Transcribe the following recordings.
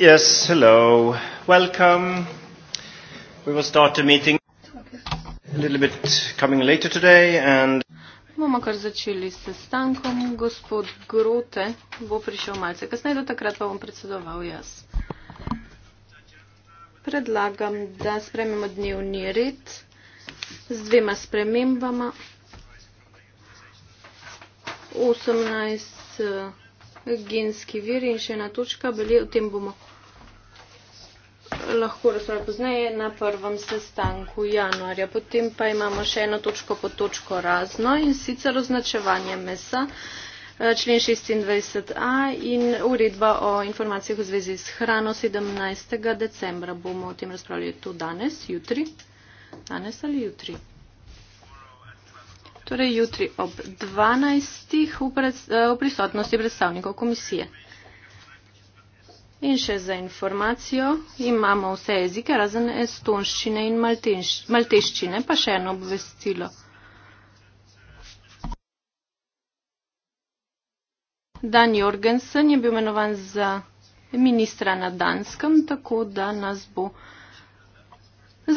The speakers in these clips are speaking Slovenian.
Yes, hello. Welcome. We will start the meeting a little bit coming later today and bomo kar začeli s sestankom. Gospod Grote bo prišel malce kasneje, do takrat pa bom predsedoval jaz. Predlagam, da spremimo dnevni red z dvema spremembama. 18 eh, genski viri in še ena točka, bili, o tem bomo lahko razpoznaje na prvem sestanku januarja. Potem pa imamo še eno točko po točko razno in sicer označevanje mesa, eh, člen 26a in uredba o informacijah v zvezi s hrano 17. decembra. Bomo o tem razpravljali tu danes, jutri. Danes ali jutri? Torej jutri ob 12. Eh, v prisotnosti predstavnikov komisije. In še za informacijo, imamo vse jezike razen estonščine in malteščine, pa še eno obvestilo. Dan Jorgensen je bil imenovan za ministra na Danskem, tako da nas bo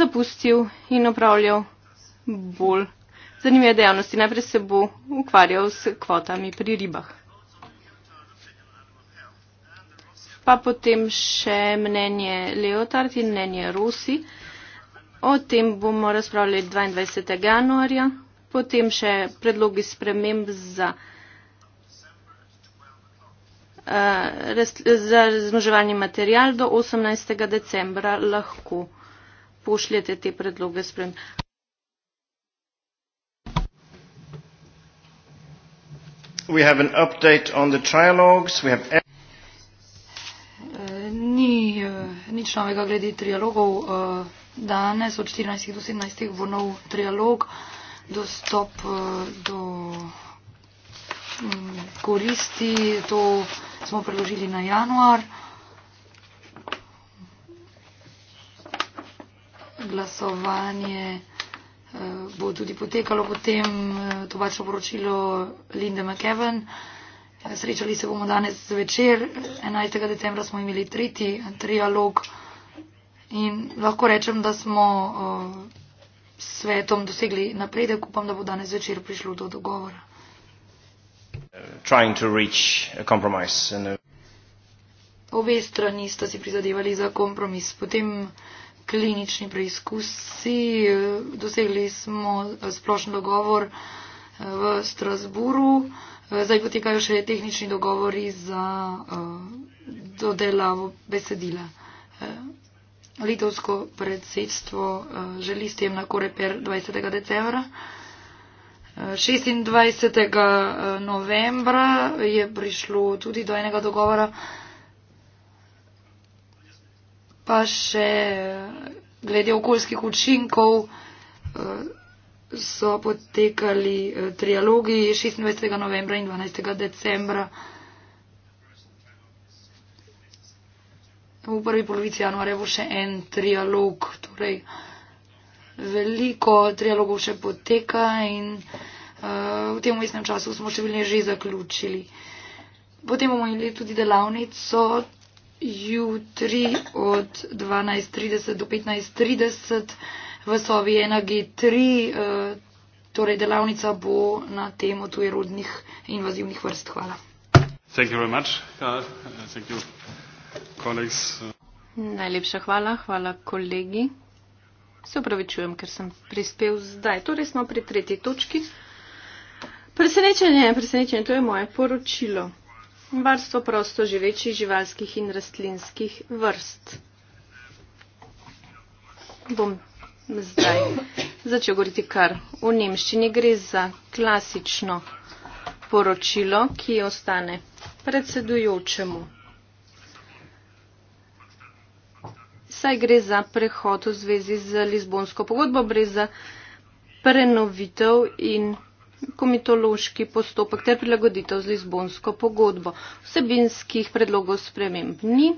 zapustil in opravljal bolj zanimive dejavnosti. Najprej se bo ukvarjal s kvotami pri ribah. pa potem še mnenje Leotard in mnenje Rusi. O tem bomo razpravljali 22. januarja, potem še predlogi sprememb za, eh, za razmoževanje material do 18. decembra lahko pošljete te predloge sprememb. We have an update on the trialogues. We have... nič novega glede trialogov. Eh, danes od 14 do 17 bo nov trialog, dostop eh, do mm, koristi, to smo preložili na januar. Glasovanje eh, bo tudi potekalo potem, to bačno poročilo Linde McEwen. Srečali se bomo danes zvečer, 11. decembra smo imeli tretji trialog in lahko rečem, da smo s uh, svetom dosegli napredek. Upam, da bo danes zvečer prišlo do dogovora. Obe strani sta si prizadevali za kompromis. Potem klinični preizkusi, dosegli smo e, splošen dogovor e, v Strasburu. Zdaj potekajo še tehnični dogovori za uh, dodelavo besedila. Uh, litovsko predsedstvo uh, želi s tem na koreper 20. decembra. Uh, 26. novembra je prišlo tudi do enega dogovora, pa še glede okoljskih učinkov. Uh, so potekali eh, trialogi 26. novembra in 12. decembra. V prvi polovici januarja bo še en trialog, torej veliko trialogov še poteka in uh, v tem umestnem času smo številne že zaključili. Potem bomo imeli tudi delavnico jutri od 12.30 do 15.30 v sobi 1G3, eh, torej delavnica bo na temo tujerodnih invazivnih vrst. Hvala. Uh, Najlepša hvala, hvala kolegi. Se upravičujem, ker sem prispel zdaj. Torej smo pri tretji točki. Presenečenje, presenečenje, to je moje poročilo. Varstvo prosto živečih živalskih in rastlinskih vrst. Bom Zdaj. Začel govoriti kar v nemščini. Gre za klasično poročilo, ki ostane predsedujočemu. Saj gre za prehod v zvezi z Lizbonsko pogodbo, gre za prenovitev in komitološki postopek ter prilagoditev z Lizbonsko pogodbo. Vsebinskih predlogov sprememb ni.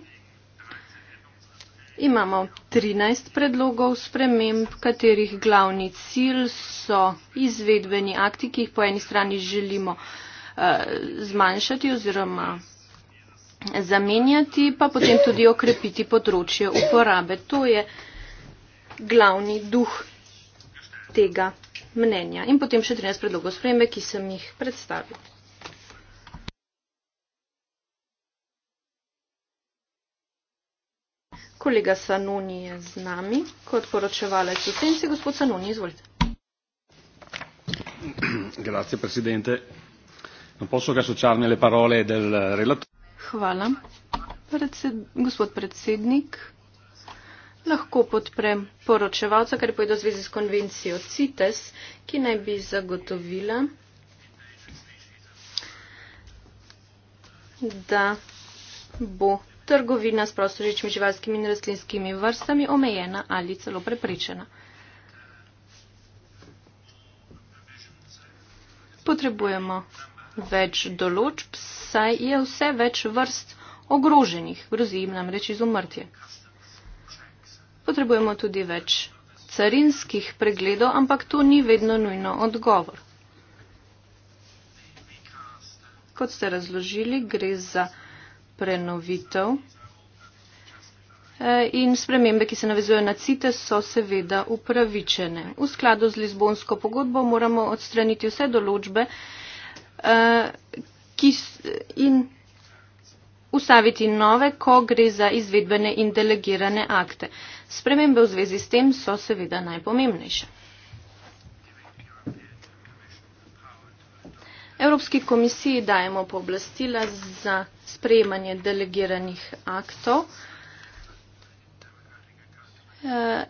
Imamo 13 predlogov sprememb, katerih glavni cilj so izvedbeni akti, ki jih po eni strani želimo eh, zmanjšati oziroma zamenjati, pa potem tudi okrepiti področje uporabe. To je glavni duh tega mnenja. In potem še 13 predlogov spremembe, ki sem jih predstavil. Kolega Sanuni je z nami kot poročevalec v senci. Gospod Sanuni, izvolite. Grazie, presidente. Non posso che associarmi alle parole del relatore. Hvala. Predsed, gospod predsednik, lahko podprem poročevalca, kar je pojedo zvezi s konvencijo CITES, ki naj bi zagotovila, da bo trgovina s prostoričmi živalskimi in rastlinskimi vrstami omejena ali celo prepričena. Potrebujemo več določb, saj je vse več vrst ogroženih, grozi jim namreč izumrtje. Potrebujemo tudi več carinskih pregledov, ampak to ni vedno nujno odgovor. Kot ste razložili, gre za prenovitev. Eh, in spremembe, ki se navezujejo na CITE, so seveda upravičene. V skladu z Lizbonsko pogodbo moramo odstraniti vse določbe eh, ki, in ustaviti nove, ko gre za izvedbene in delegirane akte. Spremembe v zvezi s tem so seveda najpomembnejše. Evropski komisiji dajemo pooblastila za sprejemanje delegiranih aktov eh,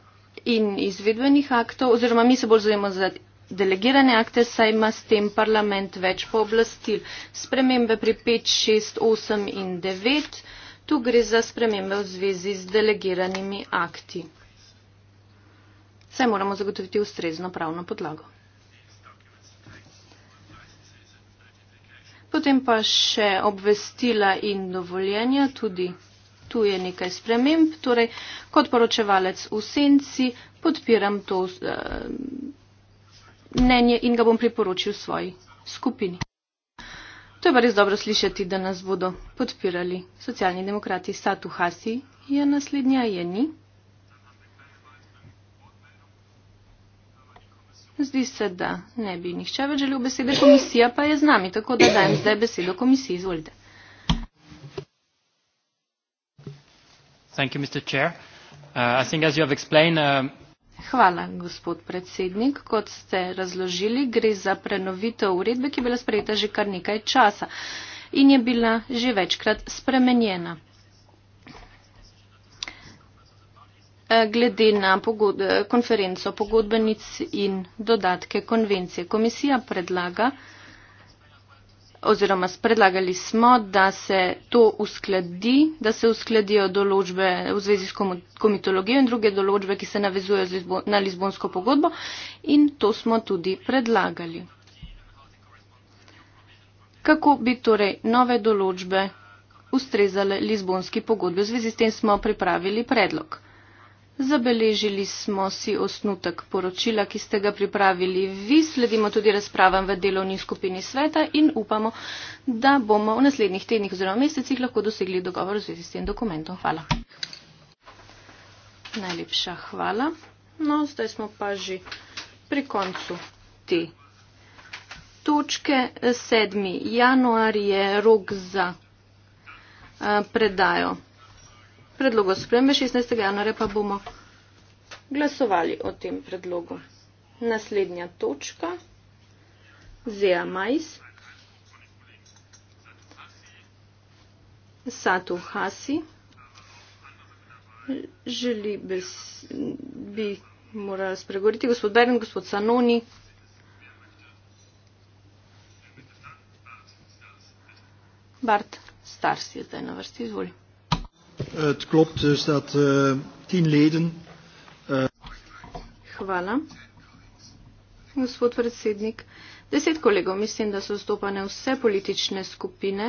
in izvedbenih aktov, oziroma mi se bolj zovemo za delegirane akte, saj ima s tem parlament več pooblastil. Spremembe pri 5, 6, 8 in 9, tu gre za spremembe v zvezi z delegiranimi akti. Saj moramo zagotoviti ustrezno pravno podlago. Potem pa še obvestila in dovoljenja, tudi tu je nekaj sprememb. Torej, kot poročevalec v senci podpiram to uh, mnenje in ga bom priporočil svoji skupini. To je pa res dobro slišati, da nas bodo podpirali socialni demokrati Satu Hasi. Je naslednja, je ni. Zdi se, da ne bi nihče več želel besede, komisija pa je z nami, tako da dajem zdaj besedo komisiji. Izvolite. You, uh, think, explained, um... Hvala, gospod predsednik. Kot ste razložili, gre za prenovitev uredbe, ki je bila sprejeta že kar nekaj časa in je bila že večkrat spremenjena. Eh, glede na pogod, eh, konferenco pogodbenic in dodatke konvencije. Komisija predlaga, oziroma predlagali smo, da se to uskladi, da se uskladijo določbe v zvezi s komitologijo in druge določbe, ki se navezujejo na Lizbonsko pogodbo in to smo tudi predlagali. Kako bi torej nove določbe ustrezale Lizbonski pogodbi? V zvezi s tem smo pripravili predlog. Zabeležili smo si osnutek poročila, ki ste ga pripravili vi, sledimo tudi razpravam v delovni skupini sveta in upamo, da bomo v naslednjih tednih oziroma mesecih lahko dosegli dogovor v zvezi s tem dokumentom. Hvala. Najlepša hvala. No, zdaj smo pa že pri koncu te točke. 7. januar je rok za uh, predajo predlogo spremembe 16. januarja pa bomo glasovali o tem predlogu. Naslednja točka, Zea Majs, Satu Hasi, želi bez, bi morala spregovoriti gospod Beren, gospod Sanoni. Bart Stars je zdaj na vrsti, izvolite. Het klopt dus dat uh, tien leden. Uh... Hvala. Gospod predsednik, deset kolegov, mislim, da so zastopane vse politične skupine,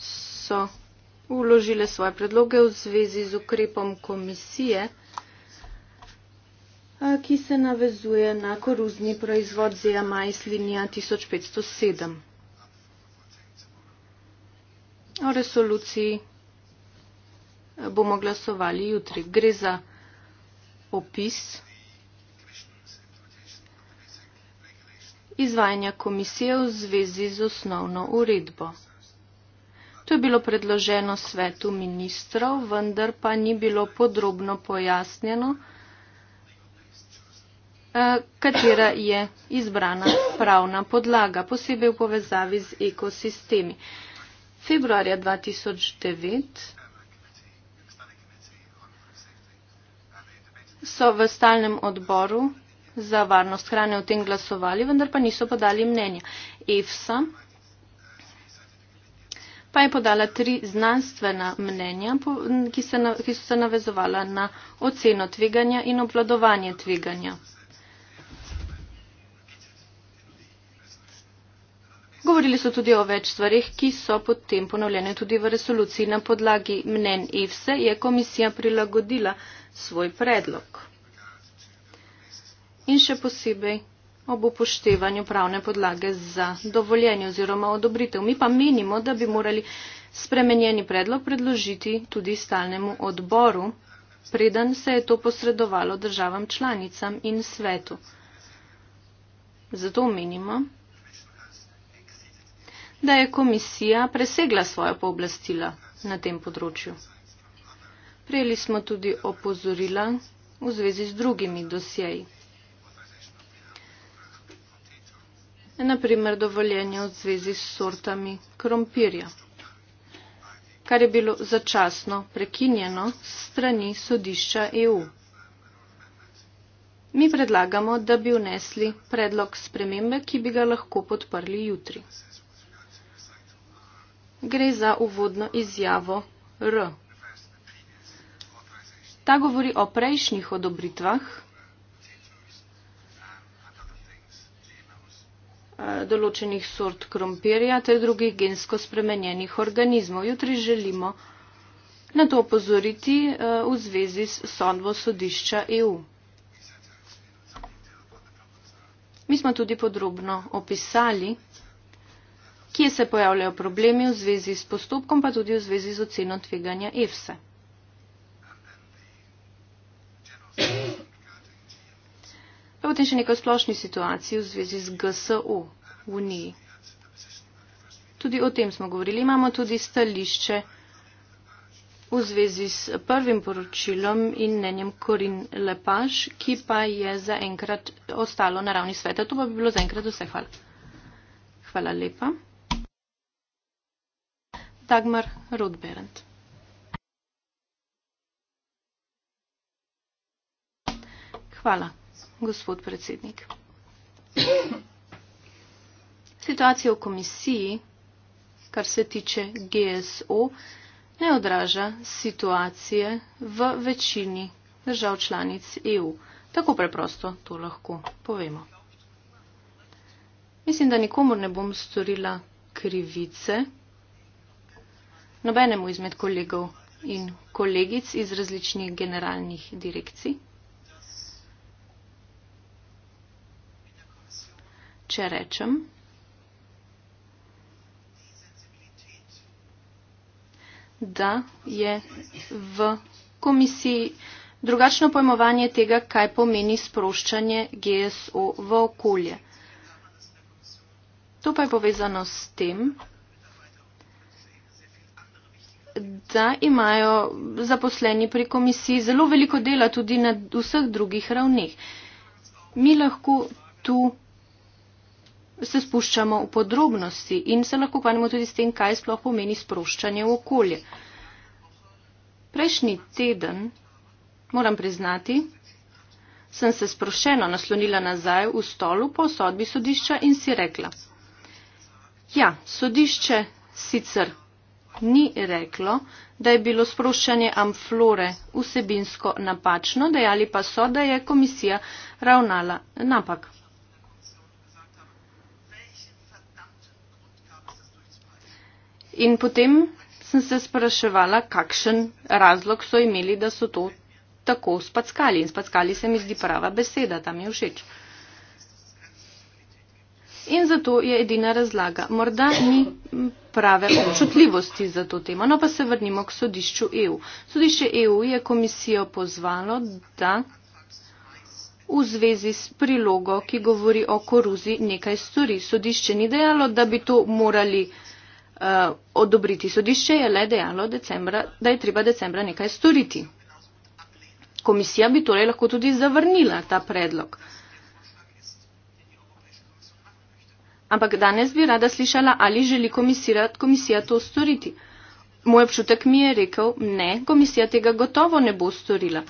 so uložile svoje predloge v zvezi z ukrepom komisije, ki se navezuje na koruzni proizvod z JMAIS linija 1507. O resoluciji bomo glasovali jutri. Gre za opis izvajanja komisije v zvezi z osnovno uredbo. To je bilo predloženo svetu ministrov, vendar pa ni bilo podrobno pojasnjeno, eh, katera je izbrana pravna podlaga, posebej v povezavi z ekosistemi. Februarja 2009 so v stalnem odboru za varnost hrane v tem glasovali, vendar pa niso podali mnenja. EFSA pa je podala tri znanstvena mnenja, ki, se, ki so se navezovala na oceno tveganja in obvladovanje tveganja. Govorili so tudi o več stvarih, ki so potem ponovljene tudi v resoluciji. Na podlagi mnen EFSA je komisija prilagodila svoj predlog. In še posebej ob upoštevanju pravne podlage za dovoljenje oziroma odobritev. Mi pa menimo, da bi morali spremenjeni predlog predložiti tudi stalnemu odboru, preden se je to posredovalo državam članicam in svetu. Zato menimo, da je komisija presegla svoje pooblastila na tem področju. Prijeli smo tudi opozorila v zvezi z drugimi dosjeji. Naprimer, dovoljenje v zvezi s sortami krompirja, kar je bilo začasno prekinjeno strani sodišča EU. Mi predlagamo, da bi vnesli predlog spremembe, ki bi ga lahko podprli jutri. Gre za uvodno izjavo R. Ta govori o prejšnjih odobritvah, eh, določenih sort krompirja ter drugih gensko spremenjenih organizmov. Jutri želimo na to opozoriti eh, v zvezi s sodbo sodišča EU. Mi smo tudi podrobno opisali, kje se pojavljajo problemi v zvezi s postopkom, pa tudi v zvezi z oceno tveganja EFSA. potem še nekaj splošni situaciji v zvezi z GSO v Uniji. Tudi o tem smo govorili. Imamo tudi stališče v zvezi s prvim poročilom in mnenjem Korin Lepaš, ki pa je zaenkrat ostalo na ravni sveta. To pa bi bilo zaenkrat vse. Hvala. Hvala lepa. Dagmar Rodberend. Hvala gospod predsednik. Situacija v komisiji, kar se tiče GSO, ne odraža situacije v večini držav članic EU. Tako preprosto to lahko povemo. Mislim, da nikomu ne bom storila krivice, nobenemu izmed kolegov in kolegic iz različnih generalnih direkcij. če rečem. da je v komisiji drugačno pojmovanje tega, kaj pomeni sproščanje GSO v okolje. To pa je povezano s tem, da imajo zaposleni pri komisiji zelo veliko dela tudi na vseh drugih ravneh. Mi lahko tu se spuščamo v podrobnosti in se lahko ukvarjamo tudi s tem, kaj sploh pomeni sproščanje v okolje. Prejšnji teden, moram priznati, sem se sprošeno naslonila nazaj v stolu po sodbi sodišča in si rekla, ja, sodišče sicer ni reklo, da je bilo sproščanje amflore vsebinsko napačno, dejali pa so, da je komisija ravnala napak. In potem sem se spraševala, kakšen razlog so imeli, da so to tako spackali. In spackali se mi zdi prava beseda, tam je všeč. In zato je edina razlaga. Morda ni prave občutljivosti za to temo. No pa se vrnimo k sodišču EU. Sodišče EU je komisijo pozvalo, da v zvezi s prilogo, ki govori o koruzi, nekaj stori. Sodišče ni dejalo, da bi to morali uh, odobriti. Sodišče je le dejalo, decembra, da je treba decembra nekaj storiti. Komisija bi torej lahko tudi zavrnila ta predlog. Ampak danes bi rada slišala, ali želi komisija to storiti. Moj občutek mi je rekel, ne, komisija tega gotovo ne bo storila.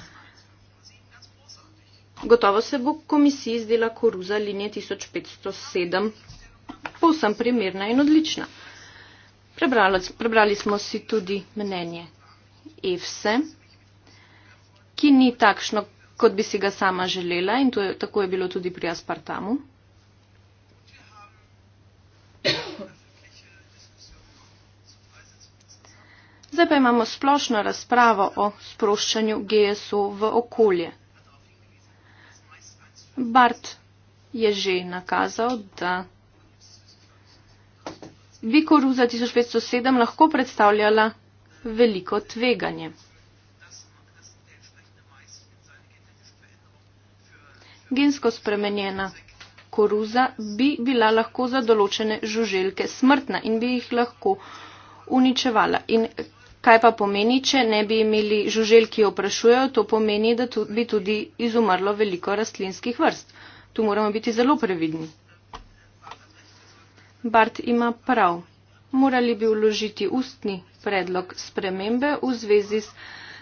Gotovo se bo komisiji zdela koruza linije 1507 povsem primerna in odlična. Prebrali, prebrali smo si tudi mnenje Evse, ki ni takšno, kot bi si ga sama želela in to je, tako je bilo tudi pri Aspartamu. Zdaj pa imamo splošno razpravo o sproščanju GSO v okolje. Bart je že nakazal, da bi koruza 1507 lahko predstavljala veliko tveganje. Gensko spremenjena koruza bi bila lahko za določene žuželke smrtna in bi jih lahko uničevala. In kaj pa pomeni, če ne bi imeli žuželk, ki oprašujejo, to pomeni, da bi tudi izumrlo veliko rastlinskih vrst. Tu moramo biti zelo previdni. Bart ima prav. Morali bi vložiti ustni predlog spremembe v zvezi s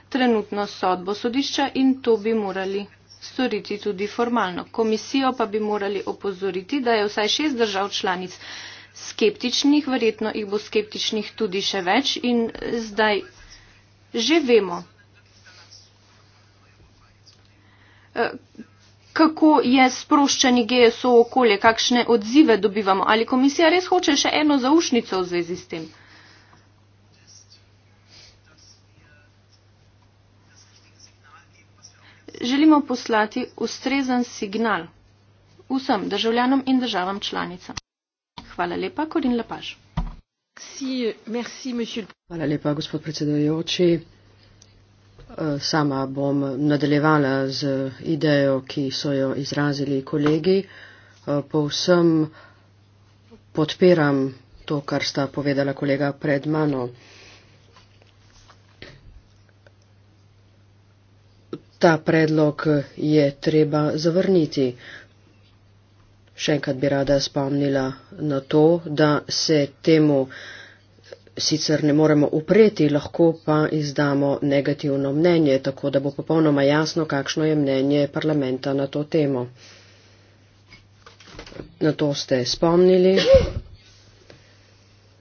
trenutno sodbo sodišča in to bi morali storiti tudi formalno. Komisijo pa bi morali opozoriti, da je vsaj šest držav članic skeptičnih, verjetno jih bo skeptičnih tudi še več in zdaj že vemo kako je sproščanje GSO okolje, kakšne odzive dobivamo, ali komisija res hoče še eno zaušnico v zvezi s tem. Želimo poslati ustrezen signal vsem državljanom in državam članicam. Hvala lepa, Korin Lepaž. Hvala lepa, gospod predsedujoči. Eh, sama bom nadaljevala z idejo, ki so jo izrazili kolegi. Eh, povsem podpiram to, kar sta povedala kolega pred mano. Ta predlog je treba zavrniti. Še enkrat bi rada spomnila na to, da se temu. Uh, sicer ne moremo upreti, lahko pa izdamo negativno mnenje, tako da bo popolnoma jasno, kakšno je mnenje parlamenta na to temo. Na to ste spomnili.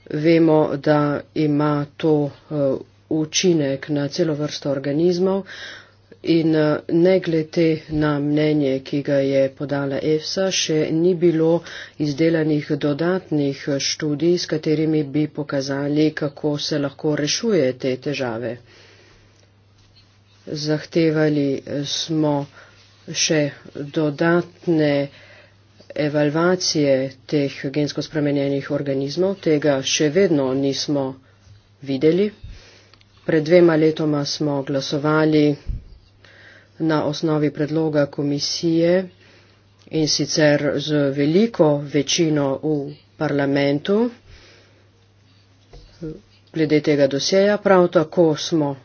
Vemo, da ima to eh, učinek na celo vrsto organizmov in eh, ne glede na mnenje, ki ga je podala EFSA, še ni bilo izdelanih dodatnih eh, študij, s katerimi bi pokazali, kako se lahko rešuje te težave. Zahtevali eh, smo še dodatne evalvacije teh gensko spremenjenih organizmov, tega še vedno nismo videli. Pred dvema letoma smo glasovali na osnovi predloga komisije in sicer z veliko večino v parlamentu glede tega doseja. Prav tako smo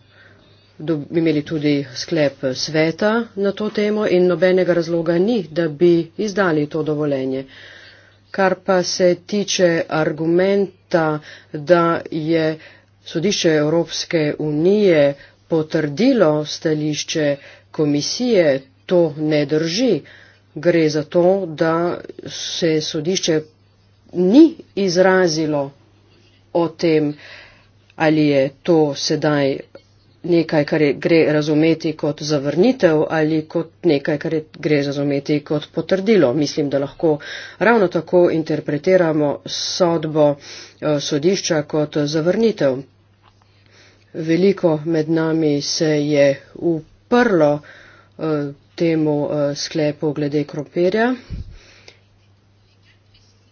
imeli tudi sklep sveta na to temo in nobenega razloga ni, da bi izdali to dovoljenje. Kar pa se tiče argumenta, da je sodišče Evropske unije potrdilo stališče komisije to ne drži. Gre za to, da se sodišče ni izrazilo o tem, ali je to sedaj nekaj, kar je, gre razumeti kot zavrnitev ali kot nekaj, kar je, gre razumeti kot potrdilo. Mislim, da lahko ravno tako interpretiramo sodbo uh, sodišča kot zavrnitev. Veliko med nami se je upravljalo odprlo eh, temu eh, sklepu glede kropirja.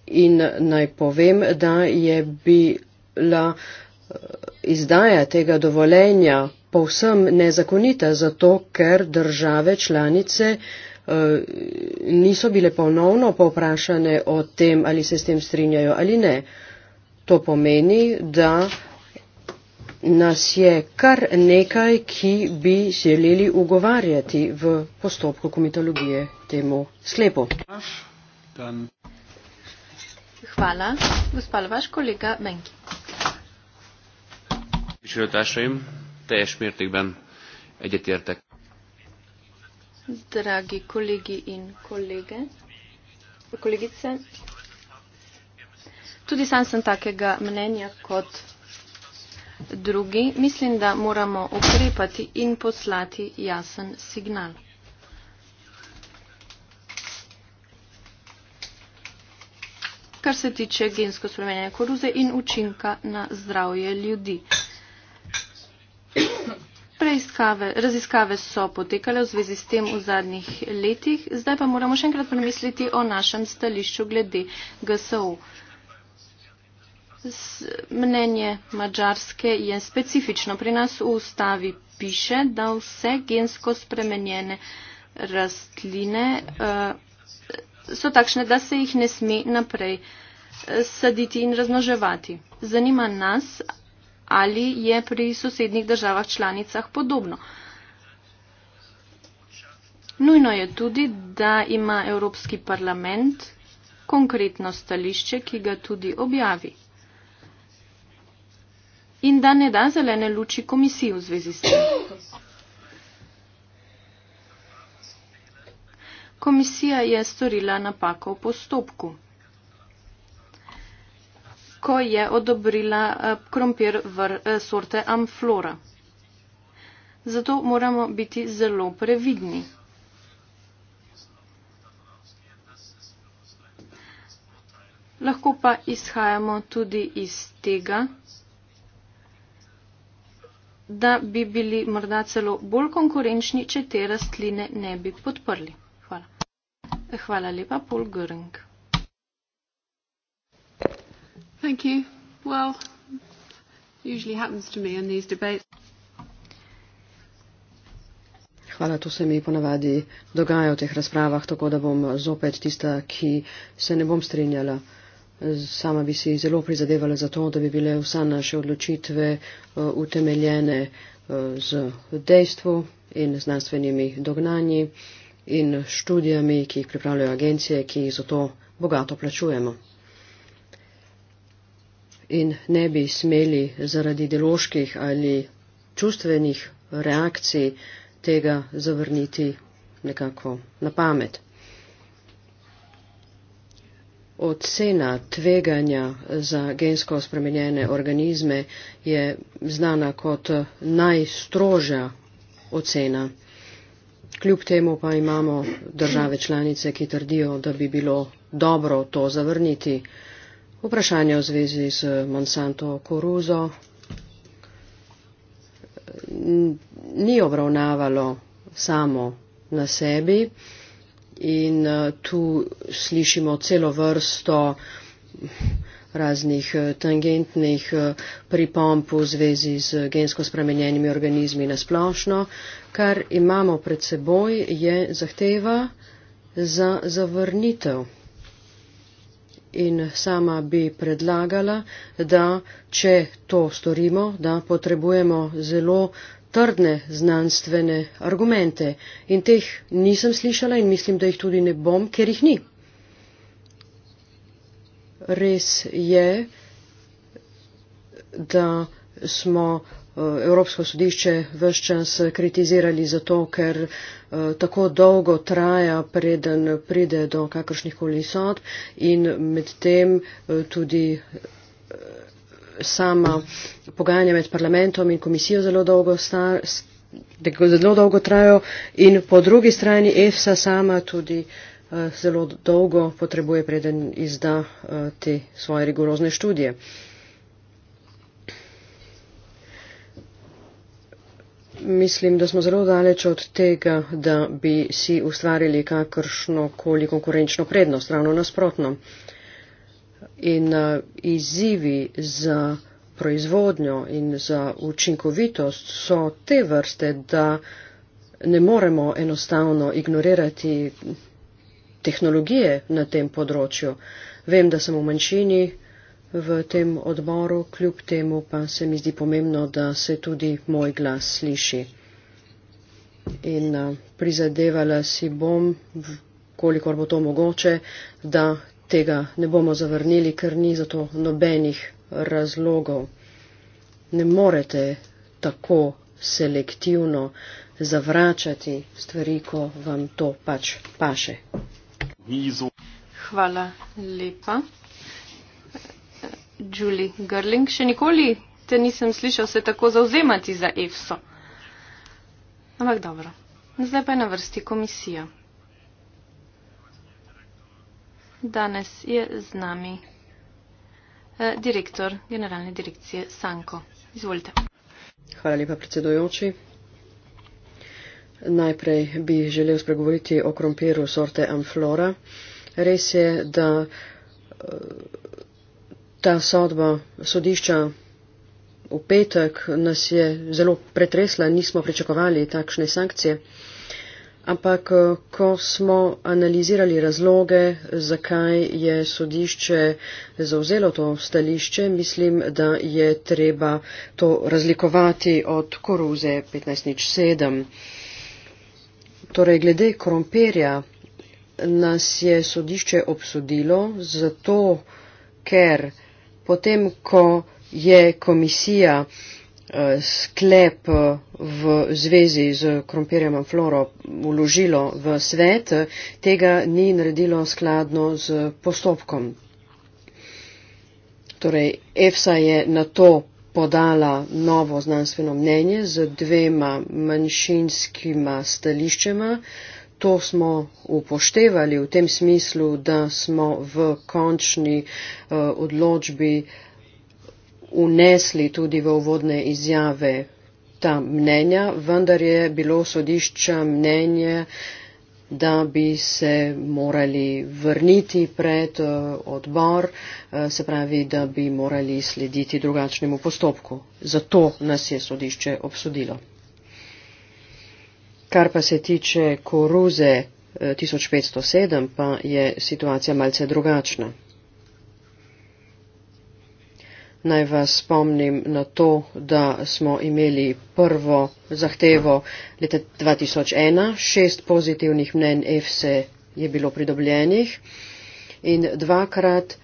In naj povem, da je bila eh, izdaja tega dovoljenja povsem nezakonita, zato ker države članice niso bile ponovno povprašane o tem, ali se s tem strinjajo ali ne. To pomeni, da nas je kar nekaj, ki bi želeli ugovarjati v postopku komitologije temu slepo. Hvala, gospod vaš kolega Menki. Sőtársaim, teljes mértékben egyetértek. Drági kollégi in kollége, kollégice, tudi sam sem takega mnenja kot Drugi, mislim, da moramo ukrepati in poslati jasen signal. Kar se tiče gensko spremenjene koruze in učinka na zdravje ljudi. Preiskave, raziskave so potekale v zvezi s tem v zadnjih letih, zdaj pa moramo še enkrat premisliti o našem stališču glede GSO mnenje mađarske je specifično. Pri nas v ustavi piše, da vse gensko spremenjene rastline eh, so takšne, da se jih ne sme naprej eh, saditi in raznoževati. Zanima nas, ali je pri sosednjih državah članicah podobno. Nujno je tudi, da ima Evropski parlament konkretno stališče, ki ga tudi objavi in da ne da zelene luči komisiji v zvezi s tem. Komisija je storila napako v postopku, ko je odobrila eh, krompir vr, eh, sorte Amflora. Zato moramo biti zelo previdni. Lahko pa izhajamo tudi iz tega, da bi bili morda celo bolj konkurenčni, če te rastline ne bi podprli. Hvala. Hvala lepa, Paul Göring. Thank you. Well, usually happens to me in these debates. Hvala, to se mi ponavadi dogaja v teh razpravah, tako da bom zopet tista, ki se ne bom strinjala. Sama bi si zelo prizadevala za to, da bi bile vsa naše odločitve uh, utemeljene uh, z dejstvo in znanstvenimi dognanji in študijami, ki jih pripravljajo agencije, ki jih zato bogato plačujemo. In ne bi smeli zaradi deloških ali čustvenih reakcij tega zavrniti nekako na pamet ocena tveganja za gensko spremenjene organizme je znana kot najstrožja ocena. Kljub temu pa imamo države članice, ki trdijo, da bi bilo dobro to zavrniti. Vprašanje v zvezi z Monsanto Koruzo ni obravnavalo samo na sebi in eh, tu slišimo celo vrsto raznih eh, tangentnih eh, pripomp v zvezi z gensko spremenjenimi organizmi na splošno. Kar imamo pred seboj je zahteva za zavrnitev. In sama bi predlagala, da če to storimo, da potrebujemo zelo trdne znanstvene argumente in teh nisem slišala in mislim, da jih tudi ne bom, ker jih ni. Res je, da smo eh, Evropsko sodišče vse čas kritizirali zato, ker eh, tako dolgo traja, preden pride do kakršnih koli sod in medtem eh, tudi sama pogajanja med parlamentom in komisijo zelo dolgo stala. Zelo dolgo trajajo in po drugi strani EFSA sama tudi uh, zelo dolgo potrebuje preden izda uh, te svoje rigorozne študije. Mislim, da smo zelo daleč od tega, da bi si ustvarili kakršno koli konkurenčno prednost, ravno nasprotno. Uh, in uh, izzivi za proizvodnjo in za učinkovitost so te vrste, da ne moremo enostavno ignorirati tehnologije na tem področju. Vem, da sem v manjšini v tem odboru, kljub temu pa se mi zdi pomembno, da se tudi moj glas sliši. In uh, prizadevala si bom, kolikor bo to mogoče, da tega ne bomo zavrnili, ker ni za to nobenih razlogov. Ne morete tako selektivno zavračati stvari, ko vam to pač paše. Hvala lepa. Julie Gerling, še nikoli te nisem slišal se tako zauzemati za EFSO. Ampak dobro, zdaj pa je na vrsti komisija danes je z nami eh, direktor generalne direkcije Sanko. Izvolite. Hvala lepa, predsedojoči. Najprej bi želel spregovoriti o krompiru sorte Amflora. Res je, da eh, ta sodba sodišča v petek nas je zelo pretresla, nismo pričakovali takšne sankcije ampak eh, ko smo analizirali razloge, zakaj je sodišče zauzelo to stališče, mislim, da je treba to razlikovati od koruze 15.7. Torej, glede krompirja nas je sodišče obsodilo zato, ker potem, ko je komisija Eh, sklep eh, v zvezi z krompirjem Floro uložilo v svet, tega ni naredilo skladno z postopkom. Torej, EFSA je na to podala novo znanstveno mnenje z dvema manjšinskima stališčema. To smo upoštevali v tem smislu, da smo v končni uh, odločbi uh, unesli tudi v uvodne izjave ta mnenja, vendar je bilo sodišča mnenje, da bi se morali vrniti pred eh, odbor, eh, se pravi, da bi morali slediti drugačnemu postopku. Zato nas je sodišče obsodilo. Kar pa se tiče koruze 1507, eh, pa je situacija malce drugačna. Naj vas spomnim na to, da smo imeli prvo zahtevo leta 2001, šest pozitivnih mnen EFSE je bilo pridobljenih in dvakrat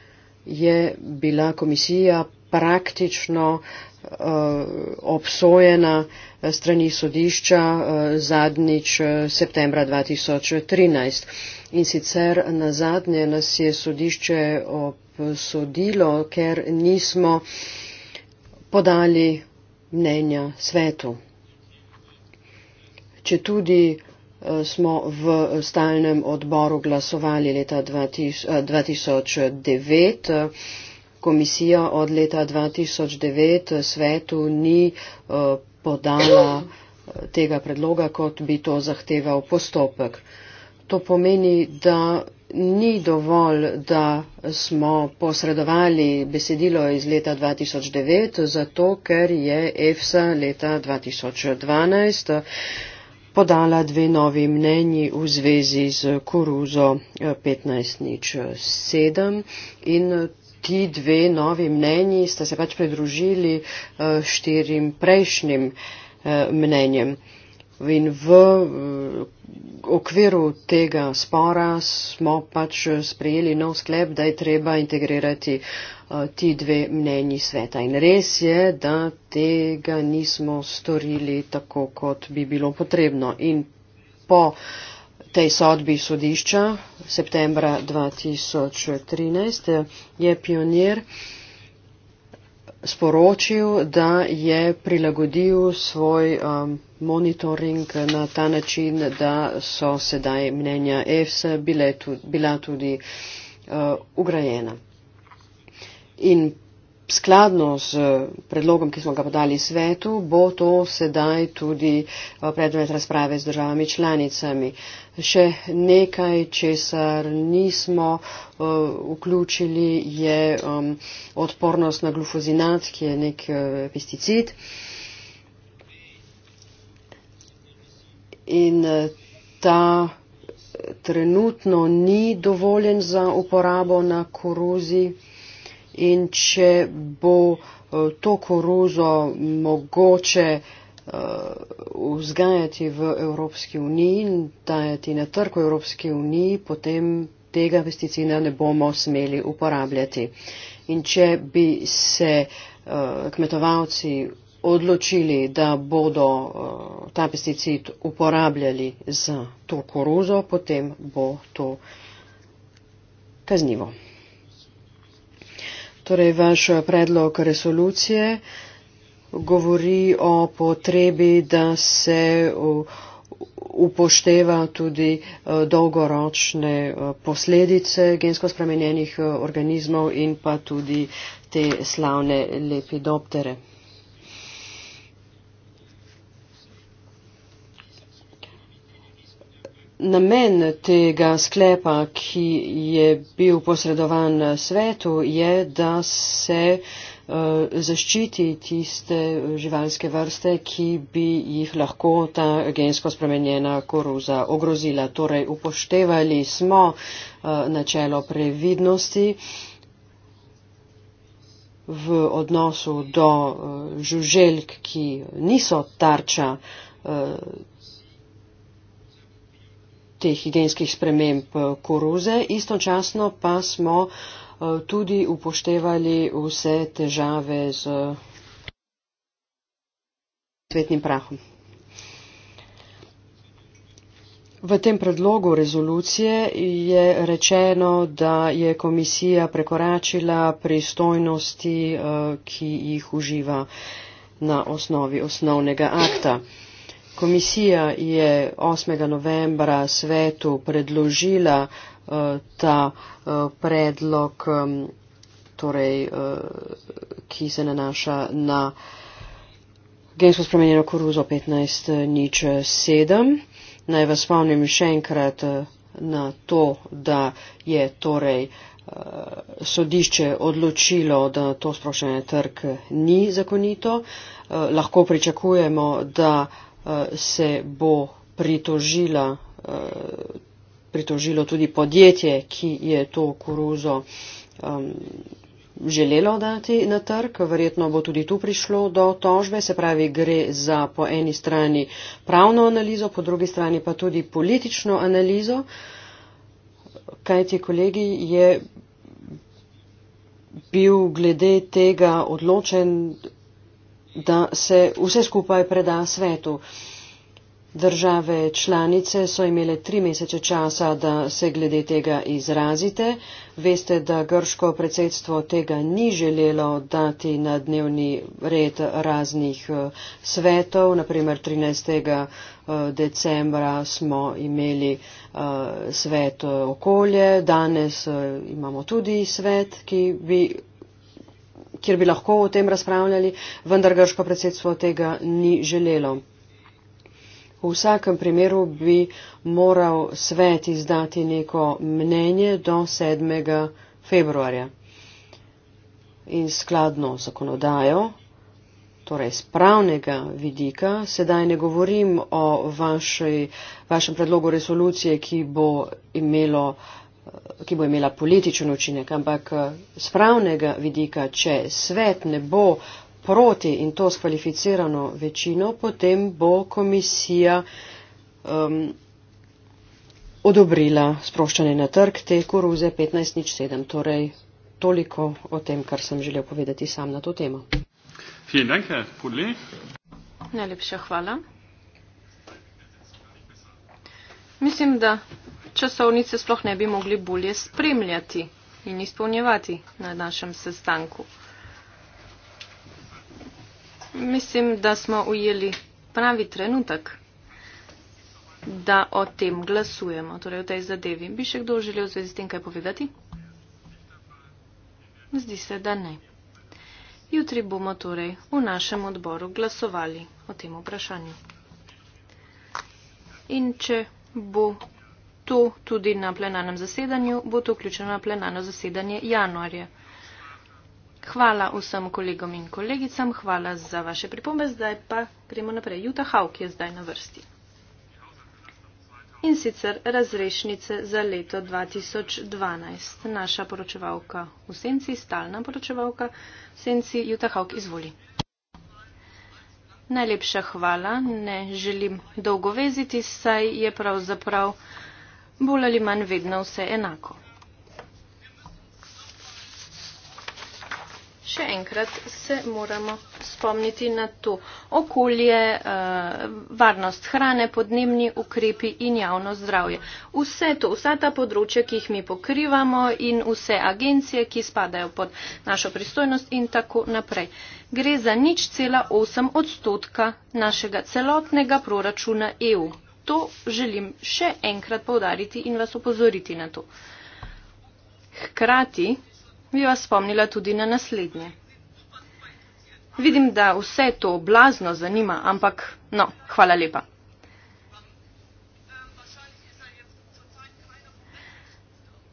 je bila komisija praktično uh, obsojena eh, strani sodišča uh, zadnjič uh, septembra 2013. In sicer na zadnje nas je sodišče obsojeno obsodilo, ker nismo podali mnenja svetu. Če tudi eh, smo v stalnem odboru glasovali leta 2009, eh, eh, komisija od leta 2009 svetu ni podala tega predloga, kot bi to zahteval postopek. To pomeni, da ni dovolj, da smo posredovali besedilo iz leta 2009, zato ker je EFSA leta 2012 podala dve novi mnenji v zvezi z koruzo 15.07 eh, in ti dve novi mnenji sta se pač pridružili eh, štirim prejšnjim eh, mnenjem. In v eh, okviru tega spora smo pač sprejeli nov sklep, da je treba integrirati eh, ti dve mnenji sveta. In res je, da tega nismo storili tako, kot bi bilo potrebno. In po tej sodbi sodišča septembra 2013 je pionir sporočil, da je prilagodil svoj um, monitoring na ta način, da so sedaj mnenja EFSA bila tudi uh, ugrajena. In skladno z predlogom, ki smo ga podali svetu, bo to sedaj tudi eh, predmet razprave z državami članicami. Še nekaj, česar nismo uh, vključili, je um, odpornost na glufozinat, ki je nek uh, pesticid. In ta trenutno ni dovoljen za uporabo na koruzi in če bo eh, to koruzo mogoče eh, vzgajati v Evropski uniji in dajati na trg v Evropski uniji, potem tega pesticida ne bomo smeli uporabljati. In če bi se eh, kmetovalci odločili, da bodo ta pesticid uporabljali za to koruzo, potem bo to kaznivo. Torej, vaš predlog resolucije govori o potrebi, da se upošteva tudi e, dolgoročne e, posledice gensko spremenjenih e, organizmov in pa tudi te slavne lepidoptere. Namen tega sklepa, ki je bil posredovan svetu, je, da se eh, zaščiti tiste živalske vrste, ki bi jih lahko ta gensko spremenjena koruza ogrozila. Torej, upoštevali smo eh, načelo previdnosti v odnosu do eh, žuželjk, ki niso tarča teh higijenskih sprememb eh, koruze, istočasno pa smo eh, tudi upoštevali vse težave z svetnim prahom. V tem predlogu rezolucije je rečeno, da je komisija prekoračila pristojnosti, eh, ki jih uživa na osnovi osnovnega akta. Komisija je 8. novembra svetu predložila uh, ta uh, predlog, um, torej, uh, ki se nanaša na gensko spremenjeno koruzo 15.07. Naj vas spomnim še enkrat na to, da je torej sodišče odločilo, da to sprošenje trg ni zakonito. Lahko pričakujemo, da Eh, se bo pritožila, eh, pritožilo tudi podjetje, ki je to koruzo želelo dati na trg. Verjetno bo tudi tu prišlo do tožbe, se pravi, gre za po eni strani pravno analizo, po drugi strani pa tudi politično analizo. Kaj ti kolegi je bil glede tega odločen da se vse skupaj preda svetu. Države članice so imele tri mesece časa, da se glede tega izrazite. Veste, da grško predsedstvo tega ni želelo dati na dnevni red raznih eh, svetov. Naprimer, 13. Eh, decembra smo imeli eh, svet okolje, danes imamo tudi svet, ki bi kjer bi lahko o tem razpravljali, vendar grško predsedstvo tega ni želelo. V vsakem primeru bi moral svet izdati neko mnenje do 7. februarja. In skladno zakonodajo, torej z pravnega vidika, sedaj ne govorim o vaši, vašem predlogu resolucije, ki bo imelo uh, ki bo imela političen učinek, ampak z eh, pravnega vidika, če svet ne bo proti in to s kvalificirano večino, potem bo komisija um, odobrila sproščanje na trg te koruze 1507. Torej, toliko o tem, kar sem želel povedati sam na to temo. Najlepša hvala. Mislim, da časovnice sploh ne bi mogli bolje spremljati in izpolnjevati na našem sestanku. Mislim, da smo ujeli pravi trenutek, da o tem glasujemo, torej o tej zadevi. Bi še kdo želel v zvezi s tem kaj povedati? Zdi se, da ne. Jutri bomo torej v našem odboru glasovali o tem vprašanju. In če bo to tudi na plenarnem zasedanju, bo to vključeno na plenarno zasedanje januarja. Hvala vsem kolegom in kolegicam, hvala za vaše pripombe, zdaj pa gremo naprej. Juta Hauk je zdaj na vrsti. In sicer razrešnice za leto 2012. Naša poročevalka v senci, stalna poročevalka v senci, Juta Hauk, izvoli. Najlepša hvala, ne želim dolgo veziti, saj je pravzaprav bolj ali manj vedno vse enako. Še enkrat se moramo spomniti na to okolje, eh, varnost hrane, podnebni ukrepi in javno zdravje. Vse to, vsa ta področja, ki jih mi pokrivamo in vse agencije, ki spadajo pod našo pristojnost in tako naprej. Gre za nič cela 8 odstotka našega celotnega proračuna EU to želim še enkrat povdariti in vas opozoriti na to. Hkrati bi vas spomnila tudi na naslednje. Vidim, da vse to blazno zanima, ampak no, hvala lepa.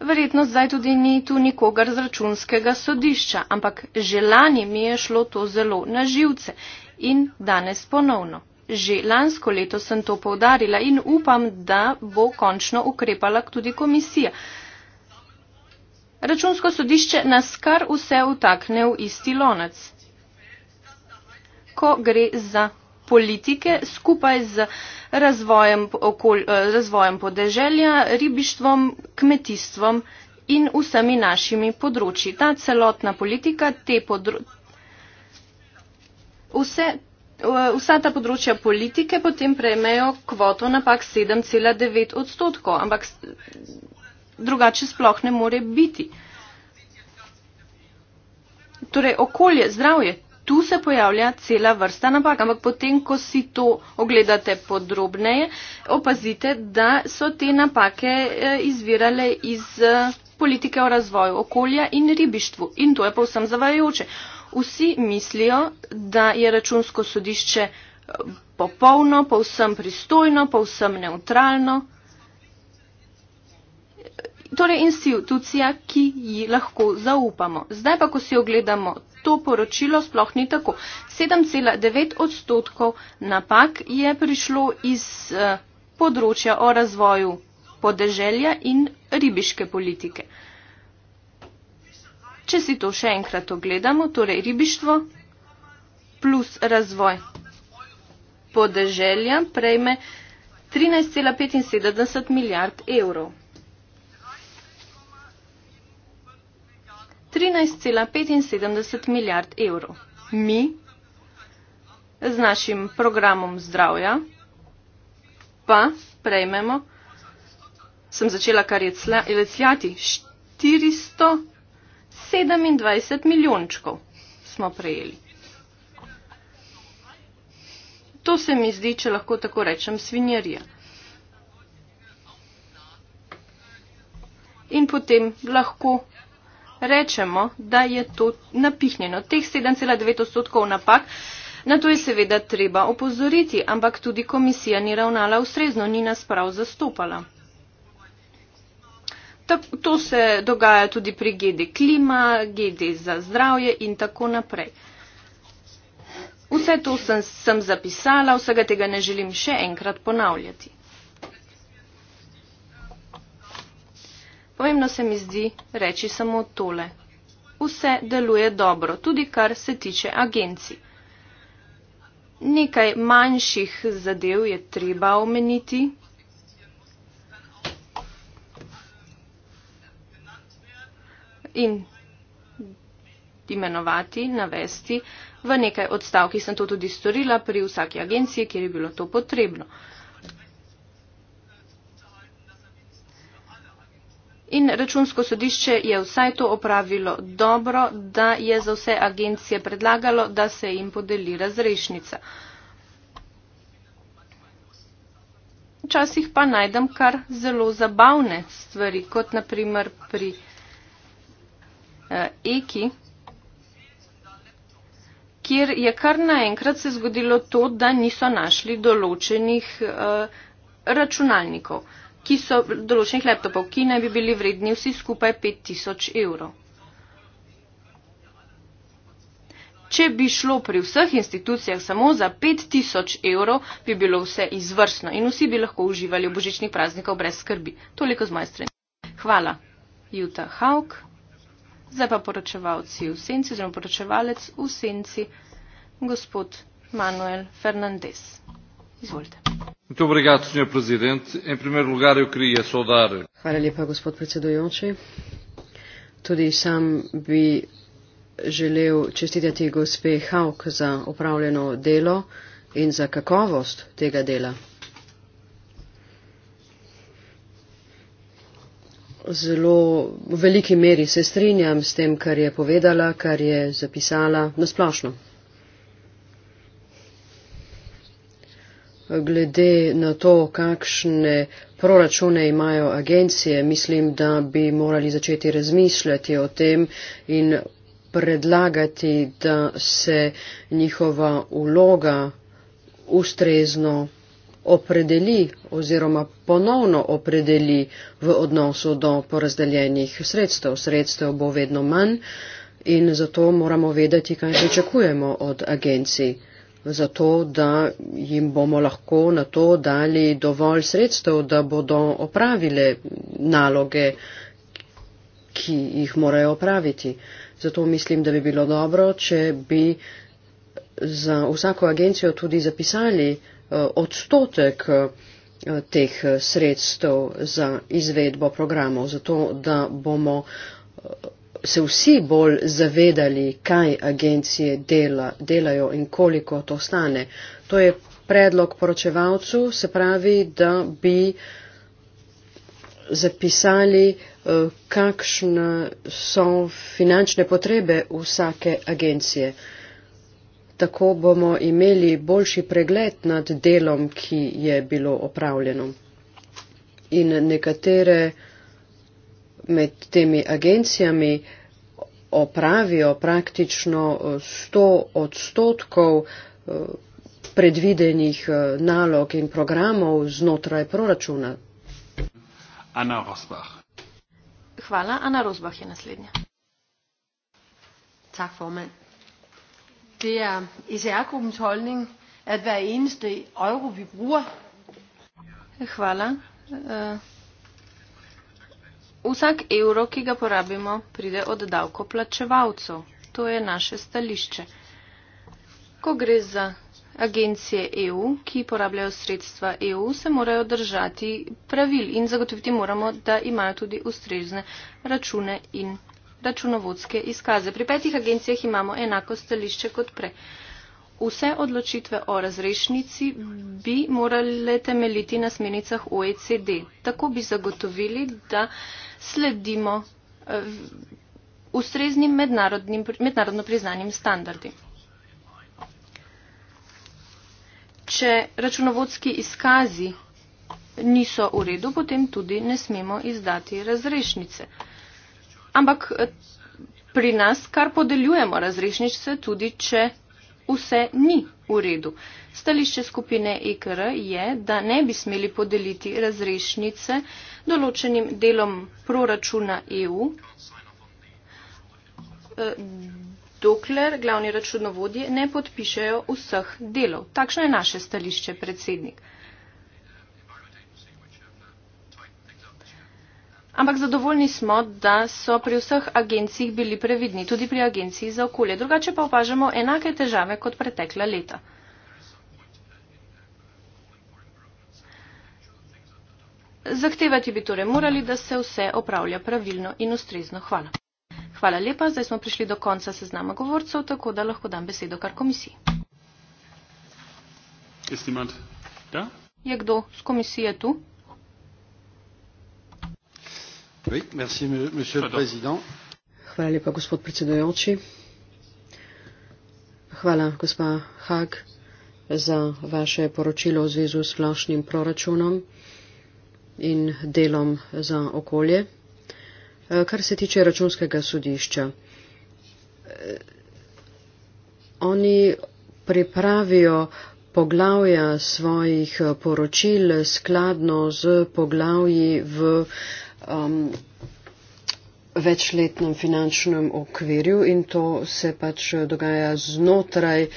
Verjetno zdaj tudi ni tu nikogar z računskega sodišča, ampak želani mi je šlo to zelo na živce in danes ponovno. Že lansko leto sem to povdarila in upam, da bo končno ukrepala tudi komisija. Računsko sodišče nas kar vse utakne v isti lonec. Ko gre za politike skupaj z razvojem, okol, eh, razvojem podeželja, ribištvom, kmetijstvom in vsemi našimi področji. Ta celotna politika, te področje. Vse Eh, vsa ta področja politike potem prejmejo kvoto napak 7,9 odstotkov, ampak drugače sploh ne more biti. Torej, okolje, zdravje, tu se pojavlja cela vrsta napak, ampak potem, ko si to ogledate podrobneje, opazite, da so te napake eh, izvirale iz eh, politike o razvoju okolja in ribištvu. In to je povsem zavajajoče vsi mislijo, da je računsko sodišče eh, popolno, povsem pristojno, povsem neutralno. Torej institucija, ki ji lahko zaupamo. Zdaj pa, ko si ogledamo to poročilo, sploh ni tako. 7,9 odstotkov napak je prišlo iz eh, področja o razvoju podeželja in ribiške politike. Če si to še enkrat ogledamo, torej ribištvo plus razvoj podeželja prejme 13,75 milijard evrov. 13,75 milijard evrov. Mi z našim programom zdravja pa prejmemo, sem začela kar je cljati, 400 milijard. 27 milijončkov smo prejeli. To se mi zdi, če lahko tako rečem, svinjarija. In potem lahko rečemo, da je to napihnjeno. Teh 7,9 odstotkov napak, na to je seveda treba opozoriti, ampak tudi komisija ni ravnala ustrezno, ni nas prav zastopala. To se dogaja tudi pri gedi klima, gedi za zdravje in tako naprej. Vse to sem, sem zapisala, vsega tega ne želim še enkrat ponavljati. Pomembno se mi zdi reči samo tole. Vse deluje dobro, tudi kar se tiče agencij. Nekaj manjših zadev je treba omeniti, in imenovati, navesti. V nekaj odstavki sem to tudi storila pri vsaki agenciji, kjer je bilo to potrebno. In računsko sodišče je vsaj to opravilo dobro, da je za vse agencije predlagalo, da se jim podeli razrešnica. Včasih pa najdem kar zelo zabavne stvari, kot naprimer pri. Eh, Eki, kjer je kar naenkrat se zgodilo to, da niso našli določenih eh, računalnikov, ki so določenih laptopov, ki naj bi bili vredni vsi skupaj 5000 evrov. Če bi šlo pri vseh institucijah samo za 5000 evrov, bi bilo vse izvrstno in vsi bi lahko uživali v božičnih praznikov brez skrbi. Toliko z moje strani. Hvala. Juta Hauk. Zdaj pa poročevalci v senci, oziroma poročevalec v senci, gospod Manuel Fernandez. Izvolite. Obrigado, senhor presidente. Em primeiro lugar, eu queria saudar. Hvala lepa, gospod predsedujoči. Tudi sam bi želel čestitati gospe Hauk za upravljeno delo in za kakovost tega dela. zelo v veliki meri se strinjam s tem, kar je povedala, kar je zapisala na splošno. Glede na to, kakšne proračune imajo agencije, mislim, da bi morali začeti razmišljati o tem in predlagati, da se njihova vloga ustrezno opredeli oziroma ponovno opredeli v odnosu do porazdeljenih sredstev. Sredstev bo vedno manj in zato moramo vedeti, kaj pričakujemo od agencij. Zato, da jim bomo lahko na to dali dovolj sredstev, da bodo opravile naloge, ki jih morajo opraviti. Zato mislim, da bi bilo dobro, če bi za vsako agencijo tudi zapisali Eh, odstotek eh, teh eh, sredstev za izvedbo programov, zato da bomo se vsi bolj zavedali, kaj agencije dela, delajo in koliko to stane. To je predlog poročevalcu, se pravi, da bi zapisali, kakšne so finančne potrebe vsake agencije tako bomo imeli boljši pregled nad delom, ki je bilo opravljeno. In nekatere med temi agencijami opravijo praktično 100 eh, odstotkov eh, predvidenih eh, nalog in programov znotraj proračuna. Ana Rosbach. Hvala. Ana Rosbach je naslednja. Tak formand. Det er ECR-gruppens holdning, at hver eneste euro, vi bruger... Hvala. Uh, vsak euro, ki ga porabimo, pride od davkoplačevalcev. To je naše stališče. Ko gre za agencije EU, ki porabljajo sredstva EU, se morajo držati pravil in zagotoviti moramo, da imajo tudi ustrezne račune in računovodske izkaze. Pri petih agencijah imamo enako stališče kot prej. Vse odločitve o razrešnici bi morale temeljiti na smernicah OECD. Tako bi zagotovili, da sledimo eh, ustreznim mednarodno priznanim standardi. Če računovodski izkazi niso v redu, potem tudi ne smemo izdati razrešnice ampak eh, pri nas kar podeljujemo razrešnice, tudi če vse ni v redu. Stališče skupine IKR e je, da ne bi smeli podeliti razrešnice določenim delom proračuna EU, eh, dokler glavni računovodje ne podpišejo vseh delov. Takšno je naše stališče, predsednik. Ampak zadovoljni smo, da so pri vseh agencijah bili previdni, tudi pri agenciji za okolje. Drugače pa opažamo enake težave kot pretekla leta. Zahtevati bi torej morali, da se vse opravlja pravilno in ustrezno. Hvala. Hvala lepa, zdaj smo prišli do konca seznama govorcev, tako da lahko dam besedo kar komisiji. Je kdo z komisije tu? Hvala lepa, gospod predsedujoči. Hvala, gospa Hag, za vaše poročilo v zvezi s splošnim proračunom in delom za okolje. Eh, kar se tiče računskega sodišča, eh, oni pripravijo poglavja svojih eh, poročil skladno z poglavji v um, večletnem finančnem okvirju in to se pač dogaja znotraj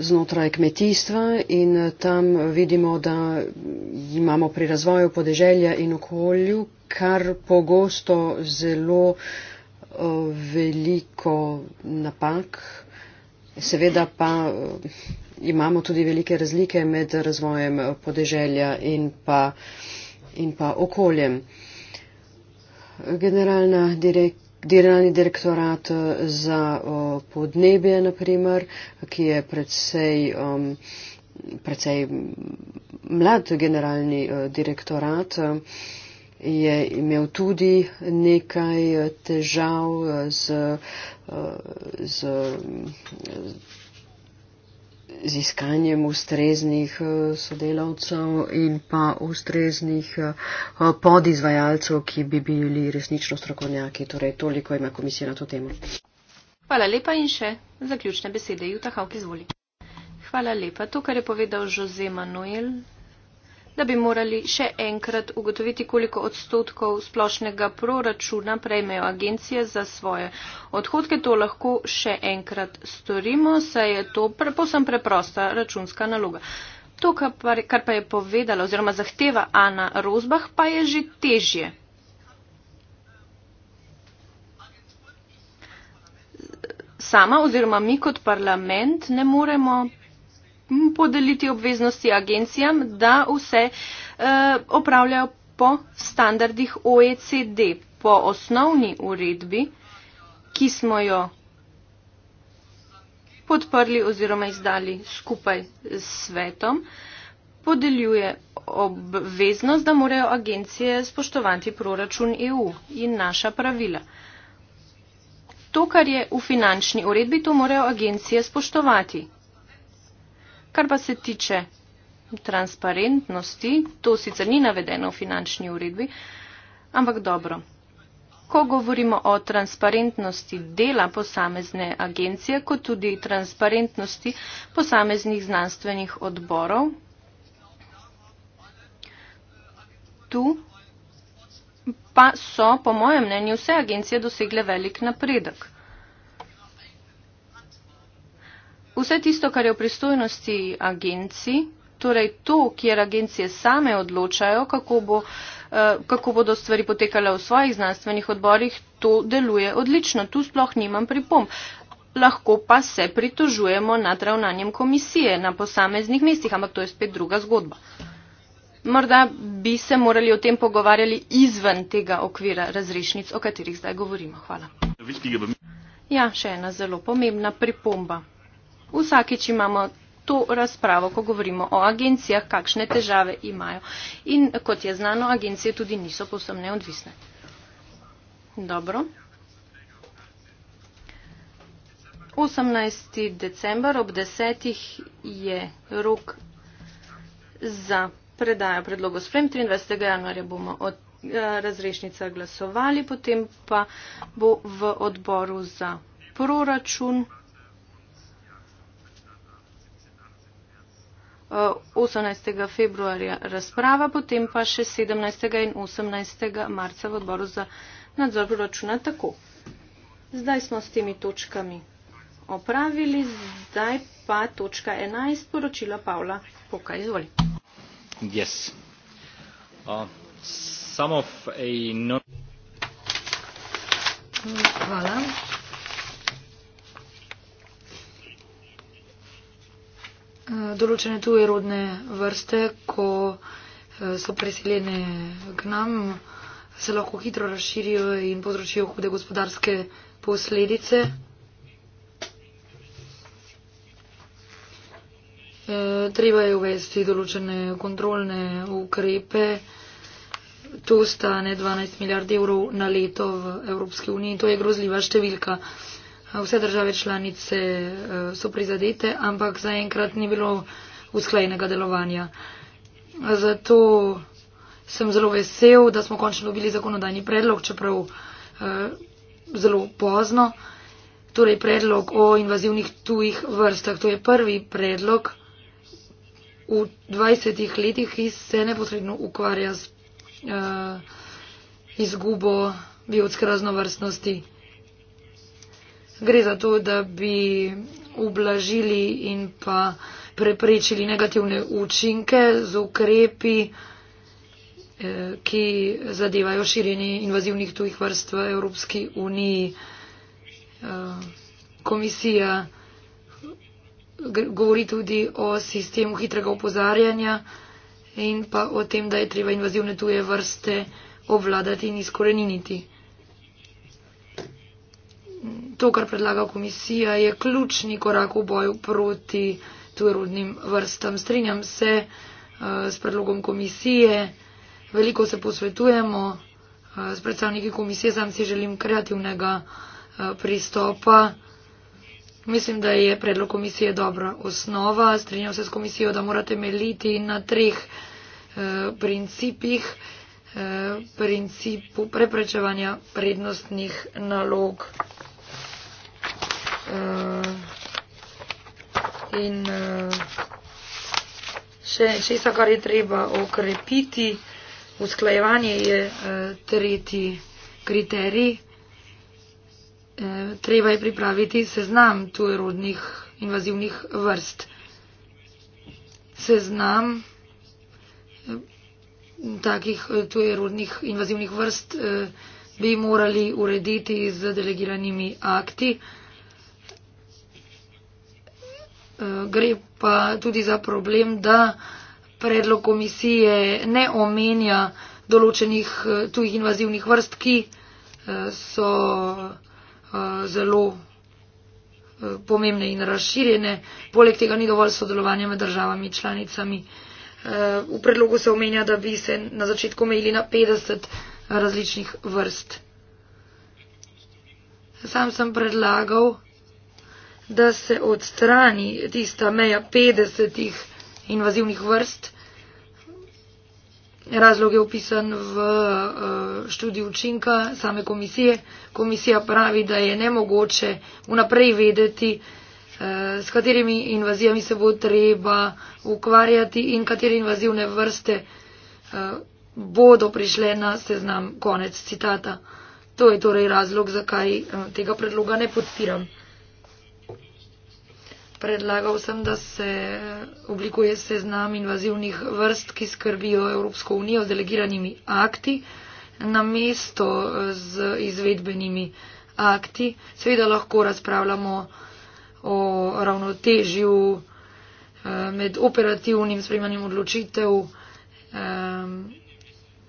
znotraj kmetijstva in eh, tam vidimo, da imamo pri razvoju podeželja in okolju kar pogosto zelo eh, veliko napak. Seveda pa eh, imamo tudi velike razlike med razvojem podeželja in pa in pa okoljem. Generalna direkt. Generalni direktorat eh, za podnebje, naprimer, ki je predvsej, um, predvsej mlad generalni eh, direktorat, je imel tudi nekaj eh, težav z. z, z z iskanjem ustreznih eh, sodelavcev in pa ustreznih eh, podizvajalcev, ki bi bili resnično strokovnjaki. Torej, toliko ima komisija na to temo. Hvala lepa in še zaključne besede. Juta Havk, izvoli. Hvala lepa. To, kar je povedal Jose Manuel, da bi morali še enkrat ugotoviti, koliko odstotkov splošnega proračuna prejmejo agencije za svoje odhodke. To lahko še enkrat storimo, saj je to pre, posem preprosta računska naloga. To, kar pa je povedala oziroma zahteva Ana Rozbah, pa je že težje. Sama oziroma mi kot parlament ne moremo podeliti obveznosti agencijam, da vse eh, opravljajo po standardih OECD, po osnovni uredbi, ki smo jo podprli oziroma izdali skupaj s svetom, podeljuje obveznost, da morajo agencije spoštovati proračun EU in naša pravila. To, kar je v finančni uredbi, to morajo agencije spoštovati. Kar pa se tiče transparentnosti, to sicer ni navedeno v finančni uredbi, ampak dobro. Ko govorimo o transparentnosti dela posamezne agencije, kot tudi transparentnosti posameznih znanstvenih odborov, tu pa so, po mojem mnenju, vse agencije dosegle velik napredek. Vse tisto, kar je v pristojnosti agenciji, torej to, kjer agencije same odločajo, kako, bo, eh, kako bodo stvari potekale v svojih znanstvenih odborih, to deluje odlično. Tu sploh nimam pripomb. Lahko pa se pritožujemo nad ravnanjem komisije na posameznih mestih, ampak to je spet druga zgodba. Morda bi se morali o tem pogovarjali izven tega okvira razrešnic, o katerih zdaj govorimo. Hvala. Ja, še ena zelo pomembna pripomba vsakeč imamo to razpravo, ko govorimo o agencijah, kakšne težave imajo. In kot je znano, agencije tudi niso posem neodvisne. Dobro. 18. december ob 10. je rok za predajo predlogo sprem. 23. januarja bomo od eh, razrešnica glasovali, potem pa bo v odboru za proračun. 18. Uh, februarja razprava, potem pa še 17. in 18. marca v odboru za nadzor proračuna tako. Zdaj smo s temi točkami opravili, zdaj pa točka 11, poročilo Pavla Poka, izvoli. Yes. Uh, some of a non... Hvala. Eh, določene tuje rodne vrste, ko eh, so preseljene k nam, se lahko hitro razširijo in povzročijo hude gospodarske posledice. Eh, treba je uvesti določene kontrolne ukrepe. To stane 12 milijard evrov na leto v Evropski uniji. To je grozljiva številka. Vse države članice eh, so prizadete, ampak zaenkrat ni bilo usklajenega delovanja. Zato sem zelo vesel, da smo končno dobili zakonodajni predlog, čeprav eh, zelo pozno. Torej, predlog o invazivnih tujih vrstah. To je prvi predlog v 20 letih, ki se neposredno ukvarja z uh, izgubo biotske raznovrstnosti. Gre za to, da bi ublažili in pa preprečili negativne učinke z ukrepi, eh, ki zadevajo širjenje invazivnih tujih vrst v Evropski uniji. Eh, komisija govori tudi o sistemu hitrega upozarjanja in pa o tem, da je treba invazivne tuje vrste obvladati in izkoreniniti to, kar predlaga komisija, je ključni korak v boju proti tujerodnim vrstam. Strinjam se uh, s predlogom komisije, veliko se posvetujemo uh, s predstavniki komisije, sam si želim kreativnega uh, pristopa. Mislim, da je predlog komisije dobra osnova. Strinjam se s komisijo, da morate meliti na treh uh, principih. Uh, principu preprečevanja prednostnih nalog uh, in uh, še isto, kar je treba okrepiti, usklajevanje je uh, tretji kriterij. Uh, treba je pripraviti seznam tujerodnih invazivnih vrst. Seznam takih tujerodnih invazivnih vrst bi morali urediti z delegiranimi akti. Eh, gre pa tudi za problem, da predlog komisije ne omenja določenih eh, tujih invazivnih vrst, ki eh, so zelo pomembne in razširjene. Poleg tega ni dovolj sodelovanja med državami članicami. V predlogu se omenja, da bi se na začetku omejili na 50 različnih vrst. Sam sem predlagal, da se odstrani tista meja 50 invazivnih vrst. Razlog je upisan v eh, študiju učinka same komisije. Komisija pravi, da je nemogoče vnaprej vedeti, eh, s katerimi invazijami se bo treba ukvarjati in katere invazivne vrste eh, bodo prišle na seznam. Konec citata. To je torej razlog, zakaj tega predloga ne podpiram predlagal sem, da se oblikuje seznam invazivnih vrst, ki skrbijo Evropsko unijo z delegiranimi akti na mesto z izvedbenimi akti. Seveda lahko razpravljamo o ravnotežju eh, med operativnim sprejmanjem odločitev eh,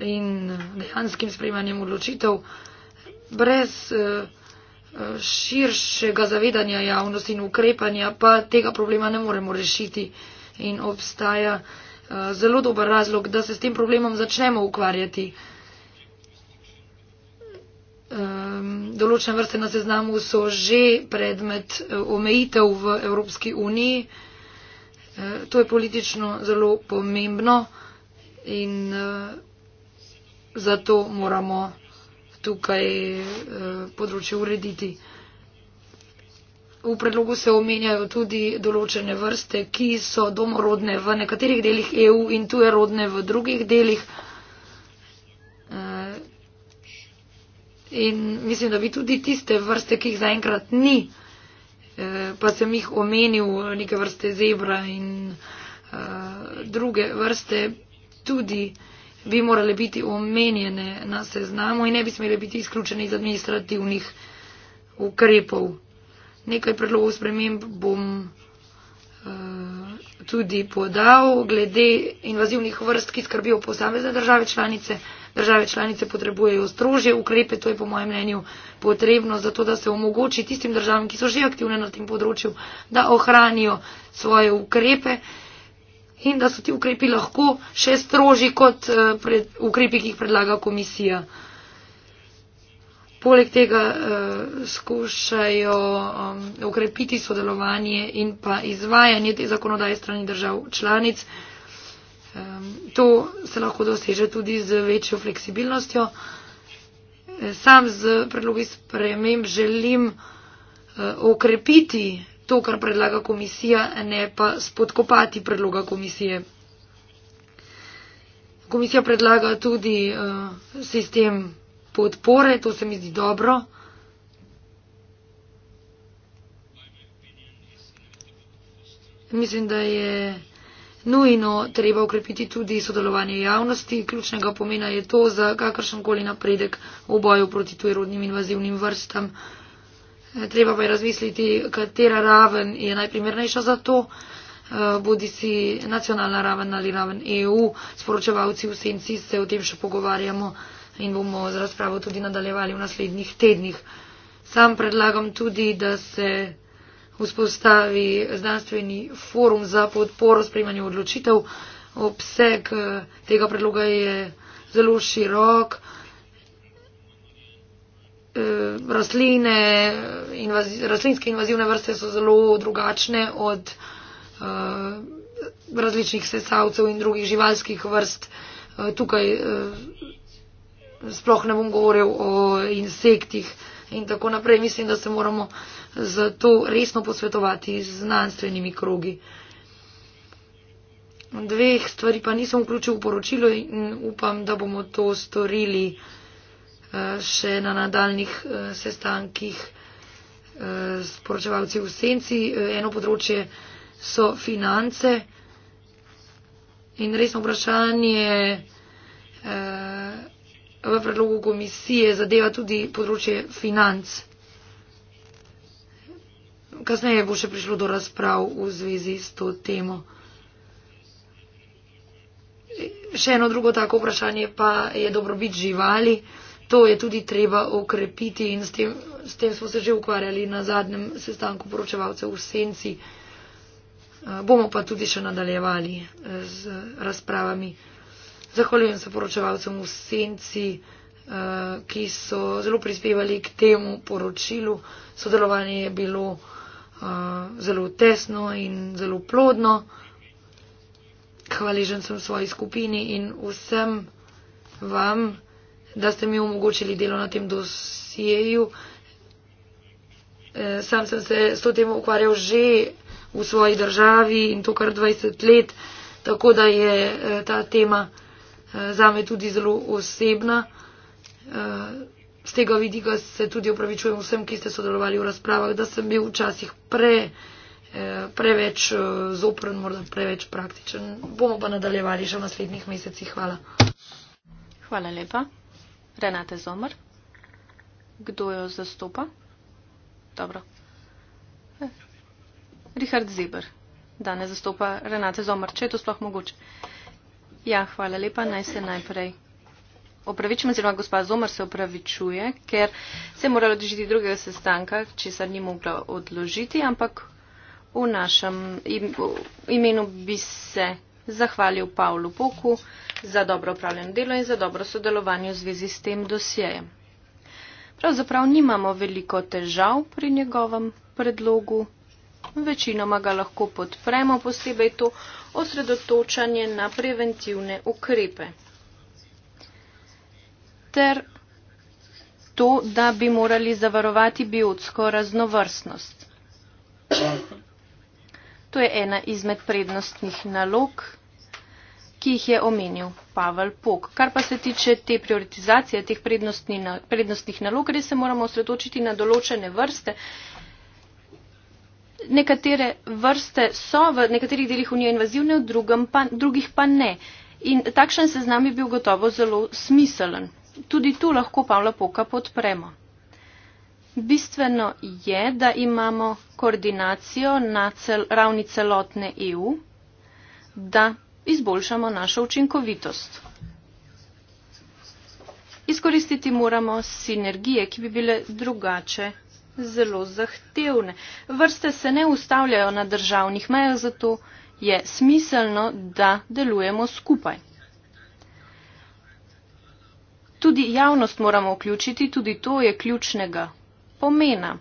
in dejanskim sprejmanjem odločitev. Brez eh, širšega zavedanja javnosti in ukrepanja, pa tega problema ne moremo rešiti in obstaja eh, zelo dober razlog, da se s tem problemom začnemo ukvarjati. Ehm, določene vrste na seznamu so že predmet eh, omejitev v Evropski uniji. Eh, to je politično zelo pomembno in zato moramo tukaj eh, področje urediti. V predlogu se omenjajo tudi določene vrste, ki so domorodne v nekaterih delih EU in tujerodne v drugih delih. Eh, in mislim, da bi tudi tiste vrste, ki jih zaenkrat ni, eh, pa sem jih omenil, neke vrste zebra in druge vrste, tudi bi morale biti omenjene na seznamu in ne bi smele biti izključene iz administrativnih ukrepov. Nekaj predlogov sprememb bom uh, tudi podal glede invazivnih vrst, ki skrbijo posamezne države članice. Države članice potrebujejo strožje ukrepe, to je po mojem mnenju potrebno, zato da se omogoči tistim državam, ki so že aktivne na tem področju, da ohranijo svoje ukrepe. Uh, in da so ti ukrepi lahko še strožji kot eh, pred, ukrepi, ki jih predlaga komisija. Poleg tega uh, skušajo um, eh, ukrepiti sodelovanje in pa izvajanje te zakonodaje strani držav članic. Um, to se lahko doseže tudi z večjo fleksibilnostjo. Sam z predlogi sprememb želim uh, ukrepiti to, kar predlaga komisija, ne pa spodkopati predloga komisije. Komisija predlaga tudi uh, sistem podpore, to se mi zdi dobro. Mislim, da je nujno treba ukrepiti tudi sodelovanje javnosti. Ključnega pomena je to za kakršen koli napredek v boju proti tujerodnim invazivnim vrstam. Uh, Treba pa je razmisliti, katera raven je najprimernejša za to, eh, bodi si nacionalna raven ali raven EU. Sporočevalci v senci se o tem še pogovarjamo in bomo z razpravo tudi nadaljevali v naslednjih tednih. Sam predlagam tudi, da se vzpostavi znanstveni forum za podporo sprejmanju odločitev. Obseg eh, tega predloga je zelo širok. Eh, rastline, invazi, rastlinske invazivne vrste so zelo drugačne od eh, različnih sesalcev in drugih živalskih vrst. Eh, tukaj sploh ne bom govoril o insektih in tako naprej. Mislim, da se moramo zato resno posvetovati z znanstvenimi krogi. Dveh stvari pa nisem vključil v poročilo in upam, da bomo to storili še na nadaljnih eh, sestankih eh, s poročevalci v senci. Eh, eno področje so finance in resno vprašanje v predlogu komisije zadeva tudi področje financ. Kasneje bo še prišlo do razprav v zvezi s to temo. Še eno drugo tako vprašanje pa je dobrobit živali to je tudi treba okrepiti in s tem, s tem smo se že ukvarjali na zadnjem sestanku poročevalcev v Senci. Eh, bomo pa tudi še nadaljevali eh, z razpravami. Zahvaljujem se poročevalcem v Senci, eh, ki so zelo prispevali k temu poročilu. Sodelovanje je bilo zelo tesno in zelo plodno. Hvaležen sem svoji skupini in vsem vam da ste mi omogočili delo na tem dosjeju. Eh, sam sem se s to temo ukvarjal že v svoji državi in to kar 20 let, tako da je eh, ta tema eh, zame tudi zelo osebna. Z tega vidika se tudi opravičujem vsem, ki ste sodelovali v razpravah, da sem bil včasih pre, preveč zopren, morda preveč praktičen. Bomo pa nadaljevali še v naslednjih mesecih. Hvala. Hvala lepa. Renate Zomr. Kdo jo zastopa? Dobro. Richard Zeber. Da, ne zastopa Renate Zomr, če je to sploh mogoče. Ja, hvala lepa, naj se najprej opravičim, oziroma gospa Zomr se opravičuje, ker se je morala odložiti drugega sestanka, če se ni mogla odložiti, ampak v našem imenu bi se zahvalil Pavlu Poku, za dobro upravljeno delo in za dobro sodelovanje v zvezi s tem dosjejem. Pravzaprav nimamo veliko težav pri njegovem predlogu, večinoma ga lahko podpremo, posebej to osredotočanje na preventivne ukrepe. Ter to, da bi morali zavarovati biotsko raznovrstnost. To je ena izmed prednostnih nalog ki jih je omenil Pavel Pok. Kar pa se tiče te prioritizacije, teh prednostni, prednostnih nalog, res se moramo osredotočiti na določene vrste. Nekatere vrste so v nekaterih delih unije invazivne, v pa, drugih pa ne. In takšen seznam bi bil gotovo zelo smiselen. Tudi tu lahko Pavla Poka podpremo. Bistveno je, da imamo koordinacijo na cel, ravni celotne EU, da izboljšamo našo učinkovitost. Izkoristiti moramo sinergije, ki bi bile drugače zelo zahtevne. Vrste se ne ustavljajo na državnih mejah, zato je smiselno, da delujemo skupaj. Tudi javnost moramo vključiti, tudi to je ključnega pomena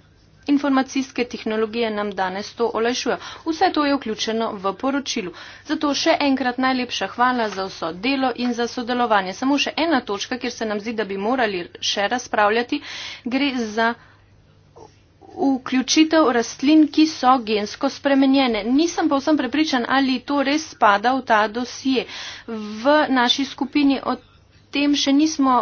informacijske tehnologije nam danes to olajšujo. Vse to je vključeno v poročilu. Zato še enkrat najlepša hvala za vso delo in za sodelovanje. Samo še ena točka, kjer se nam zdi, da bi morali še razpravljati, gre za vključitev rastlin, ki so gensko spremenjene. Nisem pa vsem prepričan, ali to res spada v ta dosje. V naši skupini od tem še nismo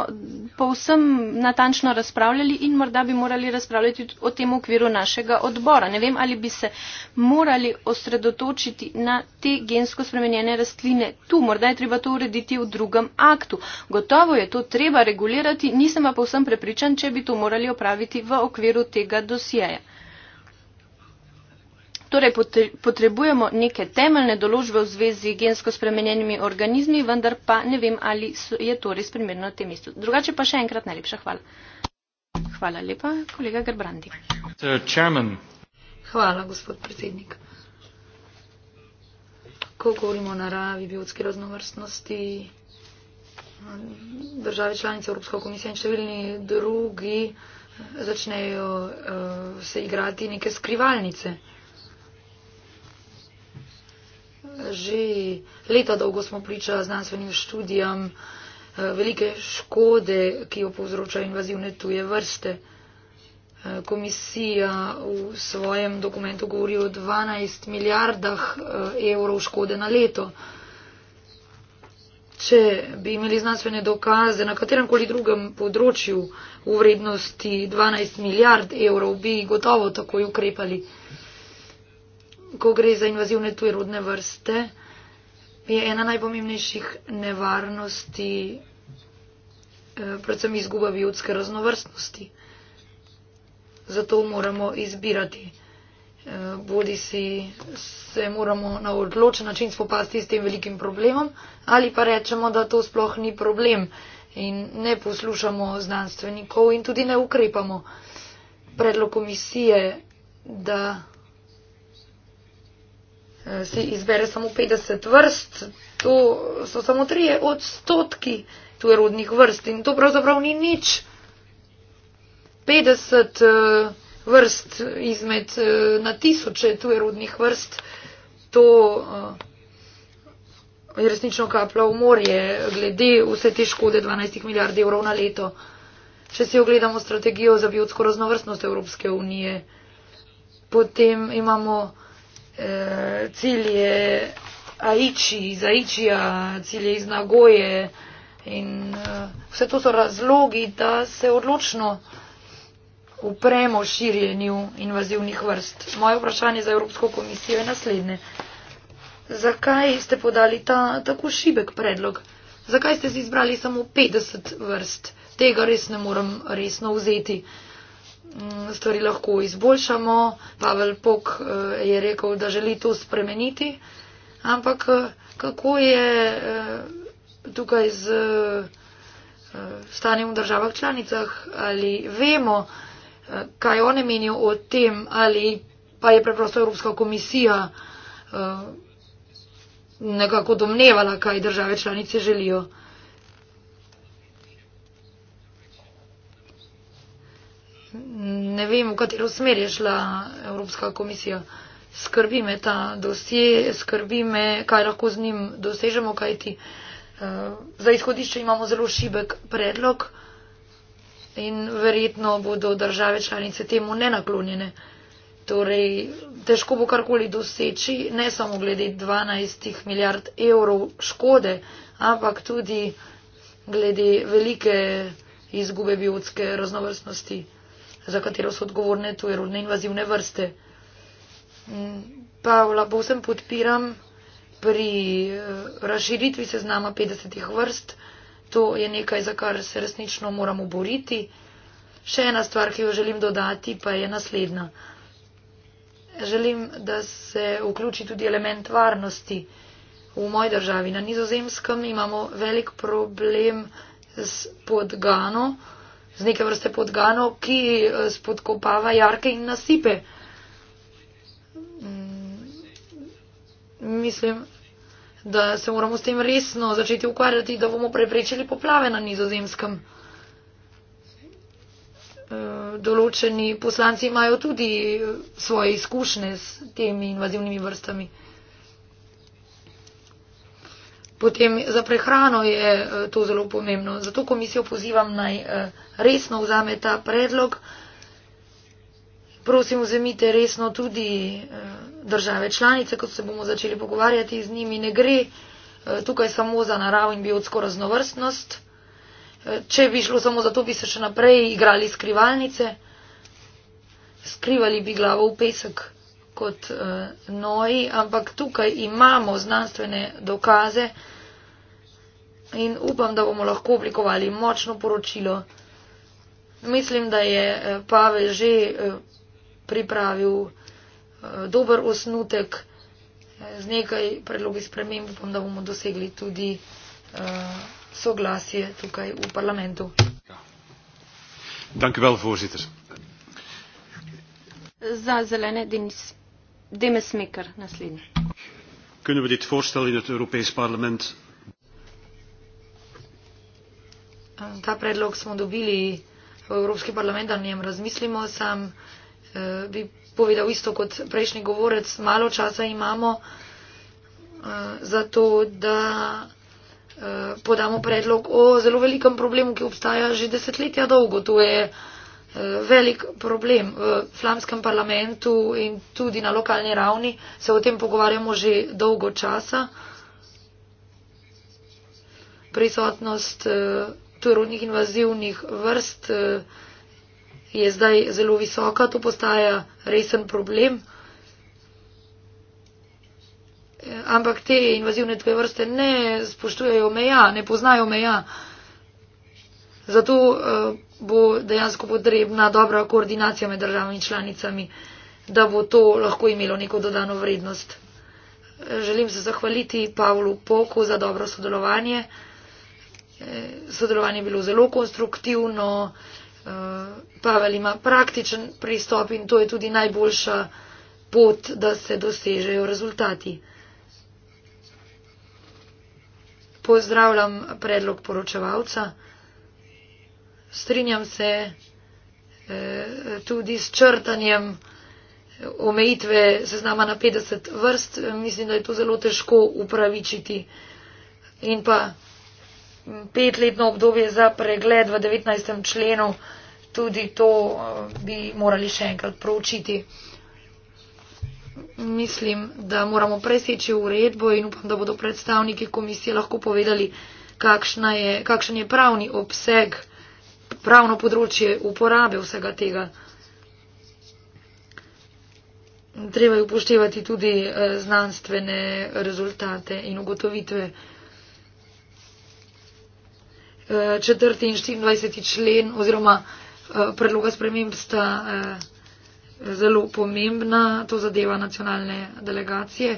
povsem natančno razpravljali in morda bi morali razpravljati o tem v okviru našega odbora. Ne vem, ali bi se morali osredotočiti na te gensko spremenjene rastline tu. Morda je treba to urediti v drugem aktu. Gotovo je to treba regulirati, nisem pa povsem prepričan, če bi to morali opraviti v okviru tega dosjeja. Torej potrebujemo neke temeljne določbe v zvezi gensko spremenjenimi organizmi, vendar pa ne vem, ali je to res primerno na tem mestu. Drugače pa še enkrat najlepša hvala. Hvala lepa, kolega Gerbrandi. Hvala, gospod predsednik. Ko govorimo o naravi, biotski raznovrstnosti, države članice Evropske komisije in številni drugi začnejo uh, se igrati neke skrivalnice. Uh, že leta dolgo smo priča znanstvenim študijam eh, velike škode, ki jo povzročajo invazivne tuje vrste. Eh, komisija v svojem dokumentu govori o 12 milijardah eh, evrov škode na leto. Če bi imeli znanstvene dokaze na katerem koli drugem področju v vrednosti 12 milijard evrov, bi gotovo takoj ukrepali ko gre za invazivne tuje rodne vrste, je ena najpomembnejših nevarnosti, eh, predvsem izguba biotske raznovrstnosti. Zato moramo izbirati. Eh, bodi si se moramo na odločen način spopasti s tem velikim problemom ali pa rečemo, da to sploh ni problem in ne poslušamo znanstvenikov in tudi ne ukrepamo. Predlog komisije, da. Eh, si izbere samo 50 vrst, to so samo 3 odstotki tujerodnih vrst in to pravzaprav ni nič. 50 eh, vrst izmed eh, na tisoče tujerodnih vrst, to je resnično kaplja v morje, glede vse te škode 12 milijard evrov na leto. Če si ogledamo strategijo za biotsko raznovrstnost Evropske unije, potem imamo Eh, cilj je Aiči, iz Aičija, cilj je iz Nagoje in uh, vse to so razlogi, da se odločno upremo širjenju invazivnih vrst. Moje vprašanje za Evropsko komisijo je naslednje. Zakaj ste podali ta tako šibek predlog? Zakaj ste si izbrali samo 50 vrst? Tega res ne morem resno vzeti. Uh, Mm, stvari lahko izboljšamo. Pavel Pok eh, je rekel, da želi to spremeniti, ampak eh, kako je eh, tukaj z stanjem v državah članicah, ali vemo, kaj one menijo o tem, ali pa je preprosto Evropska komisija nekako domnevala, kaj države članice želijo. ne vem, v katero smer je šla Evropska komisija. Skrbi me ta dosje, skrbi me, kaj lahko z njim dosežemo, kaj ti. Eh, za izhodišče imamo zelo šibek predlog in verjetno bodo države članice temu nenaklonjene. Torej, težko bo karkoli doseči, ne samo glede 12 milijard evrov škode, ampak tudi glede velike izgube biotske raznovrstnosti za katero so odgovorne tujerodne invazivne vrste. Mm, Pavla Bosem podpiram pri eh, razširitvi seznama 50 vrst. To je nekaj, za kar se resnično moramo boriti. Še ena stvar, ki jo želim dodati, pa je naslednja. Želim, da se vključi tudi element varnosti. V moji državi na nizozemskem imamo velik problem s podgano z neke vrste podgano, ki eh, spodkopava jarke in nasipe. Mm, mislim, da se moramo s tem resno začeti ukvarjati, da bomo preprečili poplave na nizozemskem. Eh, določeni poslanci imajo tudi eh, svoje izkušnje s temi invazivnimi vrstami. Potem za prehrano je eh, to zelo pomembno. Zato komisijo pozivam naj eh, resno vzame ta predlog. Prosim, vzemite resno tudi eh, države članice, ko se bomo začeli pogovarjati z njimi. Ne gre tukaj samo za naravo in biotsko raznovrstnost. Če bi šlo samo za to, bi se še naprej igrali skrivalnice, skrivali bi glavo v pesek kot uh, eh, noji, ampak tukaj imamo znanstvene dokaze in upam, da bomo lahko oblikovali močno poročilo. Mislim, da je eh, Pavel že eh, pripravil dober osnutek z nekaj predlogi sprememb, upam, da bomo dosegli tudi soglasje tukaj v parlamentu. Dankjewel, voorzitter. Za zelene Denis kunnen we dit voorstel in het Europees Parlement? Ta predlog smo dobili v Evropski parlament, da o njem razmislimo. Sam e, bi povedal isto kot prejšnji govorec, malo časa imamo e, za to, da e, podamo predlog o zelo velikem problemu, ki obstaja že desetletja dolgo. To je problem, ki je velik problem v flamskem parlamentu in tudi na lokalni ravni. Se o tem pogovarjamo že dolgo časa. Prisotnost eh, turunih invazivnih vrst eh, je zdaj zelo visoka, to postaja resen problem. Eh, ampak te invazivne tve vrste ne spoštujejo meja, ne poznajo meja. Zato eh, bo dejansko potrebna dobra koordinacija med državami članicami, da bo to lahko imelo neko dodano vrednost. Eh, želim se zahvaliti Pavlu Poku za dobro sodelovanje. Eh, sodelovanje je bilo zelo konstruktivno. Pavel ima praktičen pristop in to je tudi najboljša pot, da se dosežejo rezultati. Pozdravljam predlog poročevalca strinjam se eh, tudi s črtanjem omejitve seznama na 50 vrst. Mislim, da je to zelo težko upravičiti. In pa petletno obdobje za pregled v 19. členu, tudi to eh, bi morali še enkrat proučiti. Mislim, da moramo preseči uredbo in upam, da bodo predstavniki komisije lahko povedali, je, kakšen je pravni obseg pravno področje uporabe vsega tega. Treba je upoštevati tudi eh, znanstvene rezultate in ugotovitve. Eh, četrti in 24. člen oziroma eh, predloga sprememb sta zelo pomembna, to zadeva nacionalne delegacije.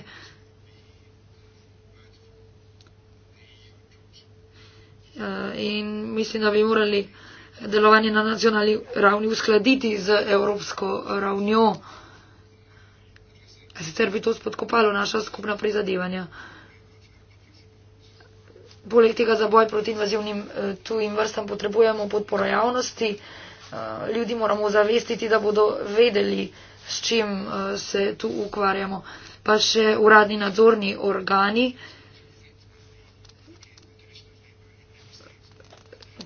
In mislim, da bi morali uh, delovanje na nacionalni ravni uskladiti z evropsko ravnjo. Sicer bi to spodkopalo naša skupna prizadevanja. Poleg tega za boj proti invazivnim eh, tujim vrstam potrebujemo podporo javnosti. Eh, ljudi moramo zavestiti, da bodo vedeli, s čim eh, se tu ukvarjamo. Pa še uradni nadzorni organi.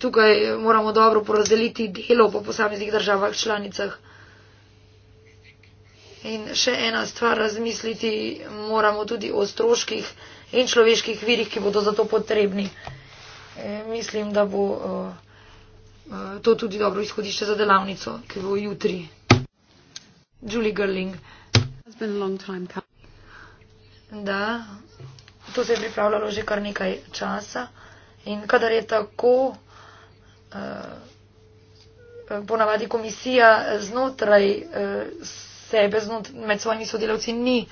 tukaj moramo dobro porazdeliti delo po posameznih državah članicah. In še ena stvar razmisliti moramo tudi o stroških in človeških virih, ki bodo za to potrebni. E, mislim, da bo o, o, to tudi dobro izhodišče za delavnico, ki bo jutri. Julie Gerling. Da, to se je pripravljalo že kar nekaj časa. In kadar je tako, Eh, eh, ponavadi komisija znotraj eh, sebe, znotraj, med svojimi sodelavci ni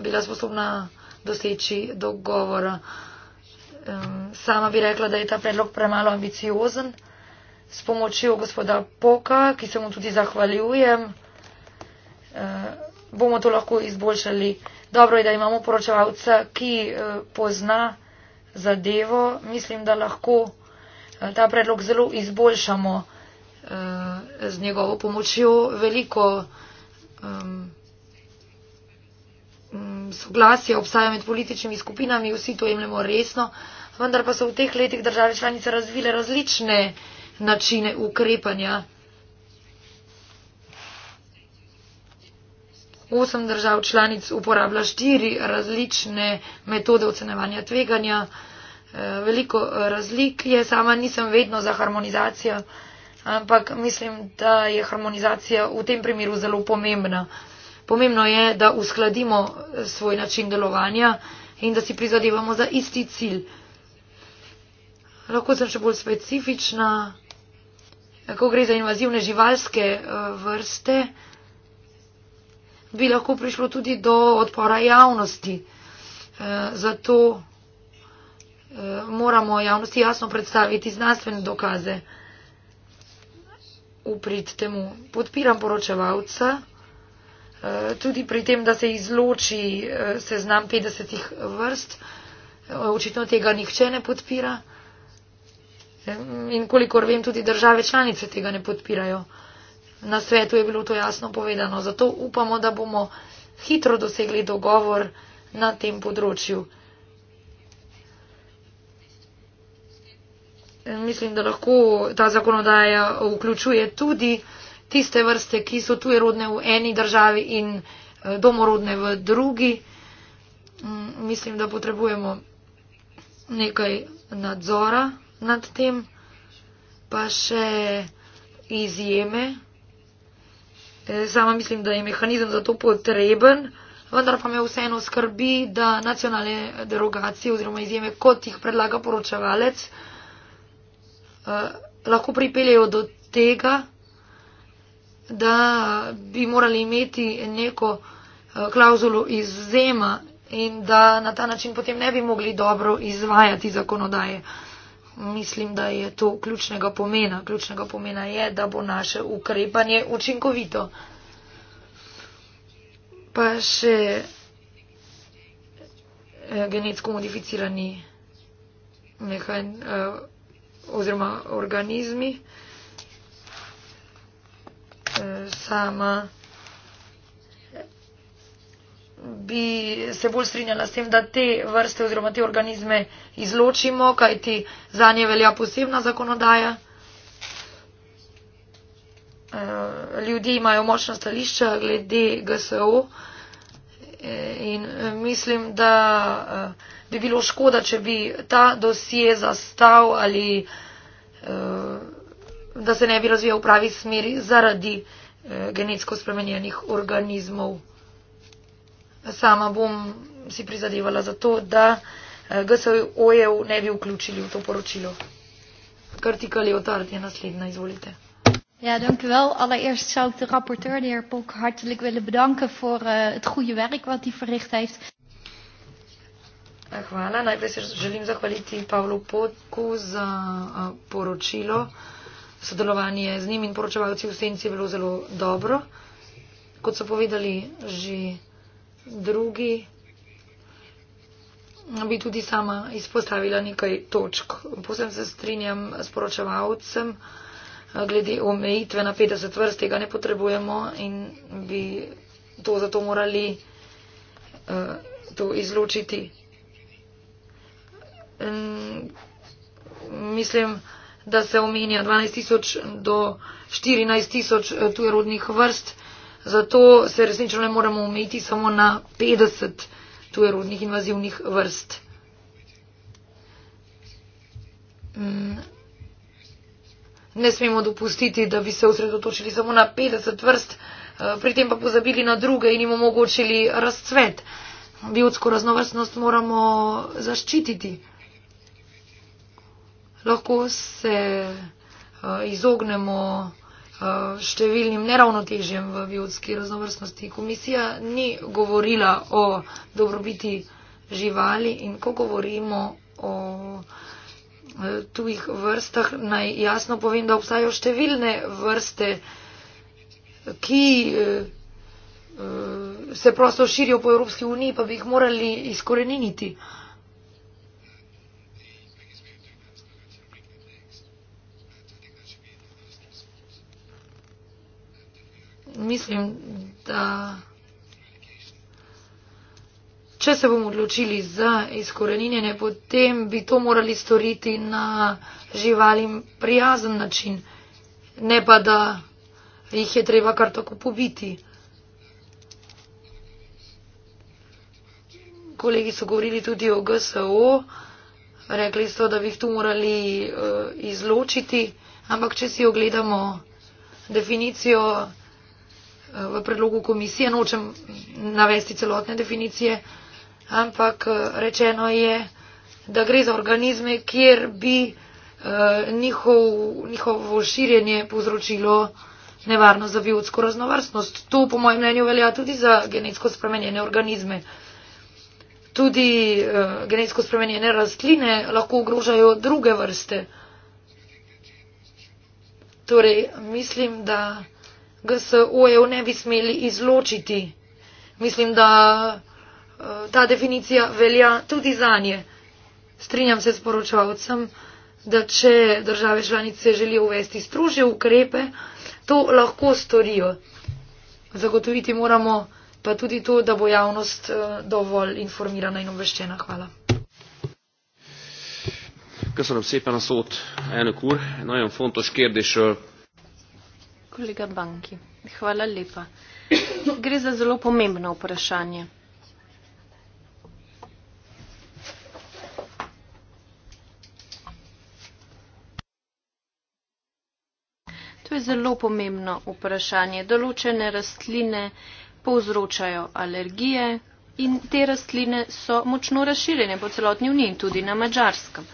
bila sposobna doseči dogovora. Sama bi rekla, da je ta predlog premalo ambiciozen. S pomočjo gospoda Poka, ki se mu tudi zahvaljujem, bomo to lahko izboljšali. Dobro je, da imamo poročevalca, ki pozna zadevo. Mislim, da lahko ta predlog zelo izboljšamo eh, z njegovo pomočjo. Veliko mm, soglasja obstaja med političnimi skupinami, vsi to imemo resno, vendar pa so v teh letih države članice razvile različne načine ukrepanja. Osem držav članic uporablja štiri različne metode ocenevanja tveganja veliko eh, razlik je, sama nisem vedno za harmonizacijo, ampak mislim, da je harmonizacija v tem primeru zelo pomembna. Pomembno je, da uskladimo eh, svoj način delovanja in da si prizadevamo za isti cilj. Lahko sem še bolj specifična, ko gre za invazivne živalske eh, vrste, bi lahko prišlo tudi do odpora javnosti. Zato moramo javnosti jasno predstaviti znanstvene dokaze uprit temu. Podpiram poročevalca, eh, tudi pri tem, da se izloči eh, seznam 50 vrst, eh, očitno tega nihče ne podpira. In kolikor vem, tudi države članice tega ne podpirajo. Na svetu je bilo to jasno povedano. Zato upamo, da bomo hitro dosegli dogovor na tem področju. mislim, da lahko ta zakonodaja vključuje tudi tiste vrste, ki so tujerodne v eni državi in eh, domorodne v drugi. Mm, mislim, da potrebujemo nekaj nadzora nad tem, pa še izjeme. Eh, sama mislim, da je mehanizem za to potreben, vendar pa me vseeno skrbi, da nacionalne derogacije oziroma izjeme, kot jih predlaga poročevalec, Eh, lahko pripeljejo do tega, da bi morali imeti neko eh, klauzulo izzema in da na ta način potem ne bi mogli dobro izvajati zakonodaje. Mislim, da je to ključnega pomena. Ključnega pomena je, da bo naše ukrepanje učinkovito. Pa še eh, genetsko modificirani mehanizem oziroma organizmi, eh, sama bi se bolj strinjala s tem, da te vrste oziroma te organizme izločimo, kajti za nje velja posebna zakonodaja. Eh, ljudje imajo močna stališča glede GSO. In eh, mislim, da eh, bi bilo škoda, če bi ta dosje zastav ali eh, da se ne bi razvijal v pravi smeri zaradi genetsko spremenjenih organizmov. Sama bom si prizadevala za to, da GSO-jev ne bi vključili v to poročilo. Kartika Leotard je naslednja, izvolite. Ja, dank u wel. Allereerst zou ik de rapporteur, de heer Polk, hartelijk willen bedanken voor uh, het goede werk wat hij verricht heeft. Eh, hvala. Najprej se želim zahvaliti Pavlu Potku za eh, poročilo. Sodelovanje z njim in poročevalci v senci je bilo zelo dobro. Kot so povedali že drugi, bi tudi sama izpostavila nekaj točk. Posebno se strinjam s poročevalcem glede omejitve na 50 vrst, tega ne potrebujemo in bi to zato morali uh, to izločiti. In, mislim, da se omenja 12 tisoč do 14 tisoč eh, tujerodnih vrst, zato se resnično ne moremo omejiti samo na 50 tujerodnih invazivnih vrst. In, mm, ne smemo dopustiti, da bi se osredotočili samo na 50 vrst, eh, pri tem pa pozabili na druge in jim omogočili razcvet. Biotsko raznovrstnost moramo zaščititi. Lahko se eh, izognemo eh, številnim neravnotežjem v biotski raznovrstnosti. Komisija ni govorila o dobrobiti živali in ko govorimo o. Eh, tujih vrstah, naj jasno povem, da obstajajo številne vrste, ki eh, eh, se prosto širijo po Evropski uniji, pa bi jih morali izkoreniniti. Mislim, da. Če se bomo odločili za izkoreninjenje, potem bi to morali storiti na živalim prijazen način, ne pa da jih je treba kar tako pobiti. Kolegi so govorili tudi o GSO, rekli so, da bi jih tu morali uh, izločiti, ampak če si ogledamo definicijo uh, v predlogu komisije, nočem navesti celotne definicije, ampak eh, rečeno je, da gre za organizme, kjer bi eh, njihov, njihovo širjenje povzročilo nevarno za biotsko raznovrstnost. To, po mojem mnenju, velja tudi za genetsko spremenjene organizme. Tudi uh, genetsko spremenjene rastline lahko ogrožajo druge vrste. Torej, mislim, da GSO-jev ne bi smeli izločiti. Mislim, da Eh, ta definicija velja tudi za nje. Strinjam se s poročavcem, da če države članice želijo uvesti strožje ukrepe, to lahko storijo. Zagotoviti moramo pa tudi to, da bo javnost eh, dovolj informirana in obveščena. Hvala. Köszönöm szépen a szót, elnök úr. Nagyon fontos kérdés. Kolléga Banki, hvala lépa. Gréza zelo pomembno vprašanje. je zelo pomembno vprašanje. Določene rastline povzročajo alergije in te rastline so močno razširjene po celotni uniji in tudi na mačarskem.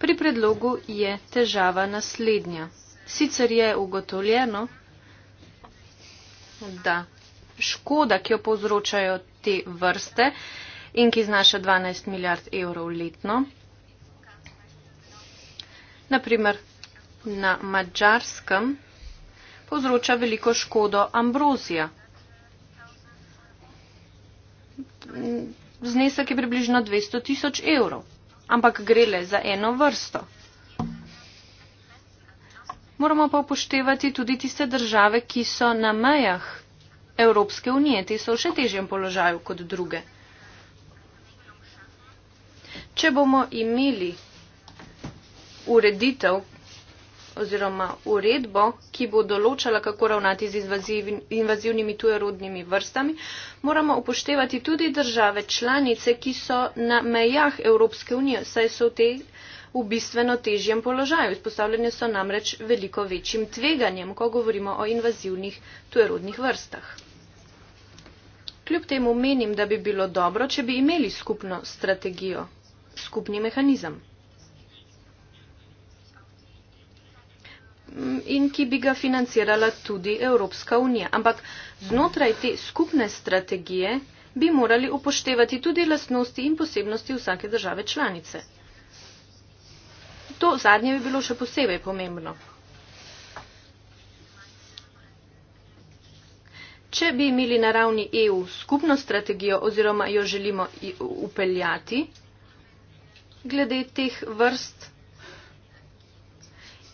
Pri predlogu je težava naslednja. Sicer je ugotovljeno, da škoda, ki jo povzročajo te vrste in ki znaša 12 milijard evrov letno, naprimer na mađarskem povzroča veliko škodo ambrozija. Znesek je približno 200 tisoč evrov, ampak gre le za eno vrsto. Moramo pa upoštevati tudi tiste države, ki so na mejah Evropske unije. Te so v še težjem položaju kot druge. Če bomo imeli ureditev, oziroma uredbo, ki bo določala, kako ravnati z invazivnimi tujerodnimi vrstami, moramo upoštevati tudi države članice, ki so na mejah Evropske unije, saj so v tej v bistveno težjem položaju. Izpostavljene so namreč veliko večjim tveganjem, ko govorimo o invazivnih tujerodnih vrstah. Kljub temu menim, da bi bilo dobro, če bi imeli skupno strategijo, skupni mehanizem. Mm, in ki bi ga financirala tudi Evropska unija. Ampak znotraj te skupne strategije bi morali upoštevati tudi lastnosti in posebnosti vsake države članice. To zadnje bi bilo še posebej pomembno. Če bi imeli na ravni EU skupno strategijo oziroma jo želimo upeljati, glede teh vrst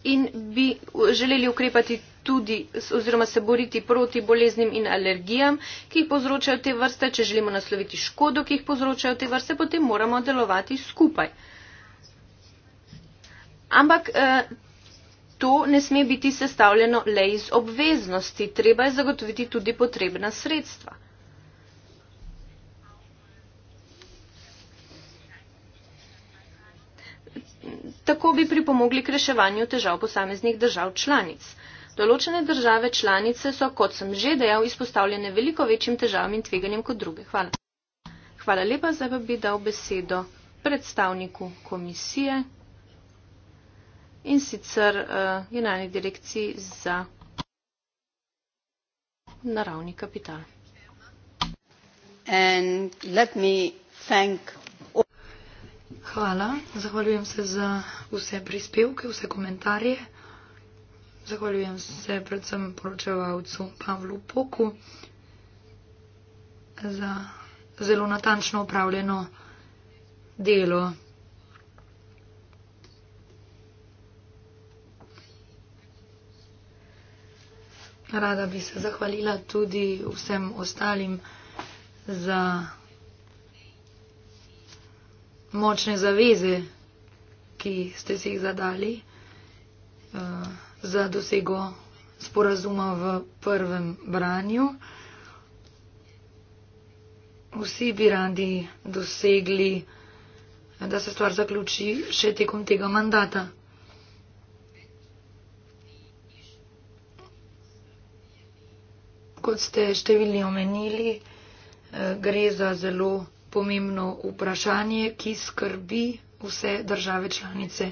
in bi želeli ukrepati tudi oziroma se boriti proti boleznim in alergijam, ki jih povzročajo te vrste. Če želimo nasloviti škodo, ki jih povzročajo te vrste, potem moramo delovati skupaj. Ampak eh, to ne sme biti sestavljeno le iz obveznosti, treba je zagotoviti tudi potrebna sredstva. Tako bi pripomogli k reševanju težav posameznih držav članic. Določene države članice so, kot sem že dejal, izpostavljene veliko večjim težavam in tveganjem kot druge. Hvala. Hvala lepa, zdaj pa bi dal besedo predstavniku komisije in sicer uh, generalni direkciji za naravni kapital. And let me thank Hvala, zahvaljujem se za vse prispevke, vse komentarje. Zahvaljujem se predvsem poročevalcu Pavlu Poku za zelo natančno upravljeno delo. Rada bi se zahvalila tudi vsem ostalim za močne zaveze, ki ste si jih zadali uh, za dosego sporazuma v prvem branju. Vsi bi radi dosegli, da se stvar zaključi še tekom tega mandata. Kot ste številni omenili, eh, gre za zelo pomembno vprašanje, ki skrbi vse države članice.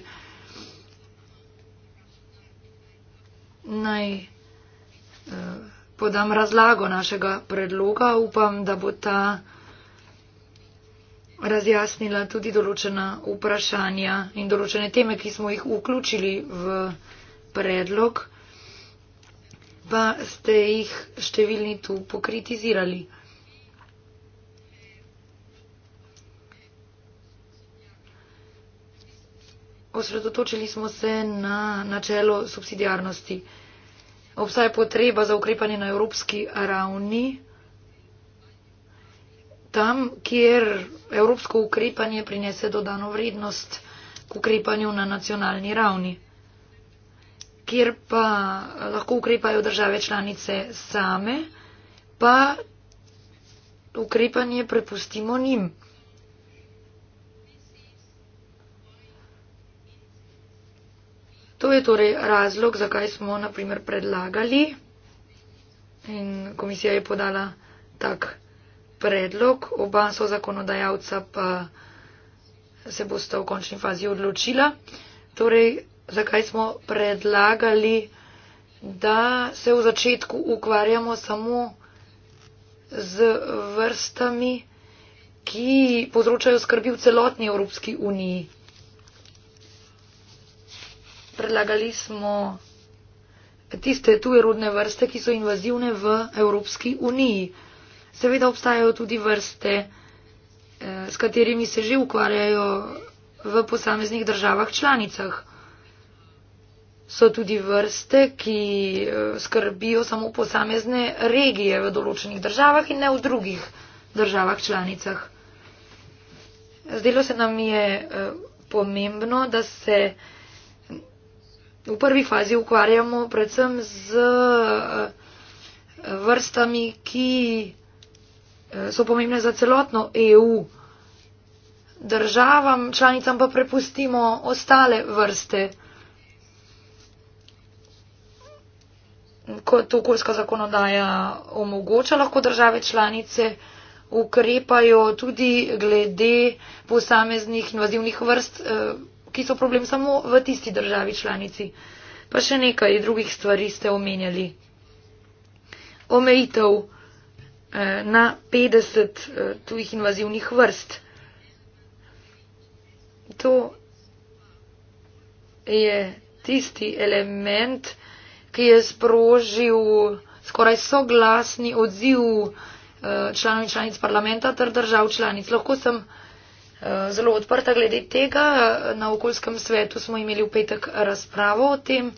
Naj eh, podam razlago našega predloga. Upam, da bo ta razjasnila tudi določena vprašanja in določene teme, ki smo jih vključili v predlog, pa ste jih številni tu pokritizirali. osredotočili smo se na načelo subsidijarnosti. Obstaja potreba za ukrepanje na evropski ravni, tam, kjer evropsko ukrepanje prinese dodano vrednost k ukrepanju na nacionalni ravni, kjer pa lahko ukrepajo države članice same, pa ukrepanje prepustimo njim. To je torej razlog, zakaj smo naprimer predlagali in komisija je podala tak predlog, oba so zakonodajalca pa se boste v končni fazi odločila. Torej, zakaj smo predlagali, da se v začetku ukvarjamo samo z vrstami, ki povzročajo skrbi v celotni Evropski uniji predlagali smo tiste tuje rodne vrste, ki so invazivne v Evropski uniji. Seveda obstajajo tudi vrste, eh, s katerimi se že ukvarjajo v posameznih državah članicah. So tudi vrste, ki eh, skrbijo samo posamezne regije v določenih državah in ne v drugih državah članicah. Zdelo se nam je eh, pomembno, da se v prvi fazi ukvarjamo predvsem z eh, vrstami, ki eh, so pomembne za celotno EU. Državam, članicam pa prepustimo ostale vrste, kot okoljska zakonodaja omogoča, lahko države članice ukrepajo tudi glede posameznih invazivnih vrst. Eh, ki so problem samo v tisti državi članici. Pa še nekaj drugih stvari ste omenjali. Omejitev eh, na 50 eh, tujih invazivnih vrst. To je tisti element, ki je sprožil skoraj soglasni odziv eh, članov in članic parlamenta ter držav članic. Lahko sem eh, zelo odprta glede tega. Na okoljskem svetu smo imeli v petek razpravo o tem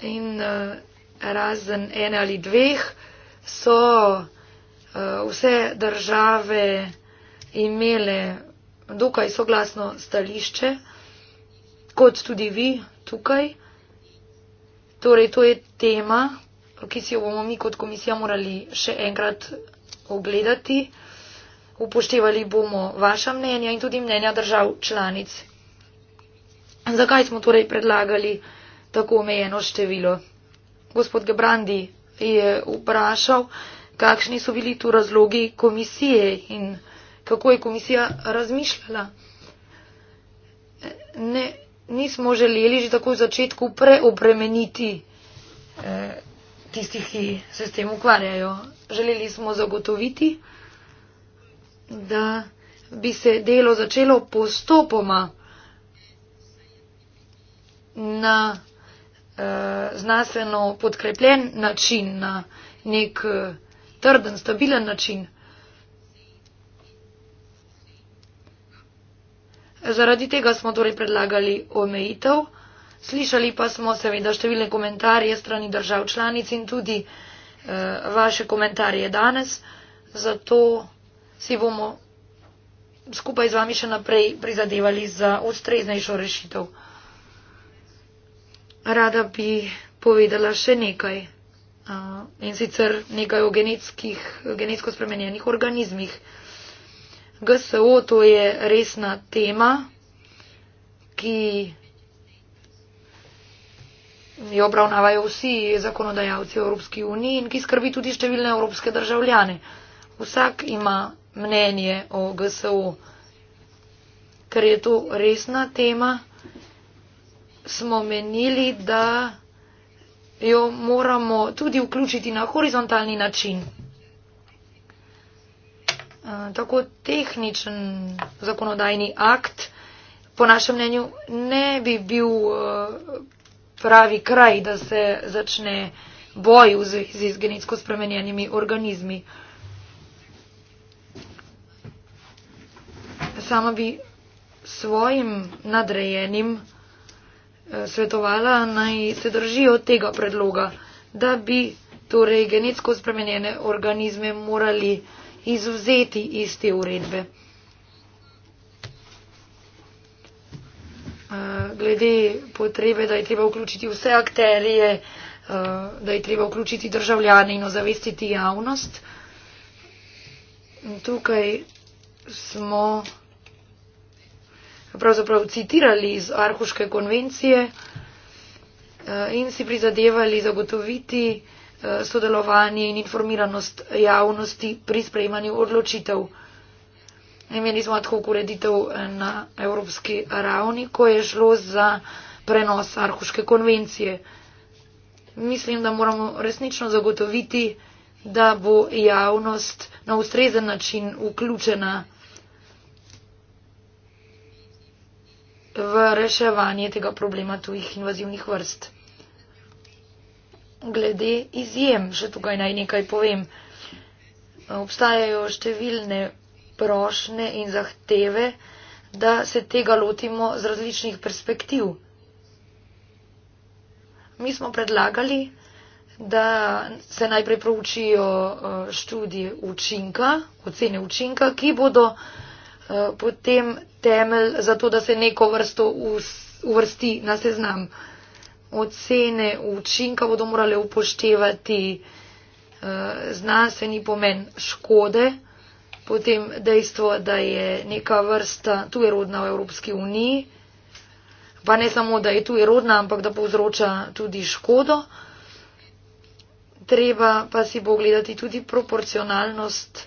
in eh, razen ene ali dveh so eh, vse države imele dokaj soglasno stališče, kot tudi vi tukaj. Torej, to je tema, ki si jo bomo mi kot komisija morali še enkrat ogledati upoštevali bomo vaša mnenja in tudi mnenja držav članic. Zakaj smo torej predlagali tako omejeno število? Gospod Gebrandi je vprašal, kakšni so bili tu razlogi komisije in kako je komisija razmišljala. Ne, nismo želeli že tako v začetku preobremeniti eh, tistih, ki se s tem ukvarjajo. Želeli smo zagotoviti, da bi se delo začelo postopoma na eh, znanstveno podkrepljen način, na nek eh, trden, stabilen način. Zaradi tega smo torej predlagali omejitev, slišali pa smo seveda številne komentarje strani držav članic in tudi eh, vaše komentarje danes. Zato si bomo skupaj z vami še naprej prizadevali za ustreznejšo rešitev. Rada bi povedala še nekaj in sicer nekaj o genetsko spremenjenih organizmih. GSO to je resna tema, ki jo obravnavajo vsi zakonodajalci Evropski uniji in ki skrbi tudi številne evropske državljane. Vsak ima mnenje o GSO, ker je to resna tema, smo menili, da jo moramo tudi vključiti na horizontalni način. Eh, tako tehničen zakonodajni akt po našem mnenju ne bi bil eh, pravi kraj, da se začne boj z genetsko spremenjenimi organizmi. sama bi svojim nadrejenim eh, svetovala naj se držijo tega predloga, da bi torej genetsko spremenjene organizme morali izuzeti iz te uredbe. Eh, glede potrebe, da je treba vključiti vse akterije, eh, da je treba vključiti državljane in ozavestiti javnost. Tukaj smo pravzaprav citirali iz Arhuške konvencije eh, in si prizadevali zagotoviti eh, sodelovanje in informiranost javnosti pri sprejemanju odločitev. Imeli smo tako ureditev eh, na evropski ravni, ko je šlo za prenos Arhuške konvencije. Mislim, da moramo resnično zagotoviti, da bo javnost na ustrezen način vključena. v reševanje tega problema tujih invazivnih vrst. Glede izjem, še tukaj naj nekaj povem. Obstajajo številne prošne in zahteve, da se tega lotimo z različnih perspektiv. Mi smo predlagali, da se najprej proučijo eh, študije učinka, ocene učinka, ki bodo uh, Eh, potem temelj za to, da se neko vrsto uvrsti na seznam. Ocene učinka bodo morale upoštevati eh, znanstveni pomen škode, potem dejstvo, da je neka vrsta tujerodna v Evropski uniji, pa ne samo, da je tujerodna, ampak da povzroča tudi škodo. Treba pa si pogledati tudi proporcionalnost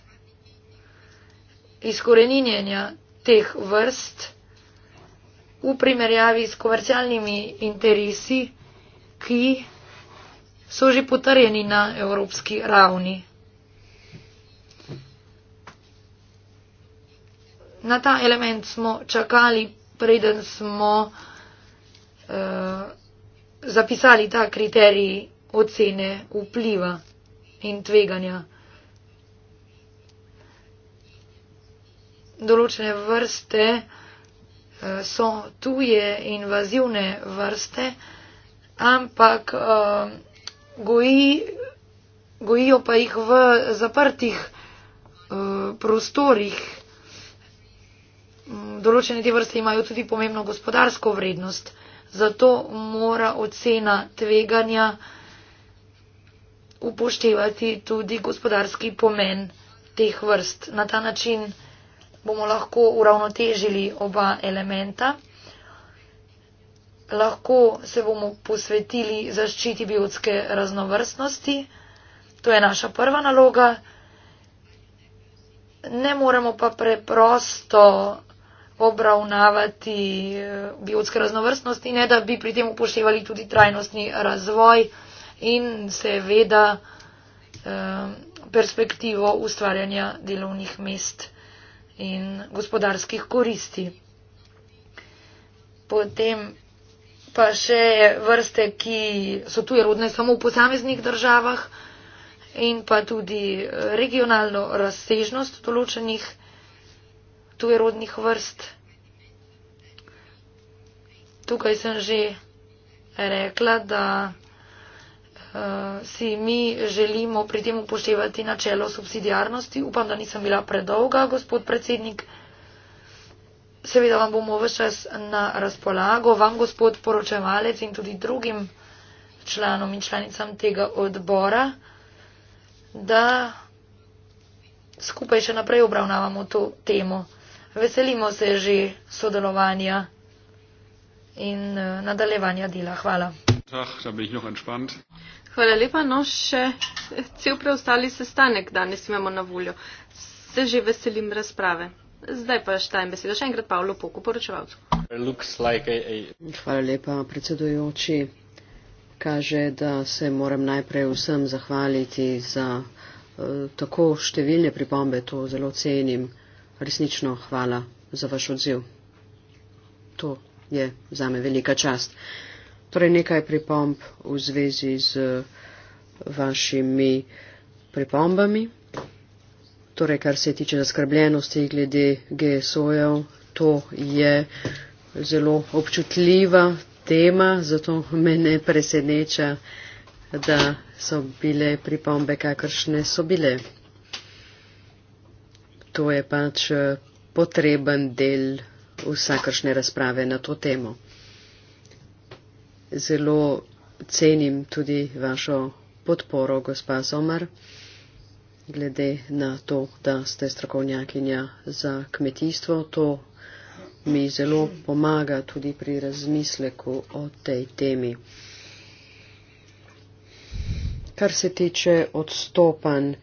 izkoreninjenja teh vrst v primerjavi s komercialnimi interesi, ki so že potrjeni na evropski ravni. Na ta element smo čakali, preden smo uh, zapisali ta kriterij ocene vpliva in tveganja. določene vrste eh, so tuje invazivne vrste, ampak eh, goji, gojijo pa jih v zaprtih eh, prostorih. Mm, določene te vrste imajo tudi pomembno gospodarsko vrednost, zato mora ocena tveganja upoštevati tudi gospodarski pomen teh vrst. Na ta način bomo lahko uravnotežili oba elementa. Lahko se bomo posvetili zaščiti biotske raznovrstnosti. To je naša prva naloga. Ne moremo pa preprosto obravnavati eh, biotske raznovrstnosti, ne da bi pri tem upoštevali tudi trajnostni razvoj in seveda eh, perspektivo ustvarjanja delovnih mest in gospodarskih koristi. Potem pa še vrste, ki so tuje rodne samo v posameznih državah in pa tudi eh, regionalno razsežnost določenih tuje rodnih vrst. Tukaj sem že rekla, da. Eh, si mi želimo pri tem upoštevati načelo subsidijarnosti. Upam, da nisem bila predolga, gospod predsednik. Seveda vam bomo vse čas na razpolago, vam, gospod poročevalec in tudi drugim članom in članicam tega odbora, da skupaj še naprej obravnavamo to temo. Veselimo se že sodelovanja in eh, nadaljevanja dela. Hvala. Tak, da bin ich noch entspannt. Hvala lepa. No, še cel preostali sestanek danes imamo na voljo. Se že veselim razprave. Zdaj pa štajem besedo. Še enkrat Pavlo Poku, poročevalcu. Like a... Hvala lepa, predsedujoči. Kaže, da se moram najprej vsem zahvaliti za uh, tako številne pripombe. To zelo cenim. Resnično hvala za vaš odziv. To je zame velika čast. Uh, Torej nekaj pripomb v zvezi z eh, vašimi pripombami. Torej, kar se tiče zaskrbljenosti glede GSO-jev, to je zelo občutljiva tema, zato me ne preseneča, da so bile pripombe, kakršne so bile. To je pač eh, potreben del vsakršne razprave na to temo zelo cenim tudi vašo podporo, gospa Somar, glede na to, da ste strokovnjakinja za kmetijstvo. To mi zelo pomaga tudi pri razmisleku o tej temi. Kar se tiče odstopanj,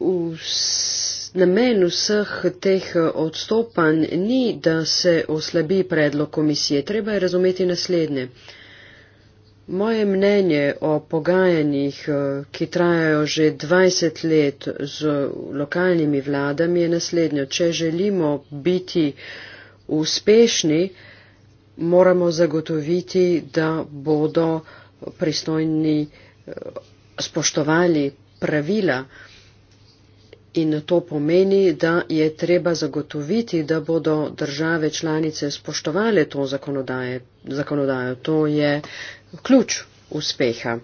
vse. Namen vseh teh eh, odstopanj ni, da se oslabi predlog komisije. Treba je razumeti naslednje. Moje mnenje o pogajanjih, eh, ki trajajo že 20 let z lokalnimi vladami, je naslednje. Če želimo biti uspešni, moramo zagotoviti, da bodo pristojni eh, spoštovali pravila in to pomeni, da je treba zagotoviti, da bodo države članice spoštovale to zakonodajo. To je ključ uspeha.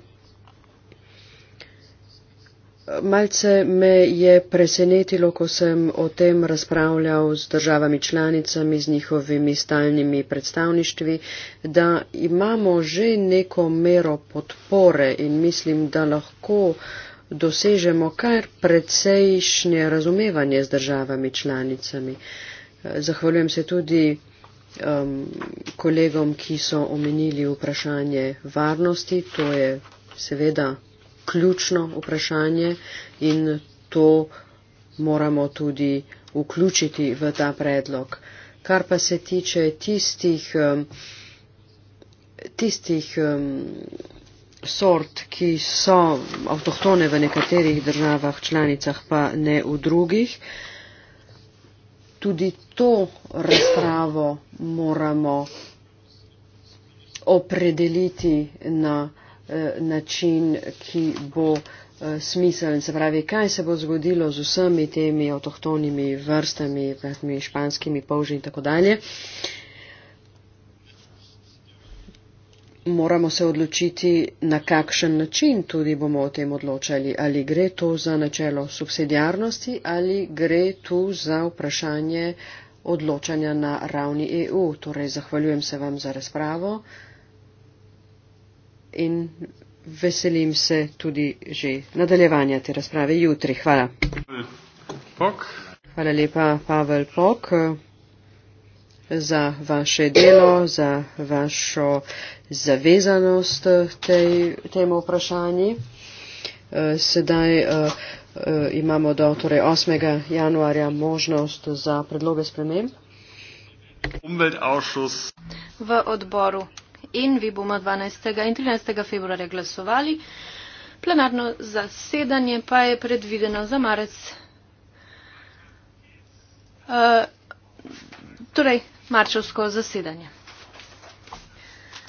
Malce me je presenetilo, ko sem o tem razpravljal z državami članicami, z njihovimi stalnimi predstavništvi, da imamo že neko mero podpore in mislim, da lahko uh, dosežemo kar precejšnje razumevanje z državami članicami. Zahvaljujem se tudi um, kolegom, ki so omenili vprašanje varnosti. To je seveda ključno vprašanje in to moramo tudi vključiti v ta predlog. Kar pa se tiče tistih, um, tistih um, sort, ki so avtohtone v nekaterih državah, članicah, pa ne v drugih. Tudi to razpravo moramo opredeliti na eh, način, ki bo eh, smiseln. Se pravi, kaj se bo zgodilo z vsemi temi avtohtonimi vrstami, vrstami španskimi, polži in tako dalje. moramo se odločiti, na kakšen način tudi bomo o tem odločali. Ali gre to za načelo subsidijarnosti ali gre tu za vprašanje odločanja na ravni EU. Torej, zahvaljujem se vam za razpravo in veselim se tudi že nadaljevanja te razprave jutri. Hvala. Pok. Hvala lepa, Pavel Pok za vaše delo, za vašo zavezanost tej, temu vprašanju. E, sedaj e, e, imamo do torej 8. januarja možnost za predloge sprememb. V odboru in vi bomo 12. in 13. februarja glasovali. Plenarno zasedanje pa je predvideno za marec. Uh, torej, marčevsko zasedanje.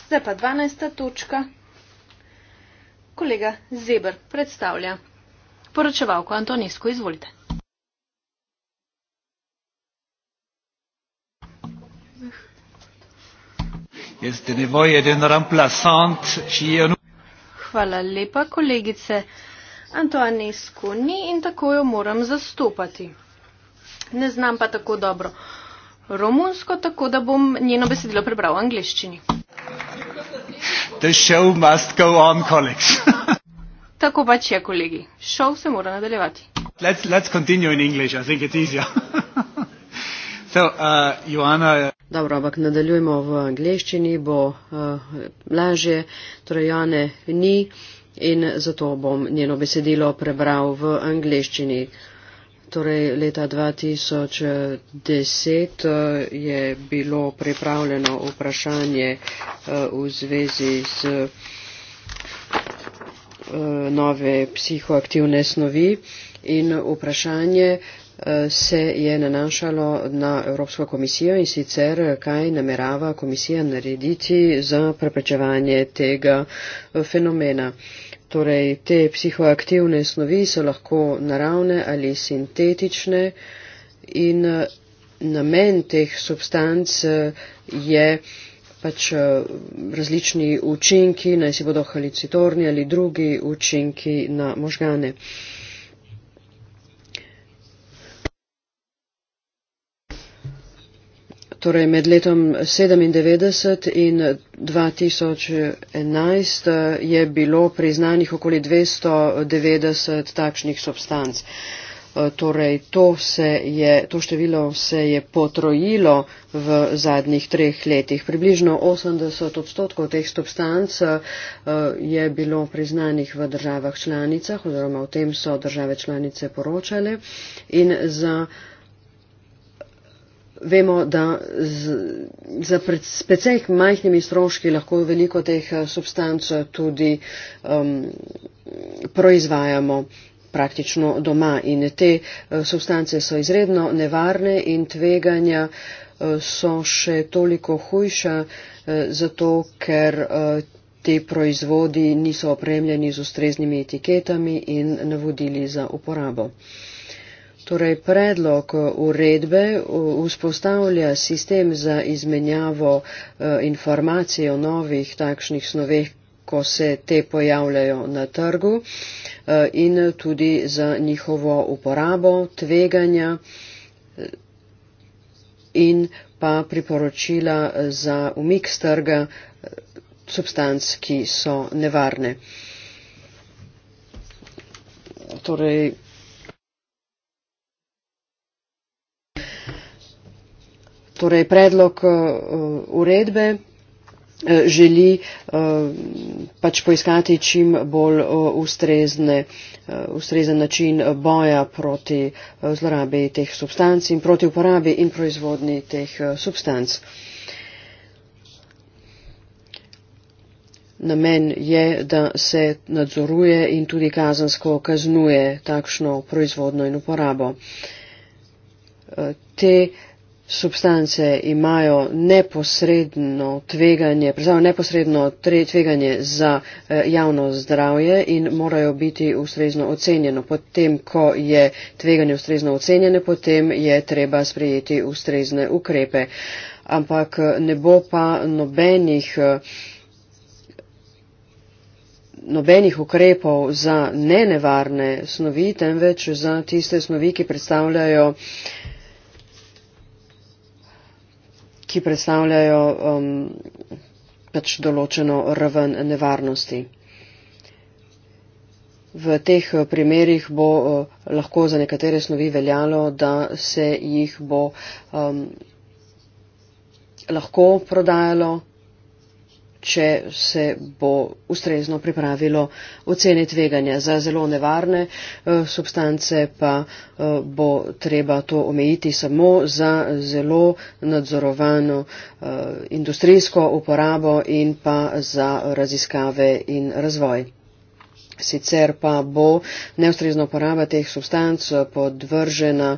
Zdaj pa 12. točka. Kolega Zebr predstavlja poročevalko Antonesko. Izvolite. Hvala lepa, kolegice. Antoanesku ni in tako jo moram zastopati. Ne znam pa tako dobro romunsko, tako da bom njeno besedilo prebral v angliščini. The show must go on, colleagues. tako pač je, kolegi. Show se mora nadaljevati. Let's, let's continue in English. I think it's easier. so, uh, Joana. Dobro, ampak nadaljujemo v angliščini, bo uh, lažje. Torej, Joane ni in zato bom njeno besedilo prebral v angliščini. Torej, leta 2010 eh, je bilo pripravljeno vprašanje eh, v zvezi z eh, nove psihoaktivne snovi in vprašanje se je nanašalo na Evropsko komisijo in sicer kaj namerava komisija narediti za preprečevanje tega fenomena torej te psihoaktivne snovi so lahko naravne ali sintetične in eh, namen teh substanc eh, je pač eh, različni učinki, naj si bodo halicitorni ali drugi učinki na možgane. torej med letom 97 in 2011 eh, je bilo priznanih okoli 290 takšnih substanc. Eh, torej, to, se je, to število se je potrojilo v zadnjih treh letih. Približno 80 odstotkov teh substanc eh, je bilo priznanih v državah članicah, oziroma o tem so države članice poročale. In za uh, vemo, da z, za pred, precej majhnimi stroški lahko veliko teh eh, substanc eh, tudi um, proizvajamo praktično doma. In te eh, substance so izredno nevarne in tveganja so še toliko hujša, zato ker te proizvodi niso opremljeni z ustreznimi etiketami in navodili za uporabo. Torej, predlog eh, uredbe eh, vzpostavlja sistem za izmenjavo eh, informacij o novih takšnih snoveh, ko se te pojavljajo na trgu in tudi za njihovo uporabo, tveganja in pa priporočila za umik z trga substanc, ki so nevarne. Torej, torej predlog eh, uredbe eh, želi eh, pač poiskati čim bolj ustrezne, ustrezen način boja proti zlorabi teh substanc in proti uporabi in proizvodni teh substanc. Namen je, da se nadzoruje in tudi kazansko kaznuje takšno proizvodno in uporabo. Te uh, substance imajo neposredno tveganje, neposredno tveganje za eh, javno zdravje in morajo biti ustrezno ocenjeno. Potem, ko je tveganje ustrezno ocenjene, potem je treba sprejeti ustrezne ukrepe. Ampak eh, ne bo pa nobenih eh, nobenih ukrepov za nenevarne snovi, temveč za tiste snovi, ki predstavljajo eh, ki predstavljajo um, pač določeno raven nevarnosti. V teh uh, primerjih bo uh, lahko za nekatere snovi veljalo, da se jih bo um, lahko prodajalo če se bo ustrezno pripravilo ocene tveganja za zelo nevarne eh, substance, pa eh, bo treba to omejiti samo za zelo nadzorovano eh, industrijsko uporabo in pa za raziskave in razvoj. Sicer pa bo neustrezna uporaba teh substanc podvržena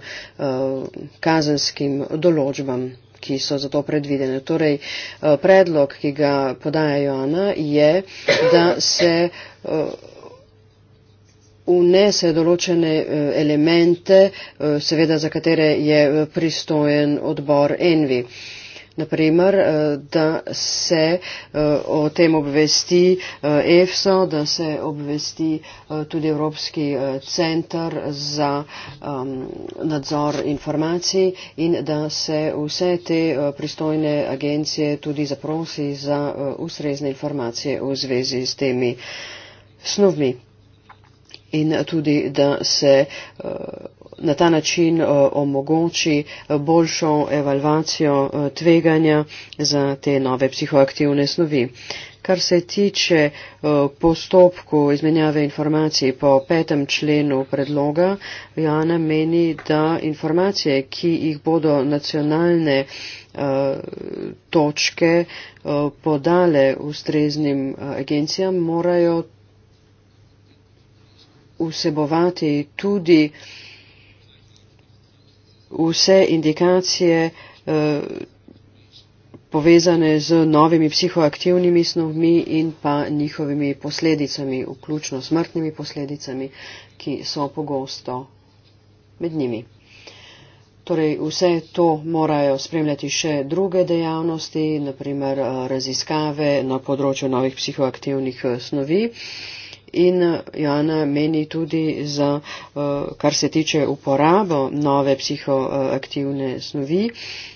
kazenskim določbam ki so za to predvidene. Torej, eh, predlog, ki ga podaja Joana, je, da se eh, vnese določene eh, elemente, seveda za katere je pristojen odbor Envi naprimer, eh, da se eh, o tem obvesti eh, EFSO, da se obvesti tudi Evropski centr za ehm, nadzor informacij in da se vse te pristojne agencije tudi zaprosi za ustrezne informacije v zvezi s temi snovmi. In tudi, da se na ta način eh, omogoči eh, boljšo evalvacijo eh, tveganja za te nove psihoaktivne snovi. Kar se tiče postopku izmenjave informacij po petem členu predloga, Jana meni, da informacije, ki jih bodo nacionalne točke podale ustreznim agencijam, morajo vsebovati tudi vse indikacije eh, povezane z novimi psihoaktivnimi snovmi in pa njihovimi posledicami, vključno smrtnimi posledicami, ki so pogosto med njimi. Torej, vse to morajo spremljati še druge dejavnosti, naprimer eh, raziskave na področju novih psihoaktivnih eh, snovi. Uh, in eh, Jana meni tudi za, eh, kar se tiče uporabo nove psihoaktivne snovi,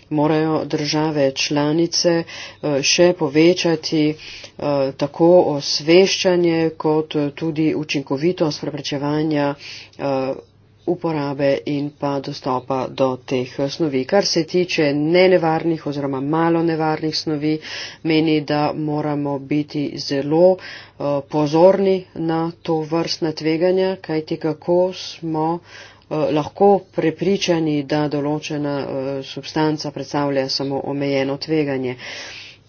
morajo države članice eh, še povečati tako osveščanje kot tudi učinkovitost preprečevanja uporabe in pa dostopa do teh snovi. Kar se tiče nenevarnih oziroma malo nevarnih snovi, meni, da moramo biti zelo uh, pozorni na to vrstna tveganja, kajti kako smo eh, lahko prepričani, da določena eh, substanca predstavlja samo omejeno tveganje.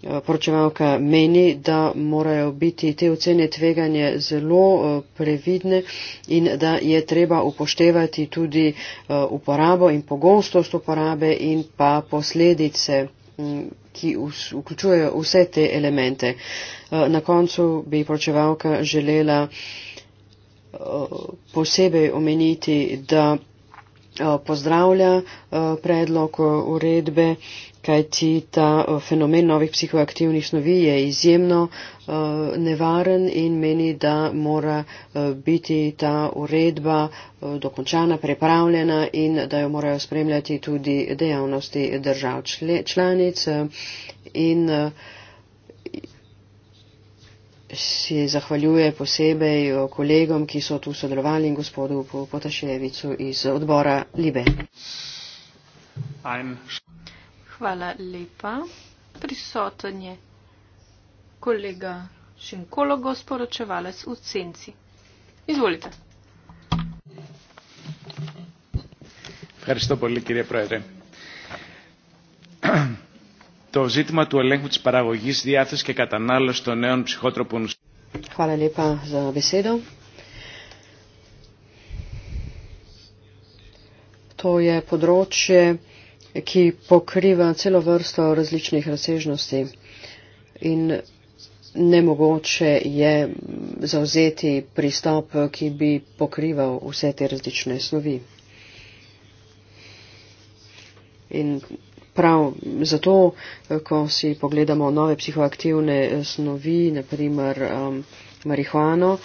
Eh, poročevalka meni, da morajo biti te ocene tveganje zelo eh, previdne in da je treba upoštevati tudi eh, uporabo in pogostost uporabe in pa posledice, mm, ki vključujejo vse te elemente. Na koncu bi poročevalka želela posebej omeniti, da pozdravlja predlog uredbe, kajti ta eh, fenomen novih psihoaktivnih snovi je izjemno eh, nevaren in meni, da mora eh, biti ta uredba dokončana, prepravljena in da jo morajo spremljati tudi dejavnosti držav članic. In si zahvaljuje posebej kolegom, ki so tu sodelovali in gospodu Potaševicu iz odbora Libe. I'm... Hvala lepa. Prisoten je kolega Šinkologo, sporočevalec v Cenci. Izvolite. Hvala lepa za besedo. To je področje ki pokriva celo vrsto različnih razsežnosti in nemogoče je zauzeti pristop, ki bi pokrival vse te različne snovi. In prav zato, ko si pogledamo nove psihoaktivne snovi, naprimer um, marihuano, uh,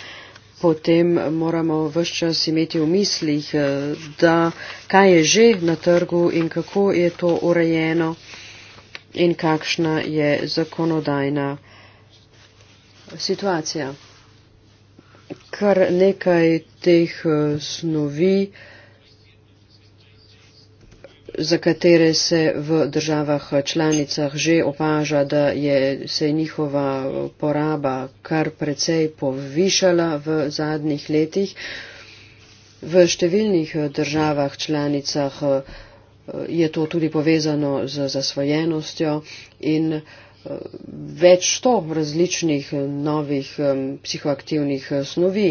potem moramo vse čas imeti v mislih, eh, da kaj je že na trgu in kako je to urejeno in kakšna je zakonodajna situacija. Kar nekaj teh eh, snovi, za katere se v državah članicah že opaža, da je, se je njihova poraba kar precej povišala v zadnjih letih. V številnih državah članicah eh, je to tudi povezano z zasvojenostjo in eh, več sto različnih novih eh, psihoaktivnih snovi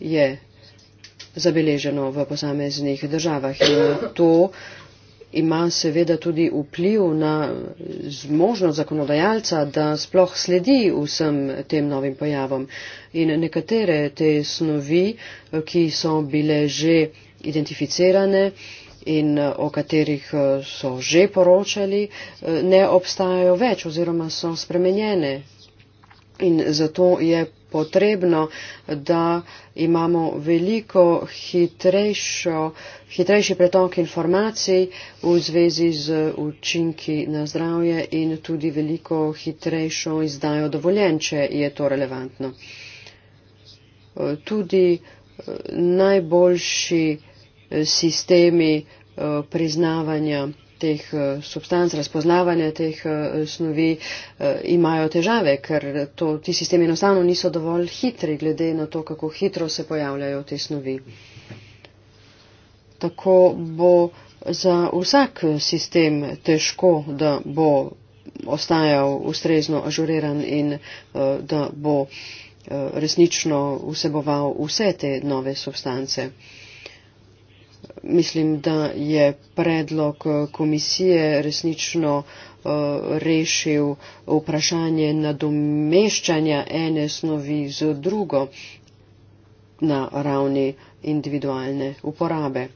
je zabeleženo v posameznih državah. In to ima seveda tudi vpliv na zmožnost zakonodajalca, da sploh sledi vsem tem novim pojavom. In nekatere te snovi, ki so bile že identificirane in eh, o katerih eh, so že poročali, eh, ne obstajajo več oziroma so spremenjene In zato je potrebno, da imamo veliko hitrejšo, hitrejši pretok informacij v zvezi z učinki na zdravje in tudi veliko hitrejšo izdajo dovoljen, če je to relevantno. Tudi eh, najboljši eh, sistemi eh, priznavanja teh eh, substanc, razpoznavanja teh eh, snovi, eh, imajo težave, ker to, ti sistemi enostavno niso dovolj hitri, glede na to, kako hitro se pojavljajo te snovi. Tako bo za vsak sistem težko, da bo ostajal ustrezno ažuriran in da bo resnično vseboval vse te nove substance mislim, da je predlog eh, komisije resnično eh, rešil vprašanje nadomeščanja ene snovi z drugo na ravni individualne uporabe.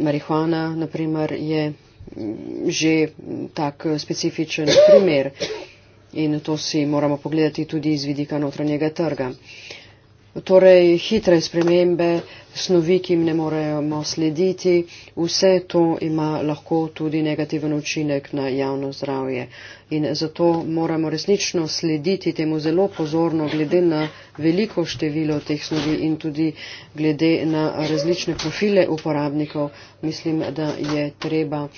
Marihuana, naprimer, je mm, že tak eh, specifičen primer in to si moramo pogledati tudi iz vidika notranjega trga. Torej, hitre spremembe snovi, ki jim ne moremo slediti, vse to ima lahko tudi negativen učinek na javno zdravje. In zato moramo resnično slediti temu zelo pozorno, glede na veliko število teh snovi in tudi glede na različne profile uporabnikov. Mislim, da je treba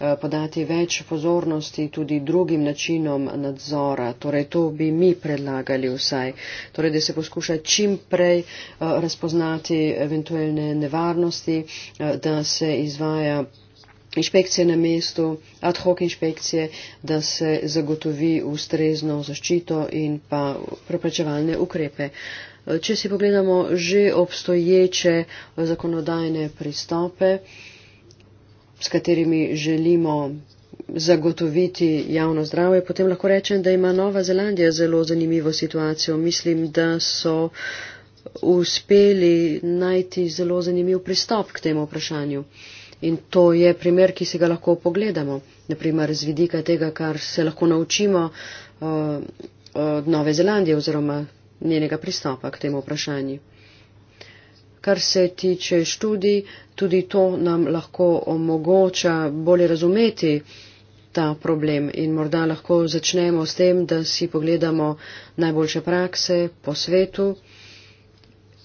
eh, podati več pozornosti tudi drugim načinom nadzora. Torej, to bi mi predlagali vsaj. Torej, da se poskuša čim prej eh, razpoznati eh, eventualne nevarnosti, eh, da se izvaja inšpekcije na mestu, ad hoc inšpekcije, da se zagotovi ustrezno zaščito in pa preprečevalne ukrepe. Eh, če si pogledamo že obstoječe eh, zakonodajne pristope, s katerimi želimo zagotoviti javno zdravje, potem lahko rečem, da ima Nova Zelandija zelo zanimivo situacijo. Mislim, da so uh, uspeli najti zelo zanimiv pristop k temu vprašanju. In to je primer, ki se ga lahko pogledamo, naprimer z vidika tega, kar se lahko naučimo uh, od Nove Zelandije oziroma njenega pristopa k temu vprašanju. Kar se tiče študij, tudi to nam lahko omogoča bolje razumeti ta problem in morda lahko začnemo s tem, da si pogledamo najboljše prakse po svetu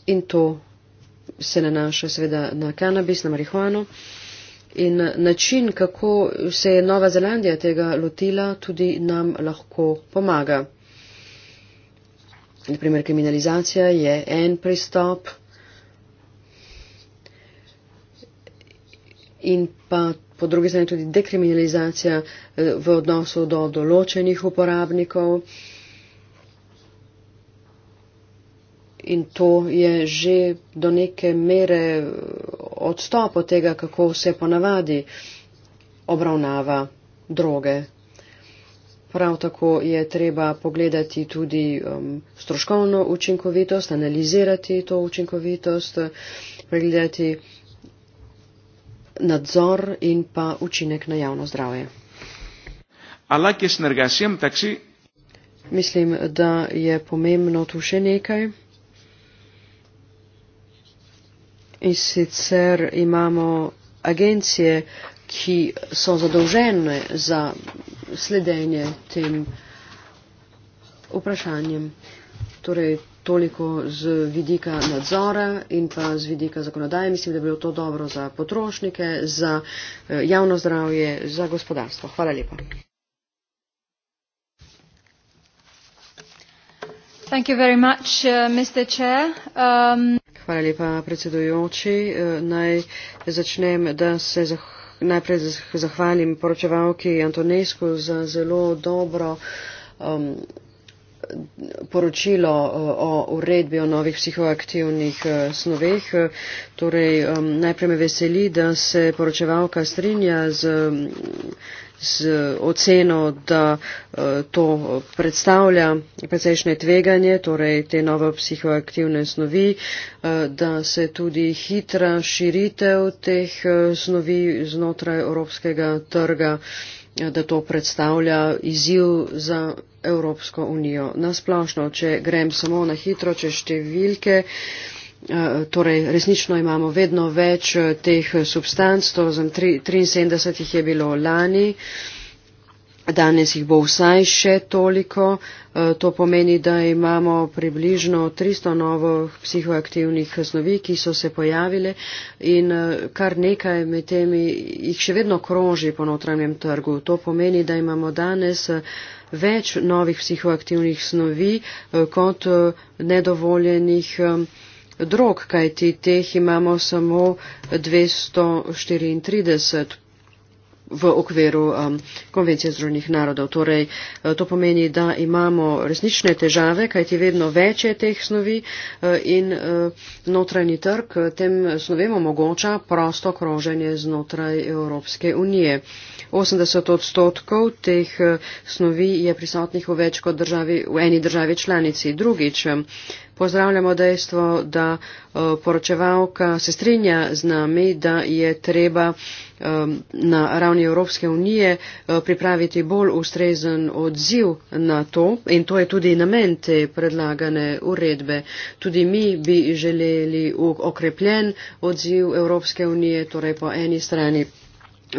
in to se nanaša seveda na kanabis, na marihuano. In način, kako se je Nova Zelandija tega lotila, tudi nam lahko pomaga. Naprimer, kriminalizacija je en pristop. In pa po drugi strani tudi dekriminalizacija eh, v odnosu do določenih uporabnikov. in to je že do neke mere odstop od tega, kako se ponavadi obravnava droge. Prav tako je treba pogledati tudi um, stroškovno učinkovitost, analizirati to učinkovitost, pregledati nadzor in pa učinek na javno zdravje. Mislim, da je pomembno tu še nekaj. In sicer imamo agencije, ki so zadolžene za sledenje tem vprašanjem. Torej, toliko z vidika nadzora in pa z vidika zakonodaje. Mislim, da bi bilo to dobro za potrošnike, za eh, javno zdravje, za gospodarstvo. Hvala lepa. Thank you very much, uh, Mr. Chair. Um... Hvala lepa, predsedujoči. Eh, naj začnem, da se najprej zahvalim poročevalki Antonesku za zelo dobro um, poročilo eh, o uredbi o novih psihoaktivnih eh, snoveh. Torej, um, najprej me veseli, da se poročevalka strinja z. Um, z oceno, da eh, to predstavlja precejšnje tveganje, torej te nove psihoaktivne snovi, eh, da se tudi hitra širitev teh eh, snovi znotraj evropskega trga, da to predstavlja izziv za. Evropsko unijo. Nasplošno, če grem samo na hitro, če številke. Uh, Eh, torej resnično imamo vedno več eh, teh eh, substanc, to znam, 73 jih je bilo lani, danes jih bo vsaj še toliko, to pomeni, da imamo približno 300 novih psihoaktivnih snovi, ki so se pojavile in kar nekaj med temi jih še vedno kroži po notranjem trgu. To pomeni, da imamo danes več novih psihoaktivnih snovi kot nedovoljenih drog, kajti teh imamo samo 234 v okviru um, konvencije zdravnih narodov. Torej, eh, to pomeni, da imamo resnične težave, kajti vedno več je teh snovi eh, in uh, notranji trg tem snovem omogoča prosto kroženje znotraj Evropske unije. 80 odstotkov teh snovi je prisotnih v več kot državi, v eni državi članici. Drugič, uh, pozdravljamo dejstvo, da eh, poročevalka se strinja z nami, da je treba eh, na ravni Evropske unije eh, pripraviti bolj ustrezen odziv na to in to je tudi namen te predlagane uredbe. Tudi mi bi želeli okrepljen odziv Evropske unije, torej po eni strani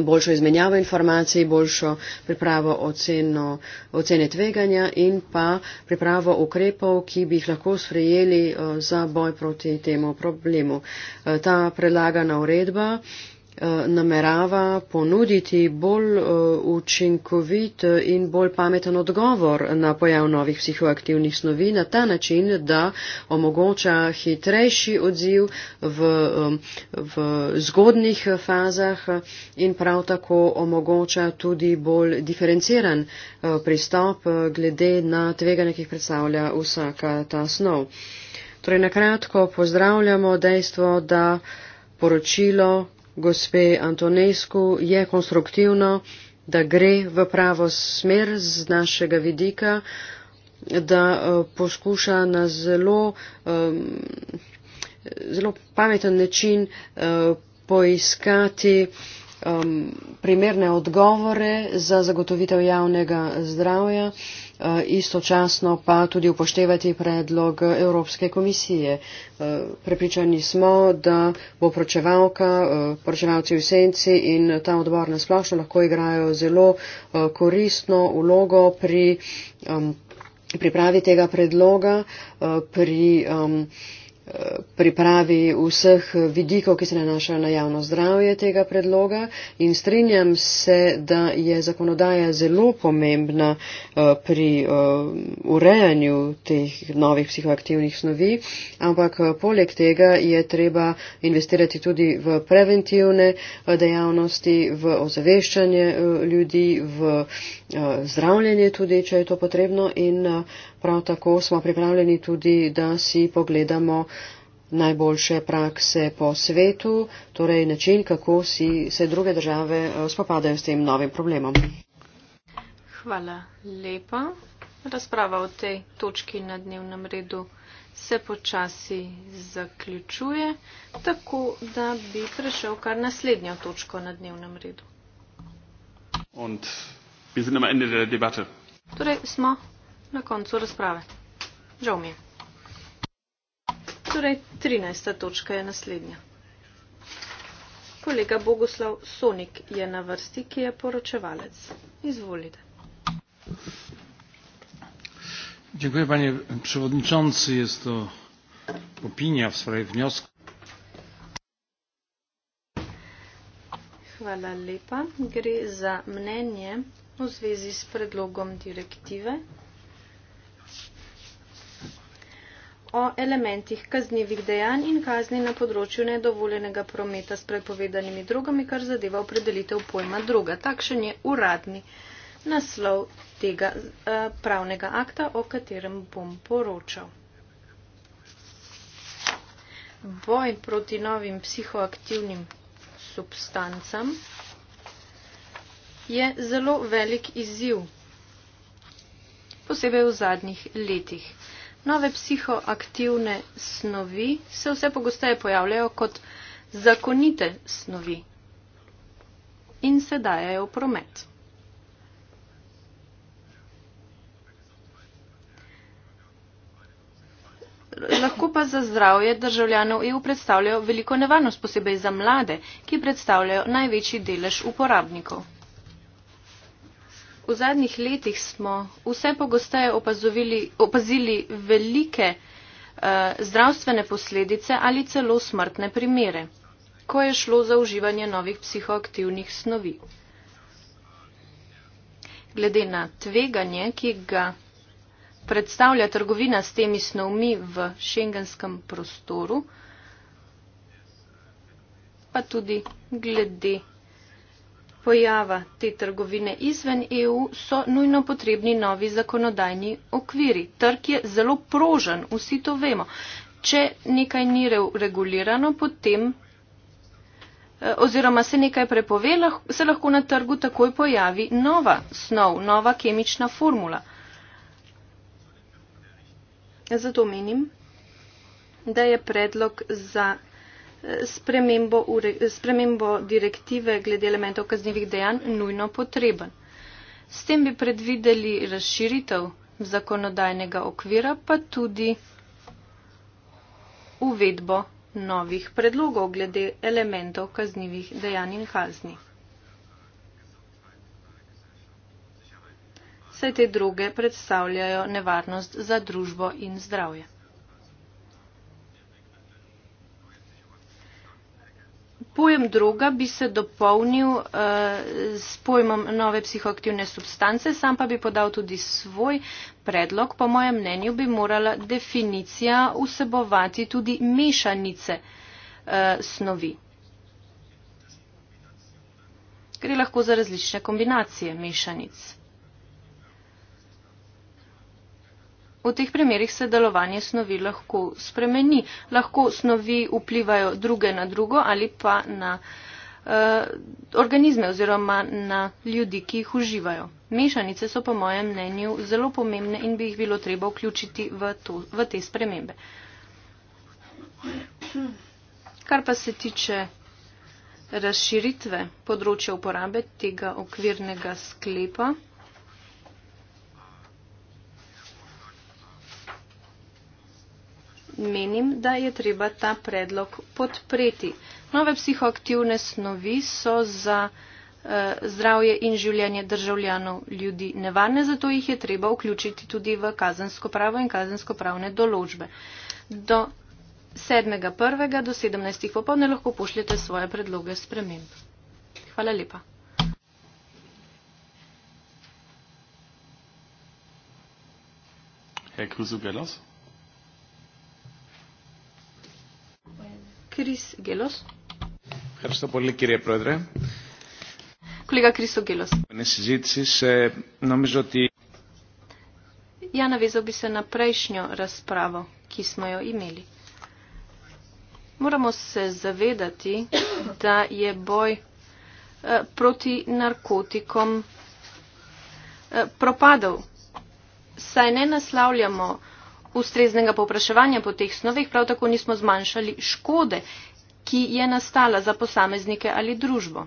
boljšo izmenjavo informacij, boljšo pripravo oceno, ocene tveganja in pa pripravo ukrepov, ki bi jih lahko sprejeli eh, za boj proti temu problemu. Eh, ta predlagana uredba Eh, namerava ponuditi bolj eh, učinkovit in bolj pameten odgovor na pojav novih psihoaktivnih snovi na ta način, da omogoča hitrejši odziv v, v zgodnih fazah in prav tako omogoča tudi bolj diferenciran eh, pristop glede na tveganje, ki jih predstavlja vsaka ta snov. Torej, na kratko pozdravljamo dejstvo, da poročilo gospe Antonescu je konstruktivno, da gre v pravo smer z našega vidika, da eh, poskuša na zelo, zelo pameten način eh, poiskati primerne odgovore za zagotovitev javnega zdravja Eh, istočasno pa tudi upoštevati predlog Evropske komisije. Eh, prepričani smo, da bo pročevalka, eh, pročevalci v senci in ta odbor na splošno lahko igrajo zelo koristno vlogo pri pripravi tega predloga, pri um, pripravi vseh vidikov, ki se nanašajo na javno zdravje tega predloga in strinjam se, da je zakonodaja zelo pomembna eh, pri eh, urejanju teh novih psihoaktivnih snovi, ampak eh, poleg tega je treba investirati tudi v preventivne dejavnosti, v ozaveščanje ljudi, v zdravljenje tudi, če je to potrebno in Prav tako smo pripravljeni tudi, da si pogledamo najboljše prakse po svetu, torej način, kako si se druge države eh, spopadajo s tem novim problemom. Hvala lepa. Razprava o tej točki na dnevnem redu se počasi zaključuje, tako da bi prešel kar naslednjo točko na dnevnem redu. Torej smo na koncu razprave. Žal mi je. Torej, 13. točka je naslednja. Kolega Bogoslav Sonik je na vrsti, ki je poročevalec. Izvolite. Dziękuję panie przewodniczący. Jest to opinia w sprawie wniosku. Hvala lepa. Gre za mnenje o zvezi s predlogom direktive o elementih kaznjivih dejanj in kazni na področju nedovoljenega prometa s prepovedanimi drogami, kar zadeva opredelitev pojma droga. Takšen je uradni naslov tega eh, pravnega akta, o katerem bom poročal. Boj proti novim psihoaktivnim substancam je zelo velik izziv, posebej v zadnjih letih. Nove psihoaktivne snovi se vse pogosteje pojavljajo kot zakonite snovi in se dajajo v promet. Lahko pa za zdravje državljanov EU predstavljajo veliko nevarnost, posebej za mlade, ki predstavljajo največji delež uporabnikov. V zadnjih letih smo vse pogosteje opazili velike uh, zdravstvene posledice ali celo smrtne primere, ko je šlo za uživanje novih psihoaktivnih snovi. Glede na tveganje, ki ga predstavlja trgovina s temi snovmi v šengenskem prostoru, pa tudi glede pojava te trgovine izven EU, so nujno potrebni novi zakonodajni okviri. Trg je zelo prožen, vsi to vemo. Če nekaj ni regulirano, potem eh, oziroma se nekaj prepove, se lahko na trgu takoj pojavi nova snov, nova kemična formula. Zato menim, da je predlog za spremembo, spremembo direktive glede elementov kaznjivih dejanj nujno potreben. S tem bi predvideli razširitev zakonodajnega okvira, pa tudi uvedbo novih predlogov glede elementov kaznjivih dejanj in kazni. Vse te druge predstavljajo nevarnost za družbo in zdravje. Pojem droga bi se dopolnil uh, s pojmom nove psihoaktivne substance, sam pa bi podal tudi svoj predlog. Po mojem mnenju bi morala definicija vsebovati tudi mešanice uh, snovi. Gre lahko za različne kombinacije mešanic. V teh primerjih se delovanje snovi lahko spremeni. Lahko snovi vplivajo druge na drugo ali pa na uh, organizme oziroma na ljudi, ki jih uživajo. Mešanice so po mojem mnenju zelo pomembne in bi jih bilo treba vključiti v, to, v te spremembe. Kar pa se tiče razširitve področja uporabe tega okvirnega sklepa, menim, da je treba ta predlog podpreti. Nove psihoaktivne snovi so za eh, zdravje in življenje državljanov ljudi nevarne, zato jih je treba vključiti tudi v kazensko pravo in kazensko pravne določbe. Do 7.1. do 17. popovdne lahko pošljete svoje predloge sprememb. Hvala lepa. Herr Krüsel-Gellers? Κρίς Γκέλος. Ευχαριστώ πολύ κύριε Πρόεδρε. Κολλήγα Κρίς Γκέλος. Είναι συζήτηση, ε, νομίζω ότι... Για να βιζόμπισε ένα πρέσνιο ρασπράβο, κύσμα ο Ιμίλη. Moramo se zavedati, da je boj eh, proti narkotikom eh, propadal. Saj ne naslavljamo ustreznega povpraševanja po teh snovih, prav tako nismo zmanjšali škode, ki je nastala za posameznike ali družbo.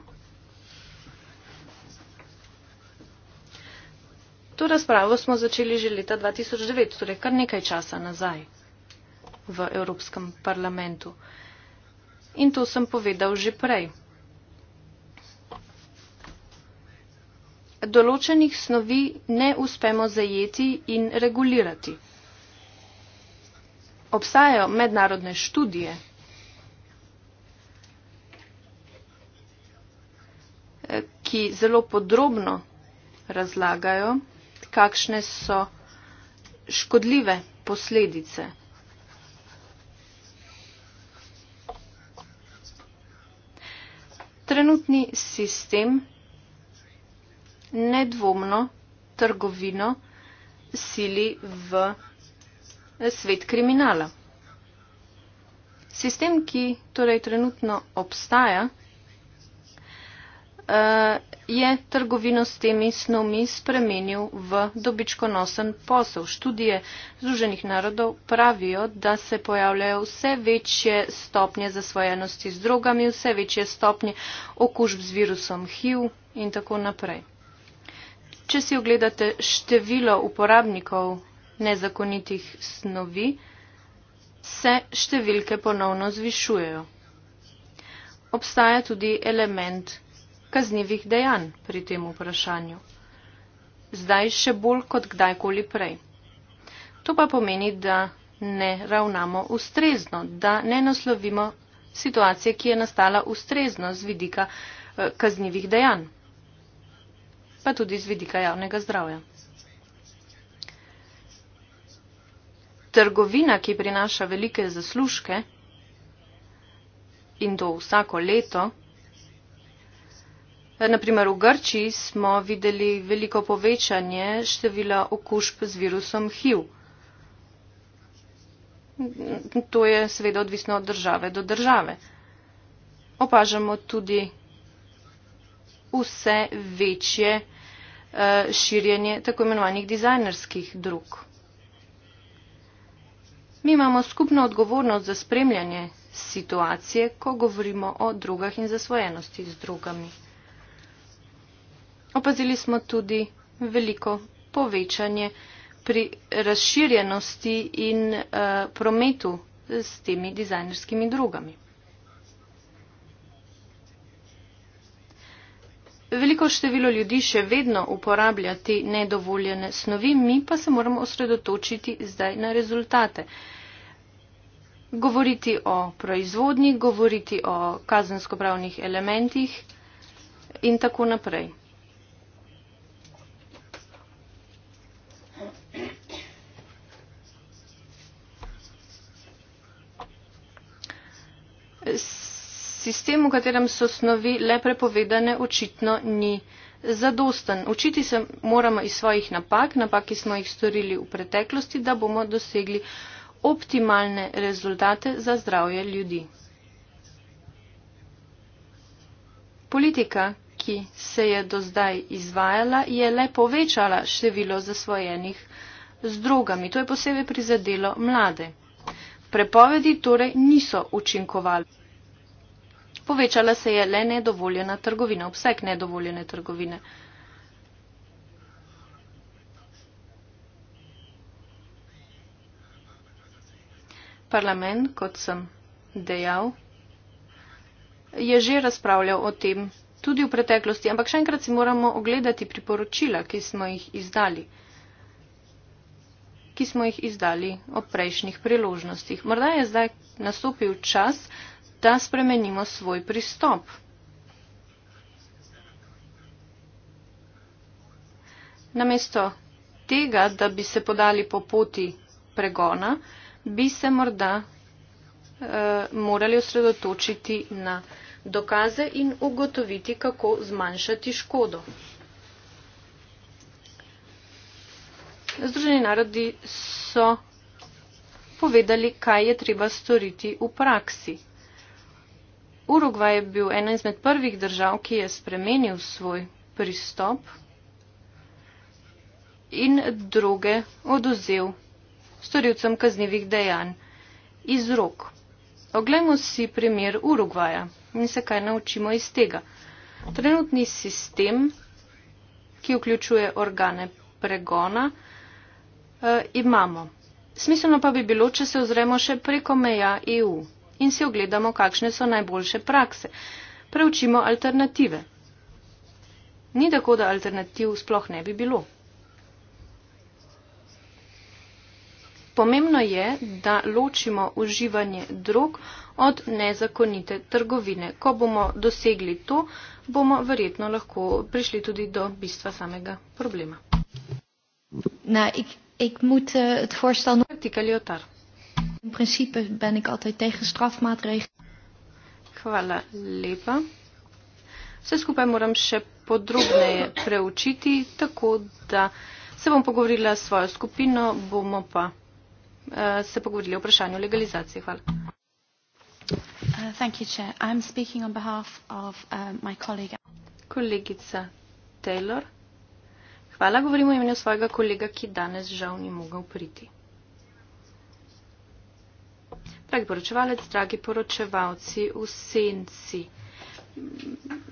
To razpravo smo začeli že leta 2009, torej kar nekaj časa nazaj v Evropskem parlamentu. In to sem povedal že prej. Določenih snovi ne uspemo zajeti in regulirati obstajajo mednarodne študije, eh, ki zelo podrobno razlagajo, kakšne so škodljive posledice. Trenutni sistem nedvomno trgovino sili v svet kriminala. Sistem, ki torej trenutno obstaja, eh, je trgovino s temi snomi spremenil v dobičkonosen posel. Študije Združenih narodov pravijo, da se pojavljajo vse večje stopnje zasvojenosti z drogami, vse večje stopnje okužb z virusom HIV in tako naprej. Če si ogledate število uporabnikov nezakonitih snovi, se številke ponovno zvišujejo. Obstaja tudi element kaznivih dejanj pri tem vprašanju. Zdaj še bolj kot kdajkoli prej. To pa pomeni, da ne ravnamo ustrezno, da ne naslovimo situacije, ki je nastala ustrezno z vidika eh, kaznivih dejanj, pa tudi z vidika javnega zdravja. trgovina, ki prinaša velike zaslužke in to vsako leto. Naprimer v Grčiji smo videli veliko povečanje števila okužb z virusom HIV. To je seveda odvisno od države do države. Opažamo tudi vse večje eh, širjenje tako imenovanih dizajnerskih drug. Mi imamo skupno odgovornost za spremljanje situacije, ko govorimo o drugah in zasvojenosti z drugami. Opazili smo tudi veliko povečanje pri razširjenosti in uh, prometu s temi dizajnerskimi drugami. Veliko število ljudi še vedno uporablja te nedovoljene snovi, mi pa se moramo osredotočiti zdaj na rezultate. Govoriti o proizvodnji, govoriti o kazensko-pravnih elementih in tako naprej. sistem, v katerem so snovi le prepovedane, očitno ni zadosten. Učiti se moramo iz svojih napak, napak, ki smo jih storili v preteklosti, da bomo dosegli optimalne rezultate za zdravje ljudi. Politika, ki se je do zdaj izvajala, je le povečala število zasvojenih z drogami. To je posebej prizadelo mlade. Prepovedi torej niso učinkovali. Povečala se je le nedovoljena trgovina, obseg nedovoljene trgovine. Parlament, kot sem dejal, je že razpravljal o tem tudi v preteklosti, ampak še enkrat si moramo ogledati priporočila, ki smo jih izdali, ki smo jih izdali ob prejšnjih priložnostih. Morda je zdaj nastopil čas, da spremenimo svoj pristop. Namesto tega, da bi se podali po poti pregona, bi se morda eh, morali osredotočiti na dokaze in ugotoviti, kako zmanjšati škodo. Združeni narodi so povedali, kaj je treba storiti v praksi. Urugvaj je bil ena izmed prvih držav, ki je spremenil svoj pristop in druge oduzel storilcem kaznjivih dejanj iz rok. Oglejmo si primer Urugvaja in se kaj naučimo iz tega. Trenutni sistem, ki vključuje organe pregona, eh, imamo. Smiselno pa bi bilo, če se ozremo še preko meja EU in si ogledamo, kakšne so najboljše prakse. Preučimo alternative. Ni tako, da alternativ sploh ne bi bilo. Pomembno je, da ločimo uživanje drog od nezakonite trgovine. Ko bomo dosegli to, bomo verjetno lahko prišli tudi do bistva samega problema. Na, ik, ik moet, uh, het voorstel... In principe ben ik altijd tegen strafmaatregelen. Hvala lepa. Vse skupaj moram še podrobneje preučiti, tako da se bom pogovorila s svojo skupino, bomo pa uh, se pogovorili o vprašanju legalizacije. Hvala. Uh, thank you, Chair. I'm speaking on behalf of uh, my colleague. Kolegica Taylor. Hvala, govorimo imenu svojega kolega, ki danes žal ni mogel priti. Dragi poročevalec, dragi poročevalci, v senci.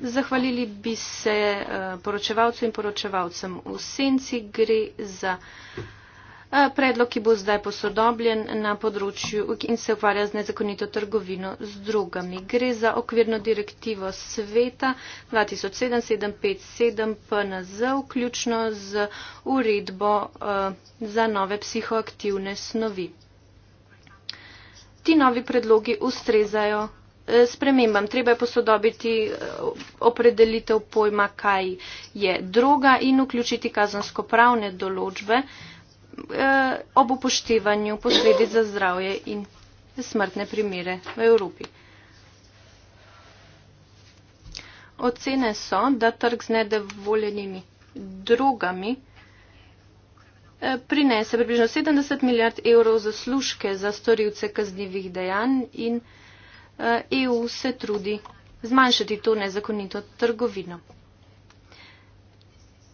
Zahvalili bi se eh, poročevalcu in poročevalcem v senci. Gre za eh, predlog, ki bo zdaj posodobljen na področju in se ukvarja z nezakonito trgovino z drugami. Gre za okvirno direktivo sveta 2007-757-PNZ, vključno z uredbo eh, za nove psihoaktivne snovi ti novi predlogi ustrezajo eh, spremembam. Treba je posodobiti eh, opredelitev pojma, kaj je droga in vključiti kazansko pravne določbe eh, ob upoštevanju posledic za zdravje in smrtne primere v Evropi. Ocene so, da trg z nedovoljenimi drogami Eh, prinese približno 70 milijard evrov zaslužke za storilce kaznjivih dejanj in EU eh, e se trudi zmanjšati to nezakonito trgovino.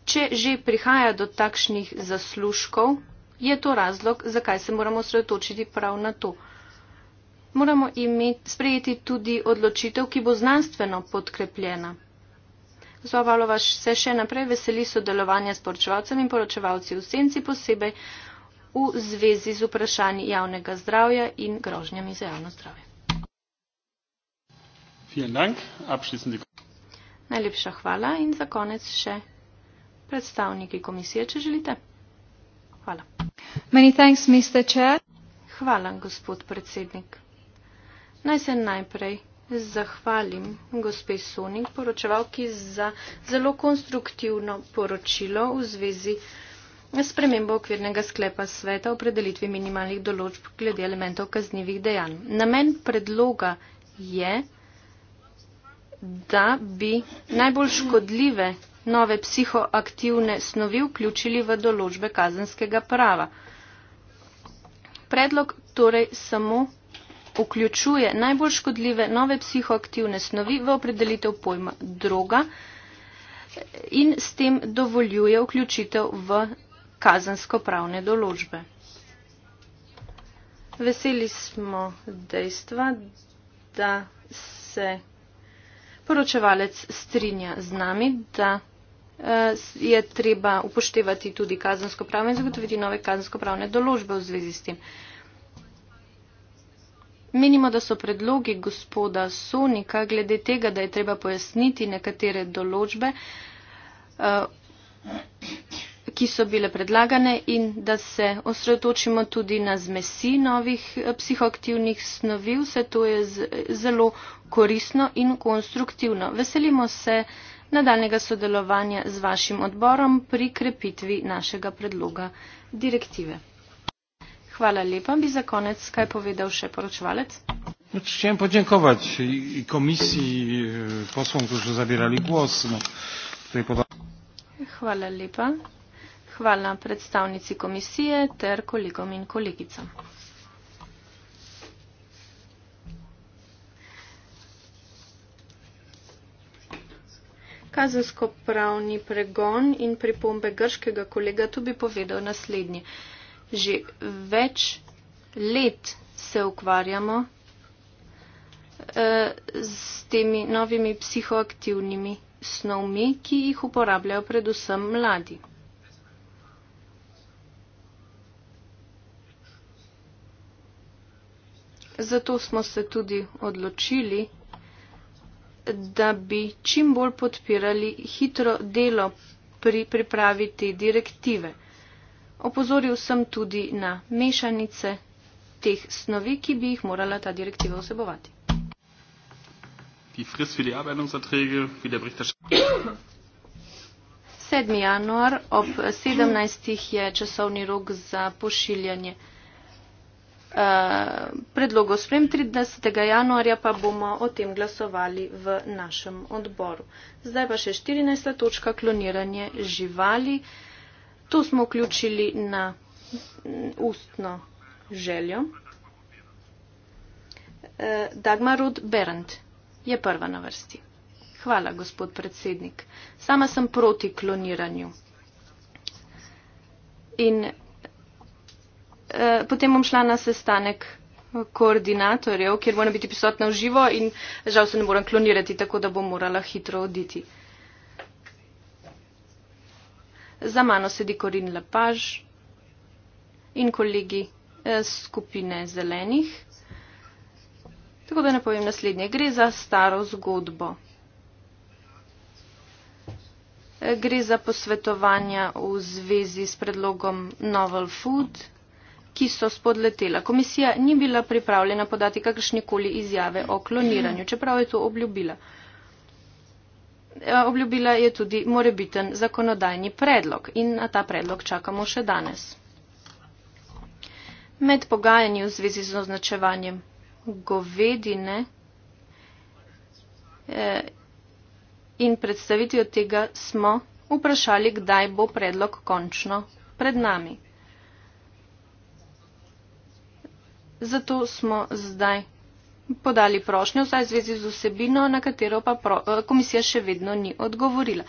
Če že prihaja do takšnih zaslužkov, je to razlog, zakaj se moramo sredotočiti prav na to. Moramo imeti, sprejeti tudi odločitev, ki bo znanstveno podkrepljena. Zobalova se še naprej veseli sodelovanja s poročevalcem in poročevalci v senci posebej v zvezi z vprašanji javnega zdravja in grožnjami za javno zdravje. Najlepša hvala in za konec še predstavniki komisije, če želite. Hvala. Many thanks, Mr. Chair. Hvala, gospod predsednik. Naj se najprej zahvalim gospe Sonik, poročevalki, za zelo konstruktivno poročilo v zvezi s premembo okvirnega sklepa sveta o predelitvi minimalnih določb glede elementov kaznjivih dejanj. Namen predloga je, da bi najbolj škodljive nove psihoaktivne snovi vključili v določbe kazenskega prava. Predlog torej samo vključuje najbolj škodljive nove psihoaktivne snovi v opredelitev pojma droga in s tem dovoljuje vključitev v kazensko-pravne določbe. Veseli smo dejstva, da se poročevalec strinja z nami, da eh, je treba upoštevati tudi kazensko-pravne in zagotoviti nove kazensko-pravne določbe v zvezi s tem. Menimo, da so predlogi gospoda Sonika glede tega, da je treba pojasniti nekatere določbe, eh, ki so bile predlagane in da se osredotočimo tudi na zmesi novih eh, psihoaktivnih snovi, vse to je zelo korisno in konstruktivno. Veselimo se nadaljnega sodelovanja z vašim odborom pri krepitvi našega predloga direktive. Hvala lepa. Bi za konec kaj povedal še poročvalec? No, Chciałem podziękować i komisji, i e, posłom, którzy zabierali głos. No, tutaj poda... Hvala lepa. Hvala predstavnici komisije ter kolegom in kolegicam. Kazensko pravni pregon in pripombe grškega kolega tu bi povedal naslednji že več let se ukvarjamo z eh, temi novimi psihoaktivnimi snovmi, ki jih uporabljajo predvsem mladi. Zato smo se tudi odločili, da bi čim bolj podpirali hitro delo pri pripravi te direktive. Opozoril sem tudi na mešanice teh snovi, ki bi jih morala ta direktiva vsebovati. Sedmi januar ob sedemnajstih je časovni rok za pošiljanje uh, predlogov sprem, 30. januarja pa bomo o tem glasovali v našem odboru. Zdaj pa še 14. točka kloniranje živali. Uh, Tu smo vključili na ustno željo. E, Dagmarud Berend je prva na vrsti. Hvala, gospod predsednik. Sama sem proti kloniranju. In eh, potem bom šla na sestanek koordinatorjev, kjer moram biti prisotna v živo in žal se ne moram klonirati, tako da bom morala hitro oditi za mano sedi Korin Lepaž in kolegi eh, skupine zelenih. Tako da ne povem naslednje, gre za staro zgodbo. Eh, gre za posvetovanja v zvezi s predlogom Novel Food, ki so spodletela. Komisija ni bila pripravljena podati kakršnekoli izjave o kloniranju, čeprav je to obljubila. Eh, obljubila je tudi morebiten zakonodajni predlog in na ta predlog čakamo še danes. Med pogajanji v zvezi z označevanjem govedine eh, in predstavitvijo tega smo vprašali, kdaj bo predlog končno pred nami. Zato smo zdaj podali prošnjo vsaj zvezi z vsebino, na katero pa pro, eh, komisija še vedno ni odgovorila.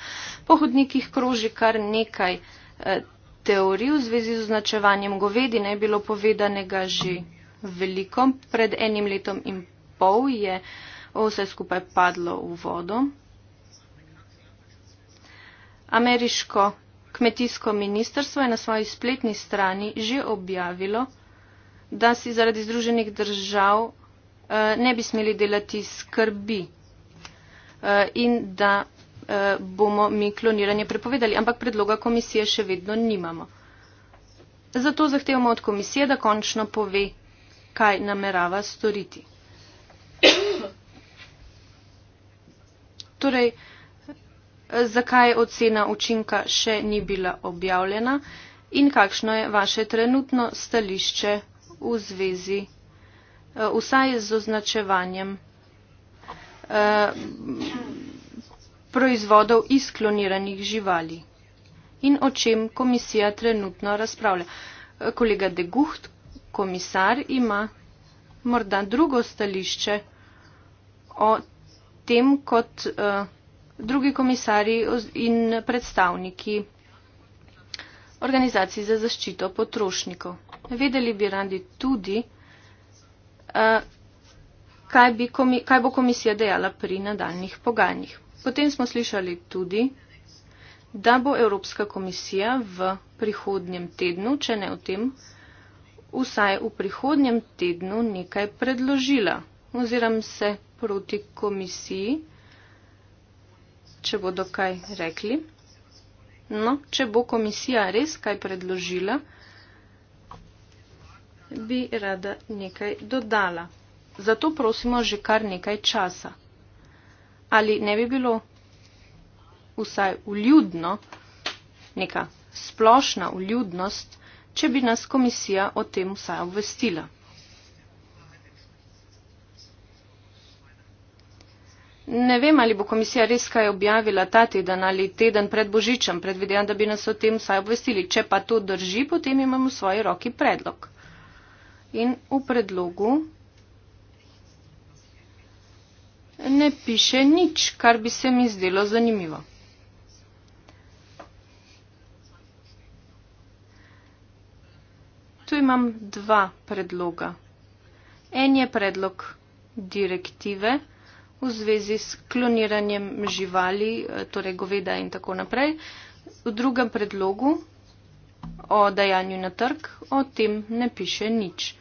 Po hodnikih kroži kar nekaj eh, teorij v zvezi z označevanjem govedine, je bilo povedanega že veliko. Pred enim letom in pol je vse skupaj padlo v vodo. Ameriško kmetijsko ministrstvo je na svoji spletni strani že objavilo, da si zaradi Združenih držav Eh, ne bi smeli delati skrbi eh, in da eh, bomo mi kloniranje prepovedali, ampak predloga komisije še vedno nimamo. Zato zahtevamo od komisije, da končno pove, kaj namerava storiti. Torej, zakaj ocena učinka še ni bila objavljena in kakšno je vaše trenutno stališče v zvezi s tem? Eh, vsaj z označevanjem eh, proizvodov iz kloniranih živali. In o čem komisija trenutno razpravlja? Eh, kolega De Gucht, komisar, ima morda drugo stališče o tem, kot uh, drugi komisari in predstavniki organizacij za zaščito potrošnikov. Vedeli bi radi tudi, Eh, kaj, bi komi, kaj bo komisija dejala pri nadaljnih pogajanjih. Potem smo slišali tudi, da bo Evropska komisija v prihodnjem tednu, če ne v tem, vsaj v prihodnjem tednu nekaj predložila oziroma se proti komisiji, če bodo kaj rekli. No, če bo komisija res kaj predložila, bi rada nekaj dodala. Zato prosimo že kar nekaj časa. Ali ne bi bilo vsaj uljudno, neka splošna uljudnost, če bi nas komisija o tem vsaj obvestila? Ne vem, ali bo komisija res kaj objavila ta teden ali teden pred Božičem, predvidevam, da bi nas o tem vsaj obvestili. Če pa to drži, potem imamo v svoji roki predlog. In v predlogu ne piše nič, kar bi se mi zdelo zanimivo. Tu imam dva predloga. En je predlog direktive v zvezi s kloniranjem živali, torej goveda in tako naprej. V drugem predlogu o dajanju na trg o tem ne piše nič.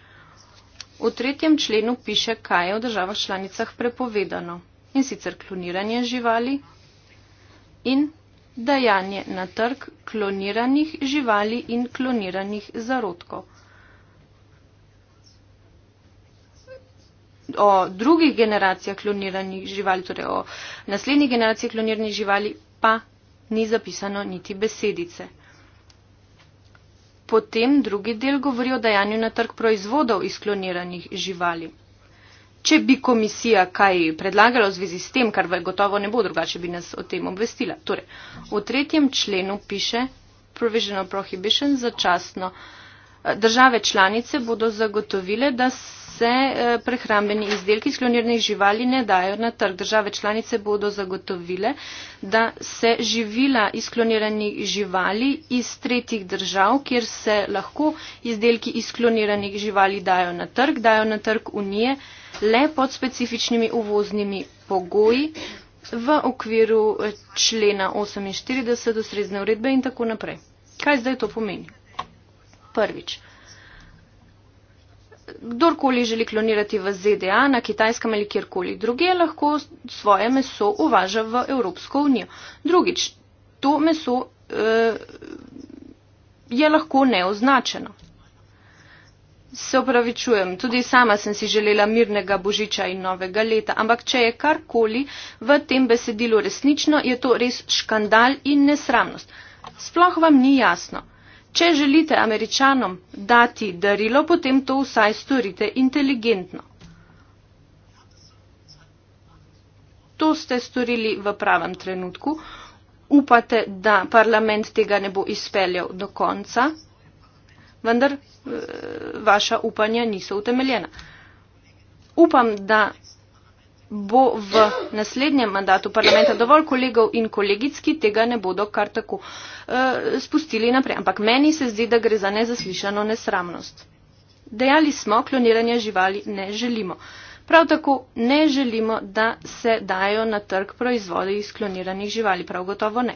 V tretjem členu piše, kaj je v državah članicah prepovedano, in sicer kloniranje živali in dajanje na trg kloniranih živali in kloniranih zarodkov. O drugih generacijah kloniranih živali, torej o naslednji generaciji kloniranih živali, pa ni zapisano niti besedice. Potem drugi del govori o dajanju na trg proizvodov iz kloniranih živali. Če bi komisija kaj predlagala v zvezi s tem, kar gotovo ne bo drugače, bi nas o tem obvestila. Torej, v tretjem členu piše provisional prohibition začasno. Države članice bodo zagotovile, da se eh, prehrambeni izdelki sklonirnih živali ne dajo na trg. Države članice bodo zagotovile, da se živila izkloniranih živali iz tretjih držav, kjer se lahko izdelki izkloniranih živali dajo na trg, dajo na trg Unije le pod specifičnimi uvoznimi pogoji v okviru eh, člena 48 osrezne uredbe in tako naprej. Kaj zdaj to pomeni? Prvič kdorkoli želi klonirati v ZDA, na kitajskem ali kjerkoli druge, lahko svoje meso uvaža v Evropsko unijo. Drugič, to meso eh, je lahko neoznačeno. Se opravičujem, tudi sama sem si želela mirnega božiča in novega leta, ampak če je karkoli v tem besedilu resnično, je to res škandal in nesramnost. Sploh vam ni jasno. Če želite američanom dati darilo, potem to vsaj storite inteligentno. To ste storili v pravem trenutku. Upate, da parlament tega ne bo izpeljal do konca, vendar eh, vaša upanja niso utemeljena. Upam, da bo v naslednjem mandatu parlamenta dovolj kolegov in kolegic, ki tega ne bodo kar tako uh, spustili naprej. Ampak meni se zdi, da gre za nezaslišano nesramnost. Dejali smo, kloniranje živali ne želimo. Prav tako ne želimo, da se dajo na trg proizvode iz kloniranih živali. Prav gotovo ne.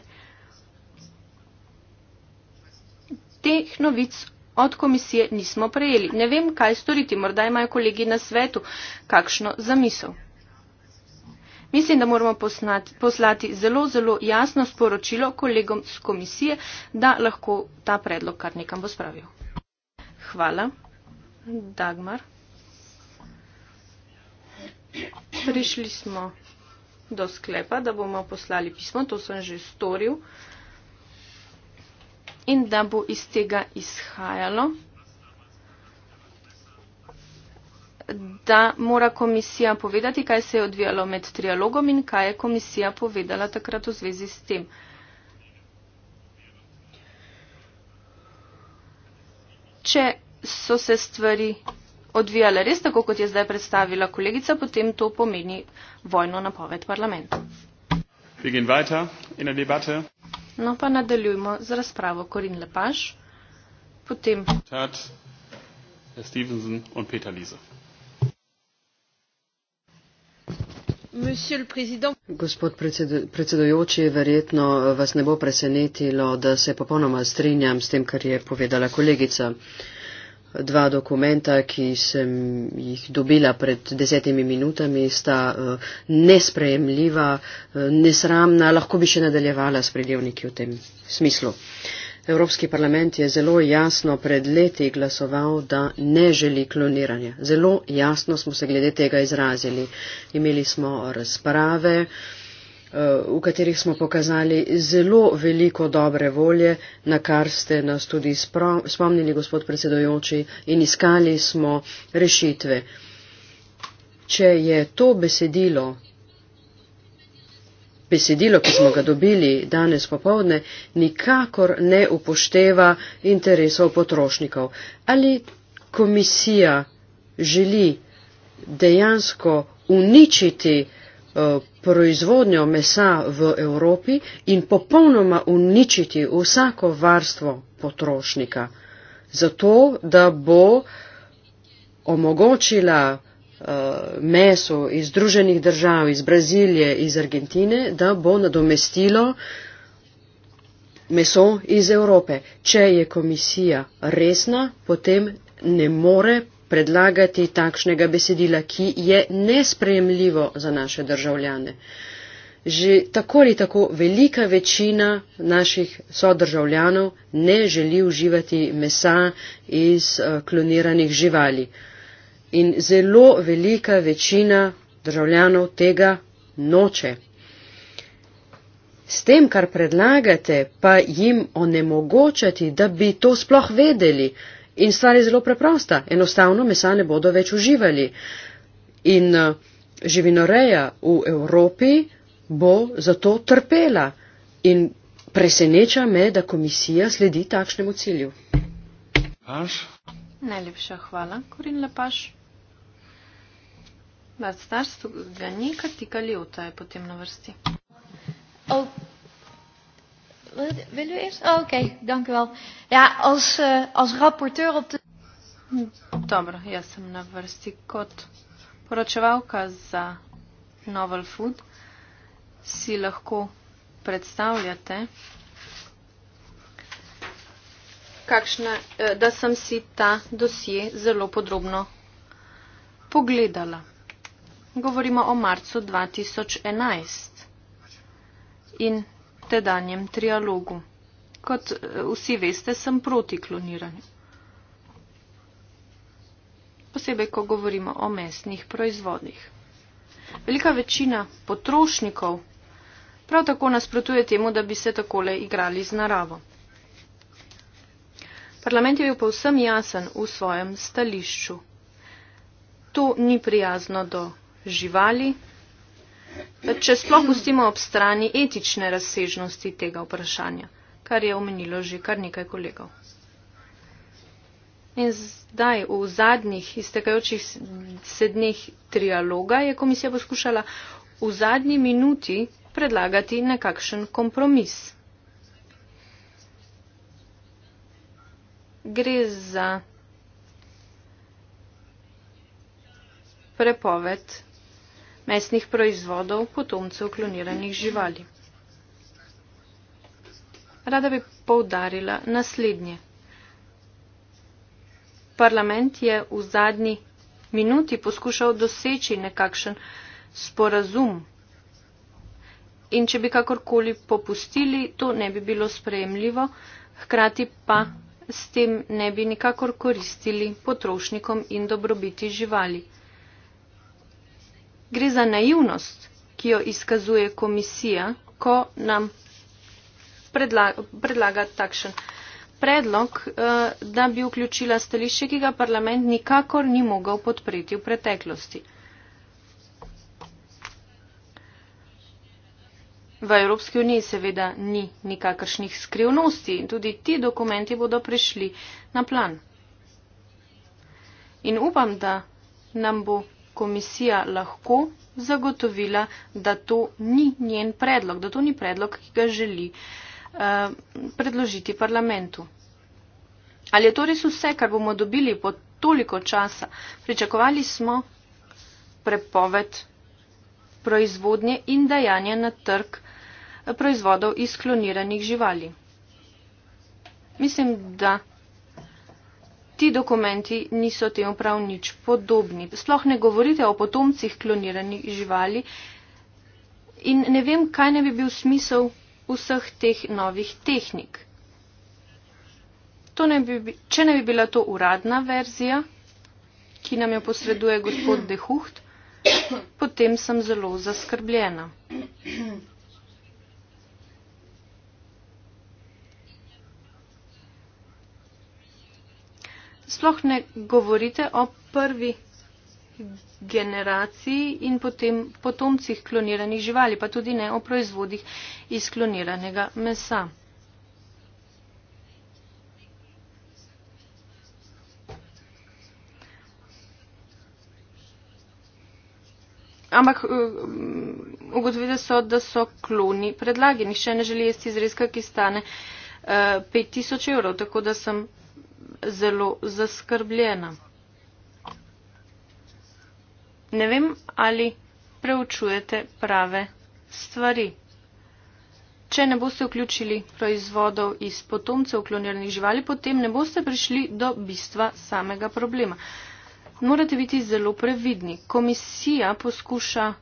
Teh novic od komisije nismo prejeli. Ne vem, kaj storiti. Morda imajo kolegi na svetu kakšno zamisel. Mislim, da moramo posnati, poslati zelo, zelo jasno sporočilo kolegom z komisije, da lahko ta predlog kar nekam bo spravil. Hvala. Dagmar. Prišli smo do sklepa, da bomo poslali pismo, to sem že storil, in da bo iz tega izhajalo. da mora komisija povedati, kaj se je odvijalo med trialogom in kaj je komisija povedala takrat v zvezi s tem. Če so se stvari odvijale res tako, kot je zdaj predstavila kolegica, potem to pomeni vojno napoved parlamenta. No pa nadaljujemo z razpravo Korin Lepaš, potem. Herr Stevenson und Peter Liese. Gospod predsedujoči, verjetno vas ne bo presenetilo, da se popolnoma strinjam s tem, kar je povedala kolegica. Dva dokumenta, ki sem jih dobila pred desetimi minutami, sta eh, nesprejemljiva, eh, nesramna, lahko bi še nadaljevala s predjevniki v tem smislu. Evropski parlament je zelo jasno pred leti glasoval, da ne želi kloniranja. Zelo jasno smo se glede tega izrazili. Imeli smo razprave, eh, v katerih smo pokazali zelo veliko dobre volje, na kar ste nas tudi spomnili, gospod predsedojoči, in iskali smo rešitve. Če je to besedilo besedilo, ki smo ga dobili danes popovdne, nikakor ne upošteva interesov potrošnikov. Ali komisija želi dejansko uničiti uh, proizvodnjo mesa v Evropi in popolnoma uničiti vsako varstvo potrošnika, zato da bo omogočila Eh, meso iz Združenih držav, iz Brazilije, iz Argentine, da bo nadomestilo meso iz Evrope. Če je komisija resna, potem ne more predlagati takšnega besedila, ki je nespremljivo za naše državljane. Že tako ali tako velika večina naših sodržavljanov ne želi uživati mesa iz eh, kloniranih živali in zelo velika večina državljanov tega noče. S tem, kar predlagate, pa jim onemogočati, da bi to sploh vedeli. In stvar je zelo preprosta. Enostavno mesa ne bodo več uživali. In eh, živinoreja v Evropi bo zato trpela. In preseneča me, da komisija sledi takšnemu cilju. Paš. Najlepša hvala, Korin Lepaš. Bart Stars ga ni, ker ti Kaljuta je potem na vrsti. Oh. Wil u eerst? Oh, Oké, okay. dank u wel. Ja, als, uh, als rapporteur op de. Dobro, ja sem na vrsti kot poročevalka za Novel Food. Si lahko predstavljate, kakšne, eh, da sem si ta dosje zelo podrobno pogledala govorimo o marcu 2011 in tedanjem trialogu. Kot eh, vsi veste, sem proti kloniranju. Posebej, ko govorimo o mesnih proizvodih. Velika večina potrošnikov prav tako nasprotuje temu, da bi se takole igrali z naravo. Parlament je bil povsem jasen v svojem stališču. To ni prijazno do živali, če sploh pustimo ob strani etične razsežnosti tega vprašanja, kar je omenilo že kar nekaj kolegov. In zdaj, v zadnjih iztekajočih sedmih trialoga, je komisija poskušala v zadnji minuti predlagati nekakšen kompromis. Gre za prepoved mesnih proizvodov potomcev kloniranih živali. Rada bi poudarila naslednje. Parlament je v zadnji minuti poskušal doseči nekakšen sporazum in če bi kakorkoli popustili, to ne bi bilo sprejemljivo, hkrati pa s tem ne bi nikakor koristili potrošnikom in dobrobiti živali. Gre za naivnost, ki jo izkazuje komisija, ko nam predlaga, predlaga takšen predlog, eh, da bi vključila stališče, ki ga parlament nikakor ni mogel podpreti v preteklosti. V Evropski uniji seveda ni nikakršnih skrivnosti in tudi ti dokumenti bodo prišli na plan. In upam, da nam bo komisija lahko zagotovila, da to ni njen predlog, da to ni predlog, ki ga želi uh, predložiti parlamentu. Ali je to res vse, kar bomo dobili po toliko časa? Pričakovali smo prepoved proizvodnje in dajanje na trg eh, proizvodov iz kloniranih živali. Mislim, da ti dokumenti niso temu prav nič podobni. Sploh ne govorite o potomcih kloniranih živali in ne vem, kaj ne bi bil smisel vseh teh novih tehnik. Ne bi, če ne bi bila to uradna verzija, ki nam jo posreduje gospod Dehucht, potem sem zelo zaskrbljena. sploh ne govorite o prvi generaciji in potem potomcih kloniranih živali, pa tudi ne o proizvodih iz kloniranega mesa. Ampak eh, ugotovili so, da so kloni predlagi. Nihče ne želi jesti izrezka, ki stane 5000 eh, evrov, tako da sem zelo zaskrbljena. Ne vem, ali preučujete prave stvari. Če ne boste vključili proizvodov iz potomcev kloniranih živali, potem ne boste prišli do bistva samega problema. Morate biti zelo previdni. Komisija poskuša.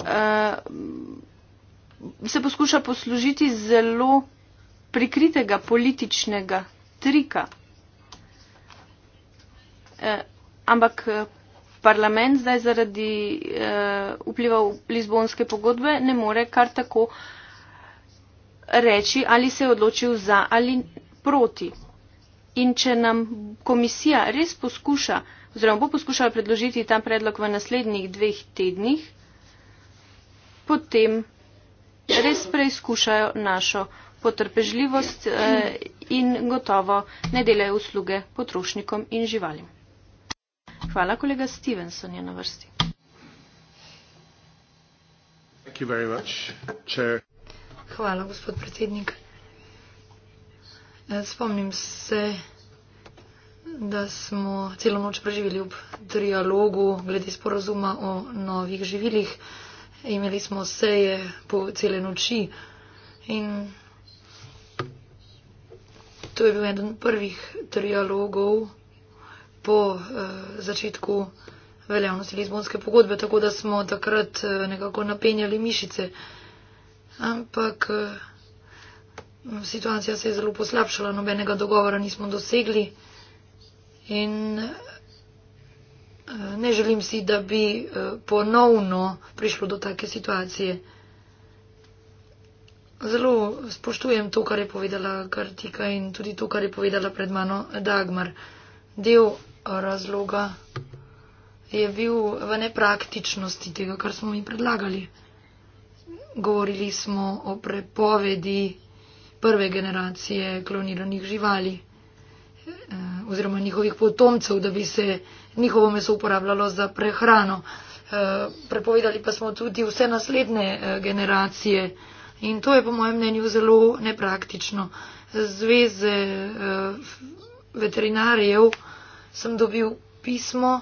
Uh, se poskuša poslužiti zelo prikritega političnega trika. Eh, ampak eh, parlament zdaj zaradi eh, vpliva Lizbonske pogodbe ne more kar tako reči, ali se je odločil za ali proti. In če nam komisija res poskuša, oziroma bo poskušala predložiti ta predlog v naslednjih dveh tednih, potem res preizkušajo našo potrpežljivost eh, in gotovo ne delajo usluge potrošnikom in živalim. Hvala, kolega Stevenson je na vrsti. Hvala, gospod predsednik. Eh, spomnim se, da smo celo noč preživeli v trialogu glede sporozuma o novih živilih. Imeli smo seje po cele noči in to je bil eden prvih trialogov po uh, začetku veljavnosti Lizbonske pogodbe, tako da smo takrat uh, nekako napenjali mišice. Ampak uh, situacija se je zelo poslabšala, nobenega dogovora nismo dosegli in uh, ne želim si, da bi uh, ponovno prišlo do take situacije. Zelo spoštujem to, kar je povedala Kartika in tudi to, kar je povedala pred mano Dagmar. Del razloga je bil v nepraktičnosti tega, kar smo mi predlagali. Govorili smo o prepovedi prve generacije kloniranih živali eh, oziroma njihovih potomcev, da bi se njihovo meso uporabljalo za prehrano. Eh, prepovedali pa smo tudi vse naslednje eh, generacije, In to je po mojem mnenju zelo nepraktično. Zveze eh, veterinarjev sem dobil pismo,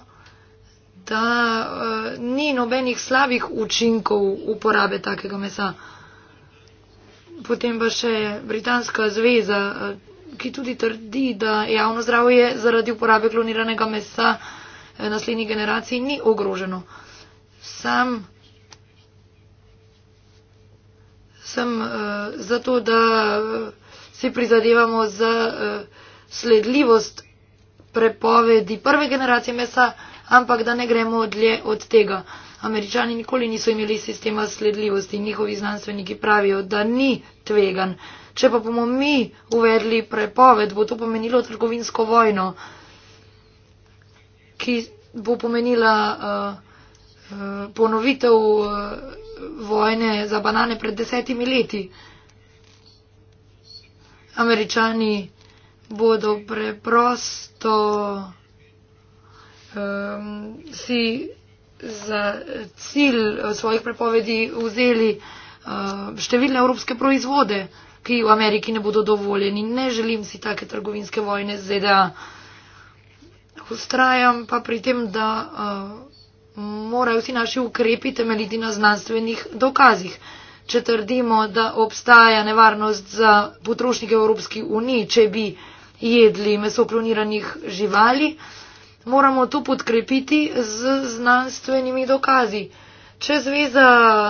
da eh, ni nobenih slabih učinkov uporabe takega mesa. Potem pa še Britanska zveza, eh, ki tudi trdi, da javno zdravje zaradi uporabe kloniranega mesa naslednjih generacij ni ogroženo. Sam sem uh, eh, zato, da eh, si prizadevamo za uh, sledljivost prepovedi prve generacije mesa, ampak da ne gremo dlje od tega. Američani nikoli niso imeli sistema sledljivosti in njihovi znanstveniki pravijo, da ni tvegan. Če pa bomo mi uvedli prepoved, bo to pomenilo trgovinsko vojno, ki bo pomenila uh, uh, ponovitev. Uh, vojne za banane pred desetimi leti. Američani bodo preprosto um, si za cilj svojih prepovedi vzeli uh, številne evropske proizvode, ki v Ameriki ne bodo dovoljeni. Ne želim si take trgovinske vojne z ZDA. Ustrajam pa pri tem, da. Uh, morajo vsi naši ukrepi temeljiti na znanstvenih dokazih. Če trdimo, da obstaja nevarnost za potrošnike Evropski uniji, če bi jedli meso kloniranih živali, moramo to podkrepiti z znanstvenimi dokazi. Če zveza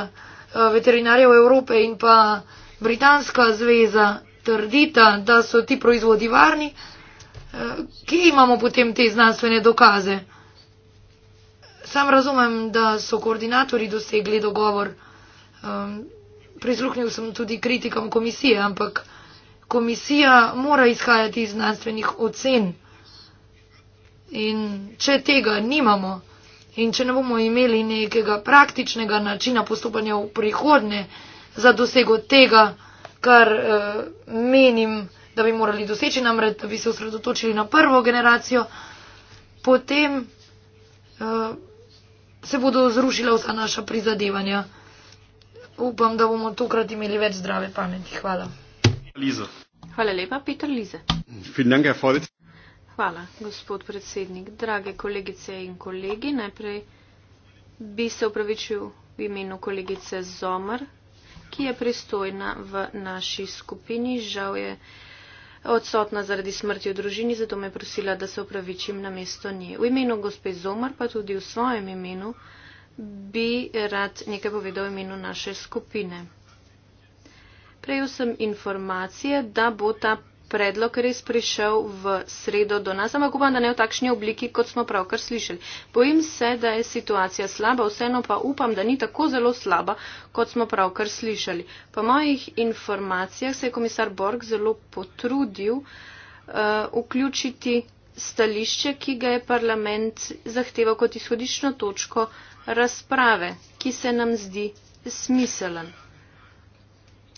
eh, veterinarjev Evrope in pa Britanska zveza trdita, da so ti proizvodi varni, eh, kje imamo potem te znanstvene dokaze? sam razumem, da so koordinatori dosegli dogovor. Um, prisluhnil sem tudi kritikam komisije, ampak komisija mora izhajati iz znanstvenih ocen. In če tega nimamo in če ne bomo imeli nekega praktičnega načina postopanja v prihodne za dosego tega, kar uh, menim, da bi morali doseči, namreč, da bi se osredotočili na prvo generacijo, potem uh, se bodo zrušila vsa naša prizadevanja. Upam, da bomo tokrat imeli več zdrave pameti. Hvala. Lize. Hvala lepa, Peter Lize. Hvala, gospod predsednik. Drage kolegice in kolegi, najprej bi se upravičil v imenu kolegice Zomer, ki je pristojna v naši skupini. Žal je odsotna zaradi smrti v družini, zato me prosila, da se upravičim na mesto nje. V imenu gospe Zomar, pa tudi v svojem imenu, bi rad nekaj povedal v imenu naše skupine. Prejel sem informacije, da bo ta predlog res prišel v sredo do nas, ampak upam, da ne v takšni obliki, kot smo pravkar slišali. Bojim se, da je situacija slaba, vseeno pa upam, da ni tako zelo slaba, kot smo pravkar slišali. Po mojih informacijah se je komisar Borg zelo potrudil uh, vključiti stališče, ki ga je parlament zahteval kot izhodiščno točko razprave, ki se nam zdi smiselen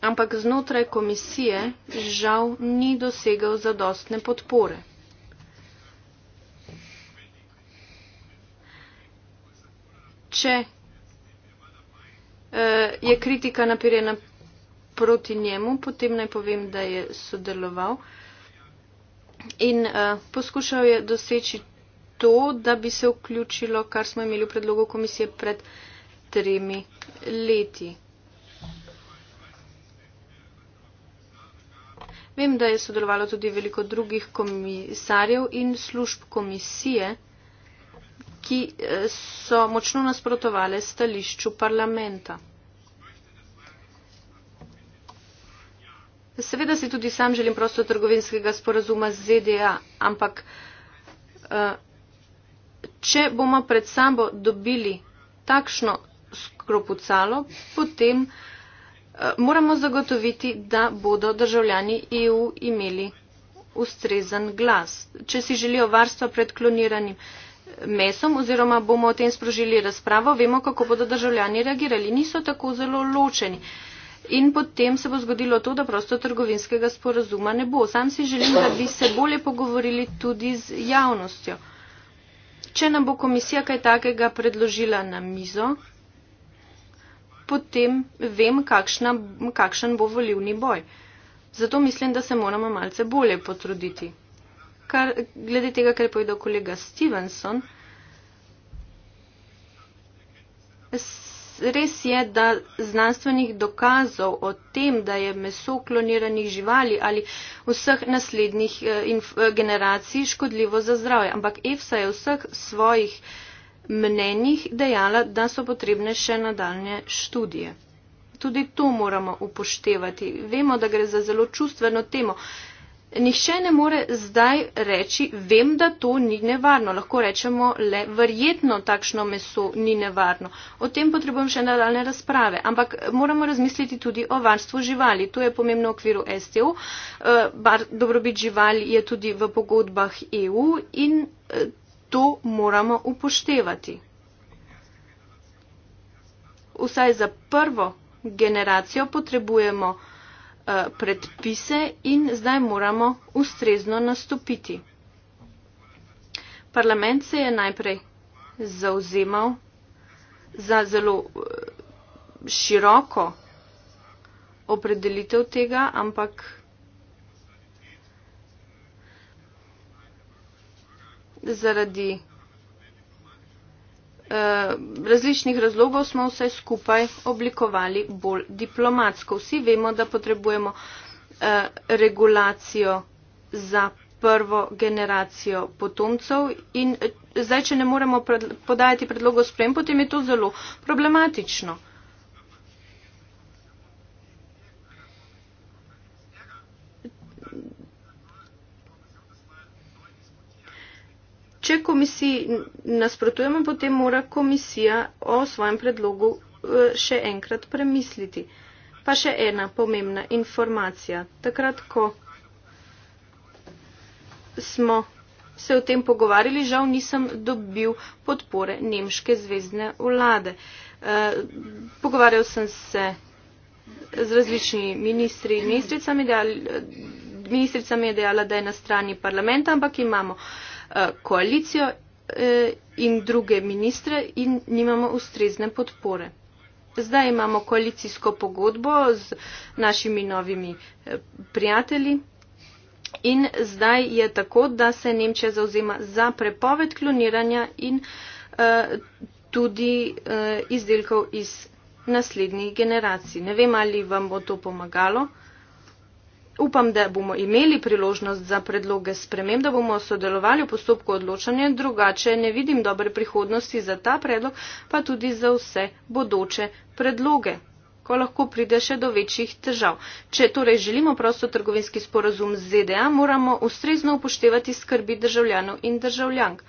ampak znotraj komisije žal ni dosegal zadostne podpore. Če eh, je kritika napirjena proti njemu, potem naj povem, da je sodeloval in eh, poskušal je doseči to, da bi se vključilo, kar smo imeli v predlogu komisije pred tremi leti. Vem, da je sodelovalo tudi veliko drugih komisarjev in služb komisije, ki eh, so močno nasprotovale stališču parlamenta. Seveda si tudi sam želim prosto trgovinskega sporazuma z ZDA, ampak eh, če bomo pred sabo dobili takšno skropucalo, potem moramo zagotoviti, da bodo državljani EU imeli ustrezen glas. Če si želijo varstva pred kloniranim eh, mesom oziroma bomo o tem sprožili razpravo, vemo, kako bodo državljani reagirali. Niso tako zelo ločeni. In potem se bo zgodilo to, da prosto trgovinskega sporazuma ne bo. Sam si želim, da bi se bolje pogovorili tudi z javnostjo. Če nam bo komisija kaj takega predložila na mizo, potem vem, kakšna, kakšen bo volivni boj. Zato mislim, da se moramo malce bolje potruditi. Kar, glede tega, kar je povedal kolega Stevenson, res je, da znanstvenih dokazov o tem, da je meso kloniranih živali ali vseh naslednjih eh, eh, generacij škodljivo za zdravje, ampak EFSA je vseh svojih uh, mnenjih dejala, da so potrebne še nadaljne študije. Tudi to moramo upoštevati. Vemo, da gre za zelo čustveno temo. Nihče ne more zdaj reči, vem, da to ni nevarno. Lahko rečemo le, verjetno takšno meso ni nevarno. O tem potrebujem še nadaljne razprave. Ampak moramo razmisliti tudi o varstvu živali. To je pomembno v okviru STO. Eh, bar dobrobit živali je tudi v pogodbah EU in eh, to moramo upoštevati. Vsaj za prvo generacijo potrebujemo uh, predpise in zdaj moramo ustrezno nastopiti. Parlament se je najprej zauzemal za zelo eh, široko opredelitev tega, ampak zaradi eh, različnih razlogov smo vse skupaj oblikovali bolj diplomatsko. Vsi vemo, da potrebujemo eh, regulacijo za prvo generacijo potomcev in eh, zdaj, če ne moremo podajati predlogov sprem, potem je to zelo problematično. če komisiji nasprotujemo, potem mora komisija o svojem predlogu eh, še enkrat premisliti. Pa še ena pomembna informacija. Takrat, ko smo se o tem pogovarjali, žal nisem dobil podpore Nemške zvezdne vlade. Eh, pogovarjal sem se z različnimi ministri in ministricami. Ministrica mi je dejala, da je na strani parlamenta, ampak imamo uh, Eh, koalicijo eh, in druge ministre in nimamo ustrezne podpore. Zdaj imamo koalicijsko pogodbo z našimi novimi eh, prijatelji in zdaj je tako, da se Nemčija zauzema za prepoved kloniranja in tudi izdelkov iz naslednjih generacij. Ne vem, ali vam bo to pomagalo upam, da bomo imeli priložnost za predloge spremem, da bomo sodelovali v postopku odločanja, drugače ne vidim dobre prihodnosti za ta predlog, pa tudi za vse bodoče predloge ko lahko pride še do večjih težav. Če torej želimo prosto trgovinski sporazum z ZDA, moramo ustrezno upoštevati skrbi državljanov in državljank.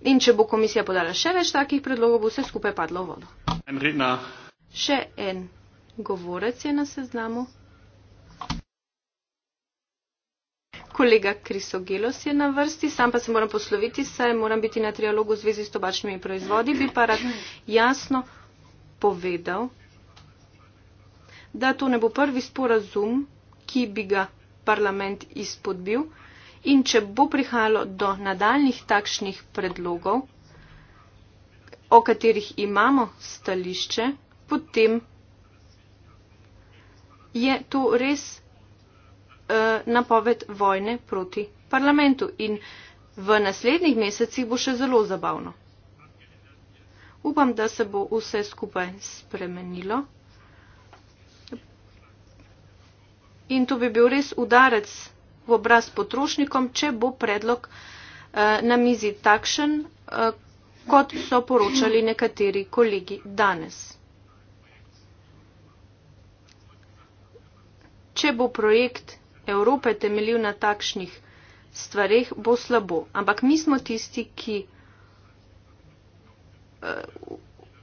In če bo komisija podala še več takih predlogov, bo vse skupaj padlo v vodo. En še en govorec je na seznamu. Kolega Krisogelos je na vrsti, sam pa se moram posloviti, saj moram biti na trialogu v zvezi s tobačnimi proizvodi, bi pa rad jasno povedal, da to ne bo prvi sporazum, ki bi ga parlament izpodbil in če bo prihajalo do nadaljnih takšnih predlogov, o katerih imamo stališče, potem je to res Eh, napoved vojne proti parlamentu. In v naslednjih mesecih bo še zelo zabavno. Upam, da se bo vse skupaj spremenilo. In to bi bil res udarec v obraz potrošnikom, če bo predlog eh, na mizi takšen, eh, kot so poročali nekateri kolegi danes. Če bo projekt Evrope temeljil na takšnih stvarih, bo slabo. Ampak mi smo tisti, ki uh,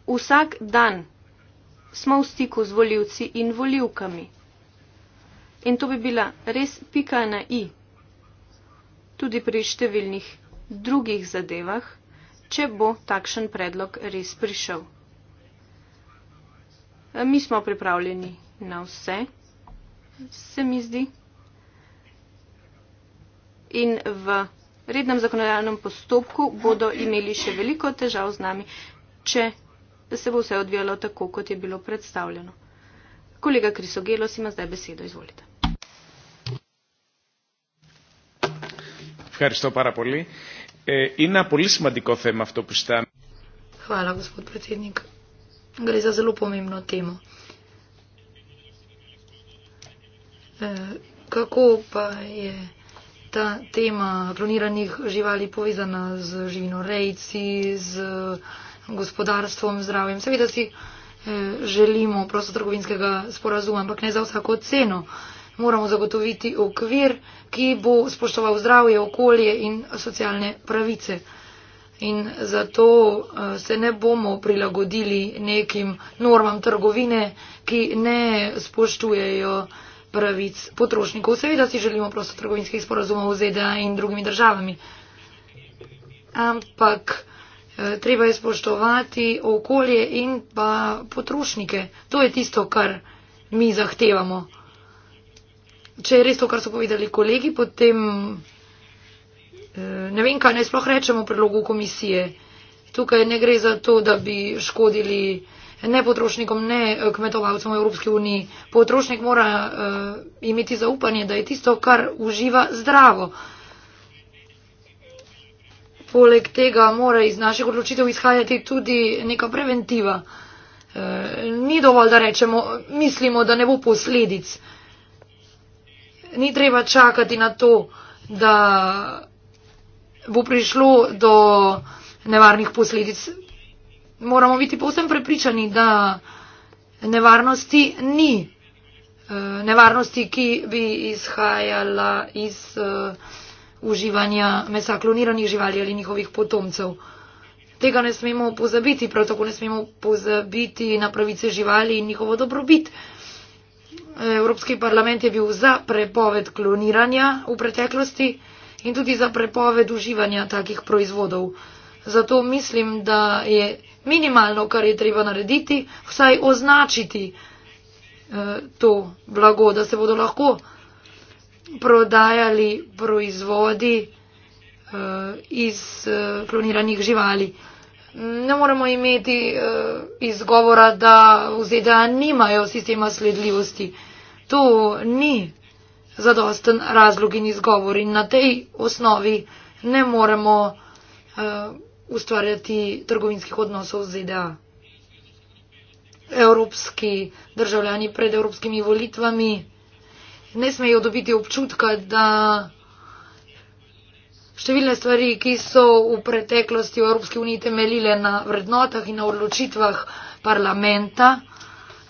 vsak dan smo v stiku z voljivci in voljivkami. In to bi bila res pika na i. Tudi pri številnih drugih zadevah, če bo takšen predlog res prišel. Eh, mi smo pripravljeni na vse, se mi zdi in v rednem zakonodajnem postopku bodo imeli še veliko težav z nami, če se bo vse odvijalo tako, kot je bilo predstavljeno. Kolega Krisogelos ima zdaj besedo, izvolite. Hvala, gospod predsednik. Gre za zelo pomembno temo. Kako pa je ta tema kloniranih živali povezana z živinorejci, z eh, gospodarstvom, zdravjem. Seveda si eh, želimo prostotrgovinskega sporazuma, ampak ne za vsako ceno. Moramo zagotoviti okvir, ki bo spoštoval zdravje, okolje in socialne pravice. In zato eh, se ne bomo prilagodili nekim normam trgovine, ki ne spoštujejo pravic potrošnikov. Seveda si želimo prostotrgovinskih sporozumov z ZDA in drugimi državami. Ampak eh, treba je spoštovati okolje in pa potrošnike. To je tisto, kar mi zahtevamo. Če je res to, kar so povedali kolegi, potem eh, ne vem, kaj naj sploh rečemo v predlogu komisije. Tukaj ne gre za to, da bi škodili ne potrošnikom, ne eh, kmetovalcem v Evropski uniji. Potrošnik mora uh, imeti zaupanje, da je tisto, kar uživa zdravo. Poleg tega mora iz naših odločitev izhajati tudi neka preventiva. E, ni dovolj, da rečemo, mislimo, da ne bo posledic. Ni treba čakati na to, da bo prišlo do nevarnih posledic moramo biti povsem prepričani, da nevarnosti ni. Eh, nevarnosti, ki bi izhajala iz uh, uživanja mesa kloniranih živali ali njihovih potomcev. Tega ne smemo pozabiti, prav tako ne smemo pozabiti na pravice živali in njihovo dobrobit. Evropski parlament je bil za prepoved kloniranja v preteklosti in tudi za prepoved uživanja takih proizvodov. Zato mislim, da je minimalno, kar je treba narediti, vsaj označiti eh, to blago, da se bodo lahko prodajali proizvodi eh, iz eh, kloniranih živali. Ne moremo imeti eh, izgovora, da v ZDA nimajo sistema sledljivosti. To ni zadosten razlog in izgovor in na tej osnovi ne moremo. Eh, ustvarjati trgovinskih odnosov z ZDA. Evropski državljani pred evropskimi volitvami ne smejo dobiti občutka, da številne stvari, ki so v preteklosti v Evropski uniji temeljile na vrednotah in na odločitvah parlamenta,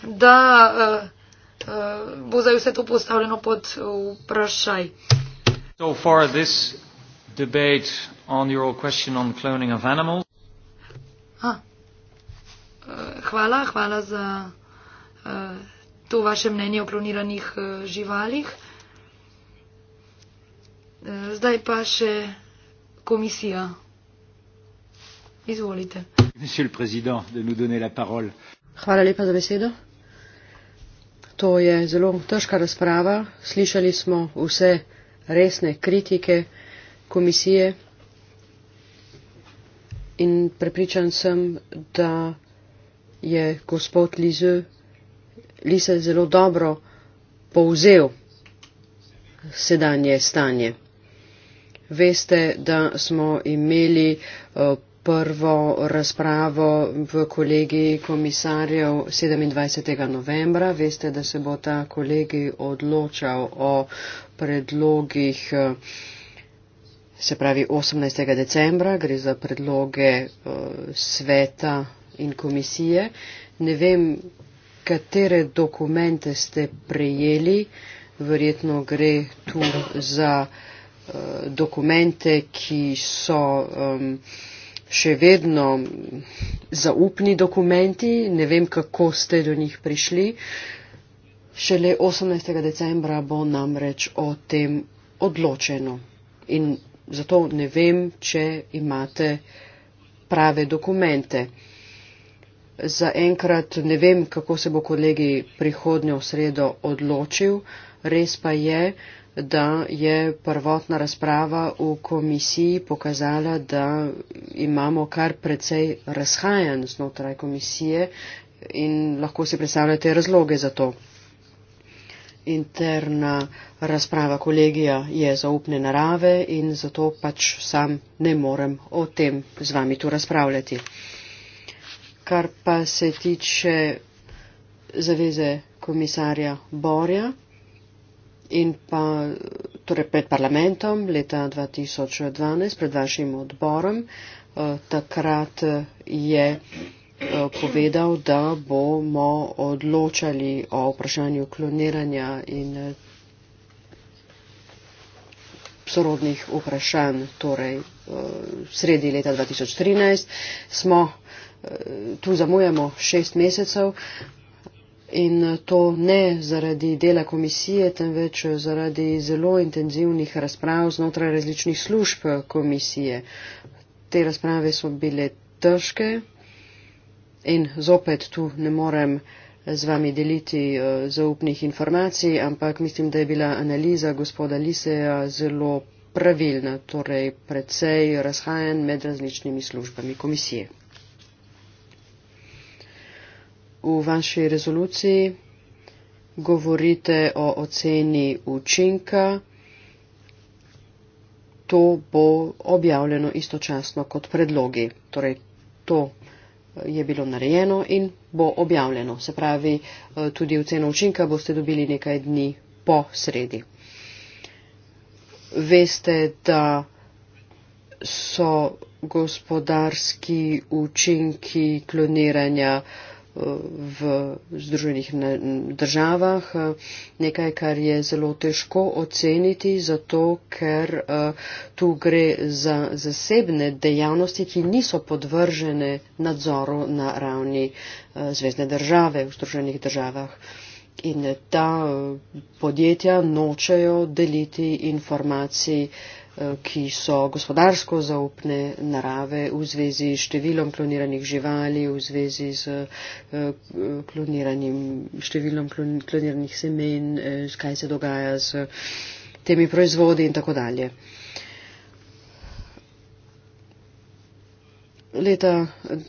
da uh, uh, bo zdaj vse to postavljeno pod eh, vprašaj. So far this debate on your question on cloning of animals. Ha. Eh, hvala, hvala za eh, to vaše mnenje o kloniranih eh, živalih. Zdaj pa še komisija. Izvolite. Monsieur le Président, de nous donner la parole. Hvala lepa za besedo. To je zelo težka razprava. Slišali smo vse resne kritike komisije in prepričan sem, da je gospod Lize, Lise zelo dobro povzel sedanje stanje. Veste, da smo imeli eh, prvo razpravo v kolegi komisarjev 27. novembra. Veste, da se bo ta kolegi odločal o predlogih. Uh, se pravi 18. decembra, gre za predloge eh, sveta in komisije. Ne vem, katere dokumente ste prejeli, verjetno gre tu za eh, dokumente, ki so um, še vedno zaupni dokumenti, ne vem, kako ste do njih prišli. Šele 18. decembra bo namreč o tem odločeno in zato ne vem, če imate prave dokumente. Za enkrat ne vem, kako se bo kolegi prihodnjo sredo odločil. Res pa je, da je prvotna razprava v komisiji pokazala, da imamo kar precej razhajanj znotraj komisije in lahko si predstavljate razloge za to interna razprava kolegija je zaupne narave in zato pač sam ne morem o tem z vami tu razpravljati. Kar pa se tiče zaveze komisarja Borja in pa torej pred parlamentom leta 2012, pred vašim odborom, eh, takrat je. Eh, povedal, da bomo odločali o vprašanju kloniranja in eh, sorodnih vprašanj, torej eh, sredi leta 2013. Smo, tu zamujamo šest mesecev in to ne zaradi dela komisije, temveč zaradi zelo intenzivnih razprav znotraj različnih služb komisije. Te razprave so bile težke. In zopet tu ne morem z vami deliti eh, zaupnih informacij, ampak mislim, da je bila analiza gospoda Liseja zelo pravilna, torej precej razhajen med različnimi službami komisije. V vaši rezoluciji govorite o oceni učinka. To bo objavljeno istočasno kot predlogi. Torej, to je bilo narejeno in bo objavljeno. Se pravi, eh, tudi oceno učinka boste dobili nekaj dni po sredi. Veste, da so gospodarski učinki kloniranja uh, v Združenih državah, eh, nekaj, kar je zelo težko oceniti, zato ker eh, tu gre za zasebne dejavnosti, ki niso podvržene nadzoru na ravni eh, Zvezdne države v Združenih državah. In ta podjetja nočejo deliti informacij Eh, ki so gospodarsko zaupne narave v zvezi s številom kloniranih živali, v zvezi s eh, številom kloniranih semen, eh, kaj se dogaja z temi proizvodi in tako dalje. Leta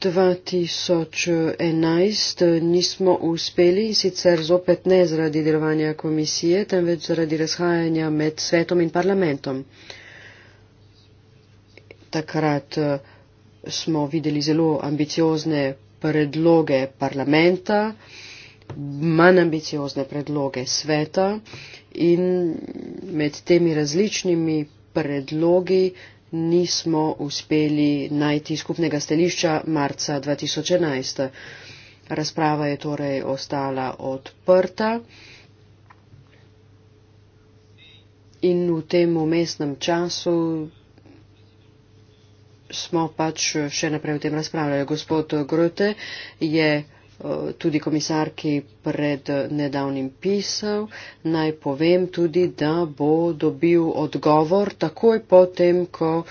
2011 nismo uspeli, sicer zopet ne zaradi delovanja komisije, temveč zaradi razhajanja med svetom in parlamentom takrat eh, smo videli zelo ambiciozne predloge parlamenta, manj ambiciozne predloge sveta in med temi različnimi predlogi nismo uspeli najti skupnega stališča marca 2011. Razprava je torej ostala odprta in v tem umestnem času smo pač še naprej o tem razpravljali. Gospod Grote je eh, tudi komisarki pred nedavnim pisal. Naj povem tudi, da bo dobil odgovor takoj potem, ko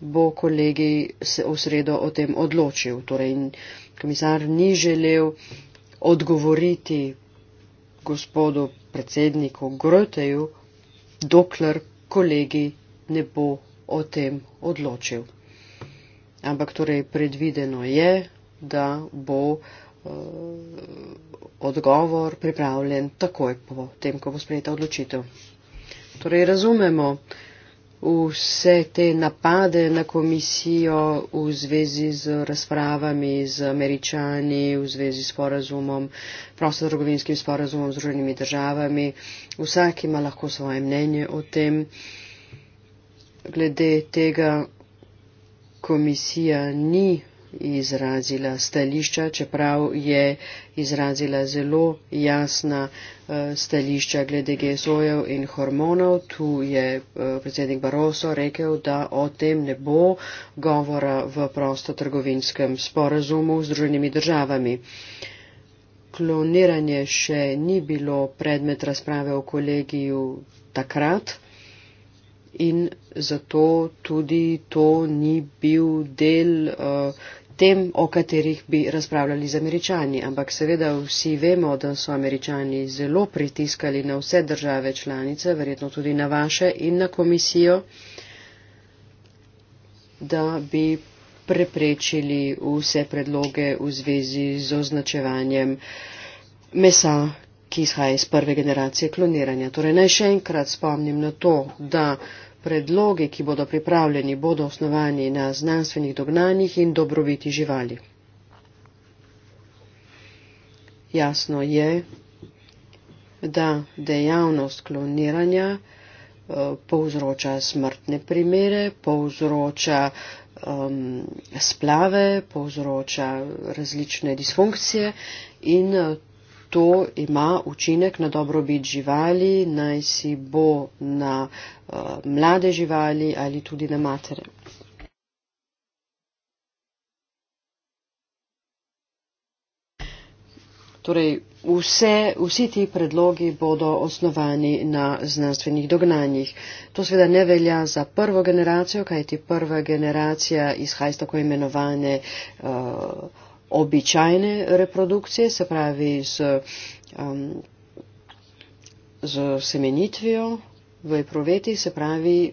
bo kolegi se v sredo o tem odločil. Torej, komisar ni želel odgovoriti gospodu predsedniku Groteju, dokler kolegi ne bo o tem odločil ampak torej predvideno je, da bo eh, odgovor pripravljen takoj po tem, ko bo sprejeta odločitev. Torej razumemo vse te napade na komisijo v zvezi z razpravami z američani, v zvezi s porazumom, prostotrgovinskim sporazumom z druženimi državami. Vsak ima lahko svoje mnenje o tem. Glede tega, komisija ni izrazila stališča, čeprav je izrazila zelo jasna eh, stališča glede gesojev in hormonov. Tu je eh, predsednik Baroso rekel, da o tem ne bo govora v prostotrgovinskem sporazumu z druženimi državami. Kloniranje še ni bilo predmet razprave v kolegiju takrat in zato tudi to ni bil del eh, tem, o katerih bi razpravljali z američani. Ampak seveda vsi vemo, da so američani zelo pritiskali na vse države članice, verjetno tudi na vaše in na komisijo, da bi preprečili vse predloge v zvezi z označevanjem mesa, ki izhaja iz prve generacije kloniranja. Torej naj še enkrat spomnim na to, da predlogi, ki bodo pripravljeni, bodo osnovani na znanstvenih dognanjih in dobrobiti živali. Jasno je, da dejavnost kloniranja eh, povzroča smrtne primere, povzroča um, splave, povzroča različne disfunkcije in eh, to ima učinek na dobrobit živali, naj si bo na uh, mlade živali ali tudi na matere. Torej, vse, vsi ti predlogi bodo osnovani na znanstvenih dognanjih. To seveda ne velja za prvo generacijo, kajti prva generacija izhaja iz tako imenovane uh, običajne reprodukcije, se pravi z, um, z semenitvijo v epruveti, se pravi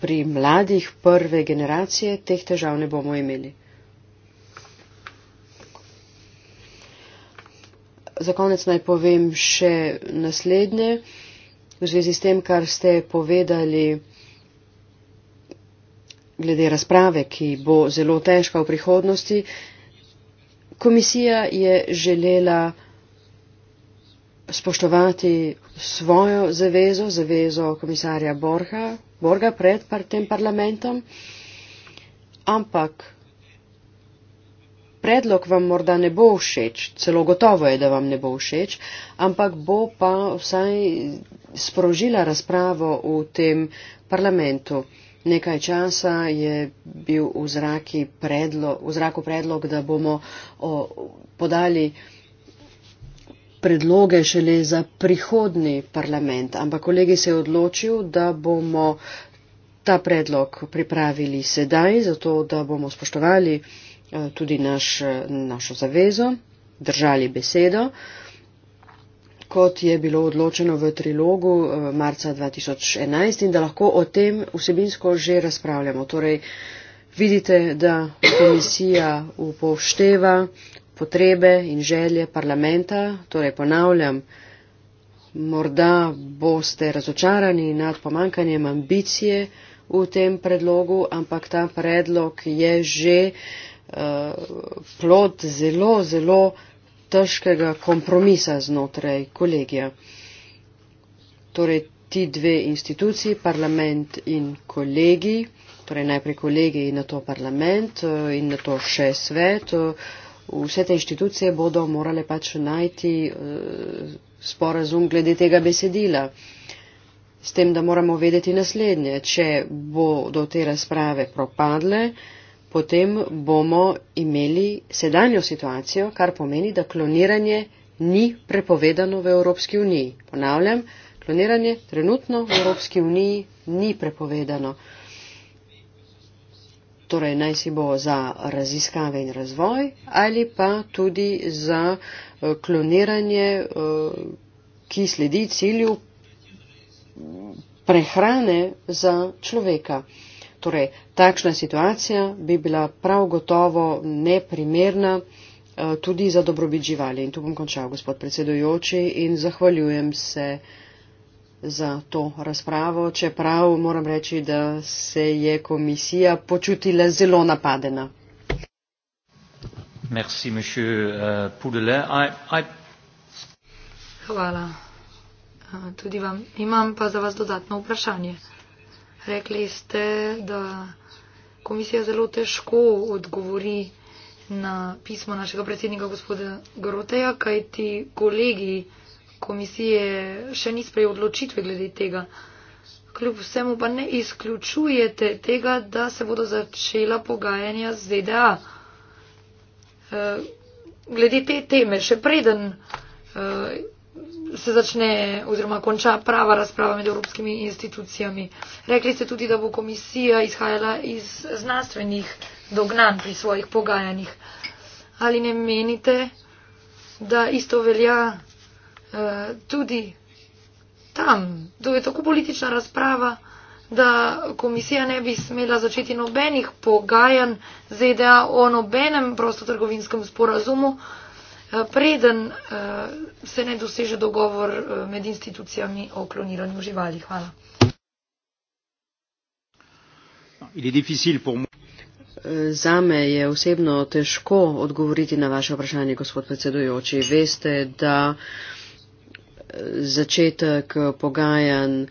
pri mladih prve generacije teh težav ne bomo imeli. Za konec naj povem še naslednje. V zvezi s tem, kar ste povedali glede razprave, ki bo zelo težka v prihodnosti, Komisija je želela spoštovati svojo zavezo, zavezo komisarja Borga, Borga pred par tem parlamentom, ampak predlog vam morda ne bo všeč, celo gotovo je, da vam ne bo všeč, ampak bo pa vsaj sprožila razpravo v tem parlamentu. Nekaj časa je bil v, predlog, v zraku predlog, da bomo o, podali predloge šele za prihodni parlament, ampak kolegi se je odločil, da bomo ta predlog pripravili sedaj, zato da bomo spoštovali eh, tudi naš, našo zavezo, držali besedo kot je bilo odločeno v trilogu eh, marca 2011 in da lahko o tem vsebinsko že razpravljamo. Torej, vidite, da komisija upošteva potrebe in želje parlamenta, torej ponavljam, morda boste razočarani nad pomankanjem ambicije v tem predlogu, ampak ta predlog je že uh, plod zelo, zelo težkega kompromisa znotraj kolegija. Torej, ti dve instituciji, parlament in kolegi, torej najprej kolegi in na to parlament eh, in na to še svet, eh, vse te inštitucije bodo morale pač najti eh, sporazum glede tega besedila. S tem, da moramo vedeti naslednje, če bodo te razprave propadle, potem bomo imeli sedanjo situacijo, kar pomeni, da kloniranje ni prepovedano v Evropski uniji. Ponavljam, kloniranje trenutno v Evropski uniji ni prepovedano. Torej, naj si bo za raziskave in razvoj ali pa tudi za eh, kloniranje, eh, ki sledi cilju prehrane za človeka. Torej, takšna situacija bi bila prav gotovo neprimerna eh, tudi za dobrobit živali. In tu bom končal, gospod predsedujoči, in zahvaljujem se za to razpravo, čeprav moram reči, da se je komisija počutila zelo napadena. Merci, monsieur, uh, I, I... Hvala. Eh, tudi vam imam pa za vas dodatno vprašanje. Rekli ste, da komisija zelo težko odgovori na pismo našega predsednika gospoda Groteja, kaj ti kolegi komisije še ni sprejel odločitve glede tega. Kljub vsemu pa ne izključujete tega, da se bodo začela pogajanja z ZDA. Eh, glede te teme, še preden eh, se začne oziroma konča prava razprava med evropskimi institucijami. Rekli ste tudi, da bo komisija izhajala iz znanstvenih dognanj pri svojih pogajanjih. Ali ne menite, da isto velja uh, tudi tam? To je tako politična razprava, da komisija ne bi smela začeti nobenih pogajanj ZDA o nobenem prostotrgovinskem sporazumu, uh, Eh, preden eh, se ne doseže dogovor eh, med institucijami o kloniranju živali. Hvala. Zame je osebno težko odgovoriti na vaše vprašanje, gospod predsedujoči. Veste, da začetek pogajanj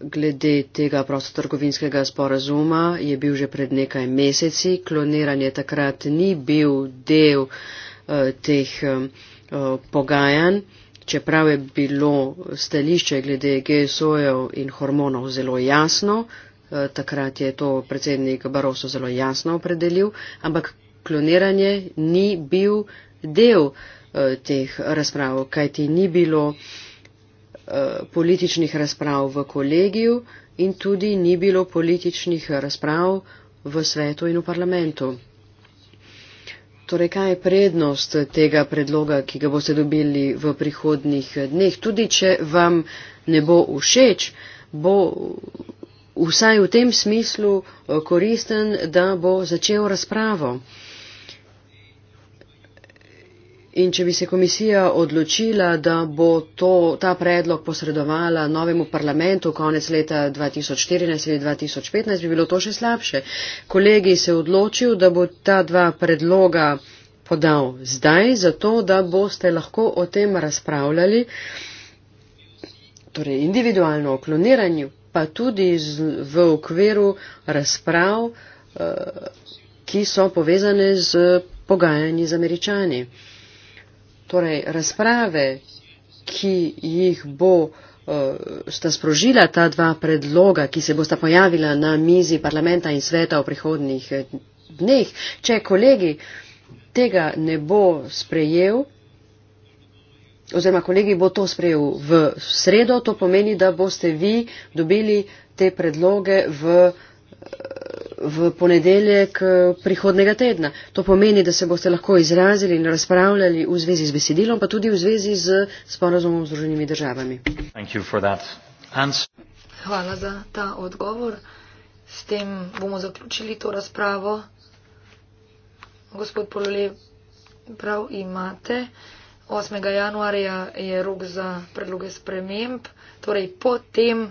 glede tega prostotrgovinskega sporazuma je bil že pred nekaj meseci. Kloniranje takrat ni bil del Eh, teh eh, eh, pogajanj, čeprav je bilo stališče glede GSO-jev in hormonov zelo jasno, takrat je to predsednik Barroso zelo jasno opredelil, ampak kloniranje ni bil del teh razprav, kajti ni bilo političnih razprav v kolegiju in tudi ni bilo političnih razprav v svetu in v parlamentu. Torej, kaj je prednost tega predloga, ki ga boste dobili v prihodnih dneh? Tudi, če vam ne bo všeč, bo vsaj v tem smislu eh, koristen, da bo začel razpravo. In če bi se komisija odločila, da bo to, ta predlog posredovala novemu parlamentu konec leta 2014 ali 2015, bi bilo to še slabše. Kolegi se odločil, da bo ta dva predloga podal zdaj, zato da boste lahko o tem razpravljali, torej individualno o kloniranju, pa tudi z, v okviru razprav, uh, ki so povezane z pogajanji z američani torej razprave, ki jih bo eh, sta sprožila ta dva predloga, ki se bosta pojavila na mizi parlamenta in sveta v prihodnih eh, dneh. Če kolegi tega ne bo sprejel, oziroma kolegi bo to sprejel v sredo, to pomeni, da boste vi dobili te predloge v v ponedeljek eh, prihodnega tedna. To pomeni, da se boste lahko izrazili in razpravljali v zvezi z besedilom, pa tudi v zvezi z sporozumom z druženimi državami. Hvala za ta odgovor. S tem bomo zaključili to razpravo. Gospod Polole, prav imate. 8. januarja je rok za predloge sprememb, torej potem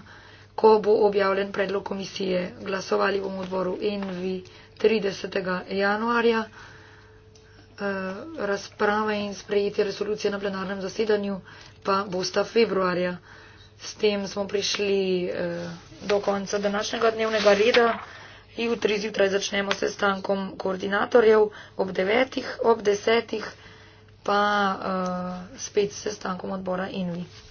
ko bo objavljen predlog komisije, glasovali bomo v odboru NV 30. januarja. Eh, razprave in sprejetje resolucije na plenarnem zasedanju pa bosta februarja. S tem smo prišli eh, do konca današnjega dnevnega reda. Jutri zjutraj začnemo s sestankom koordinatorjev ob 9. ob 10. pa uh, spet s sestankom odbora Invi.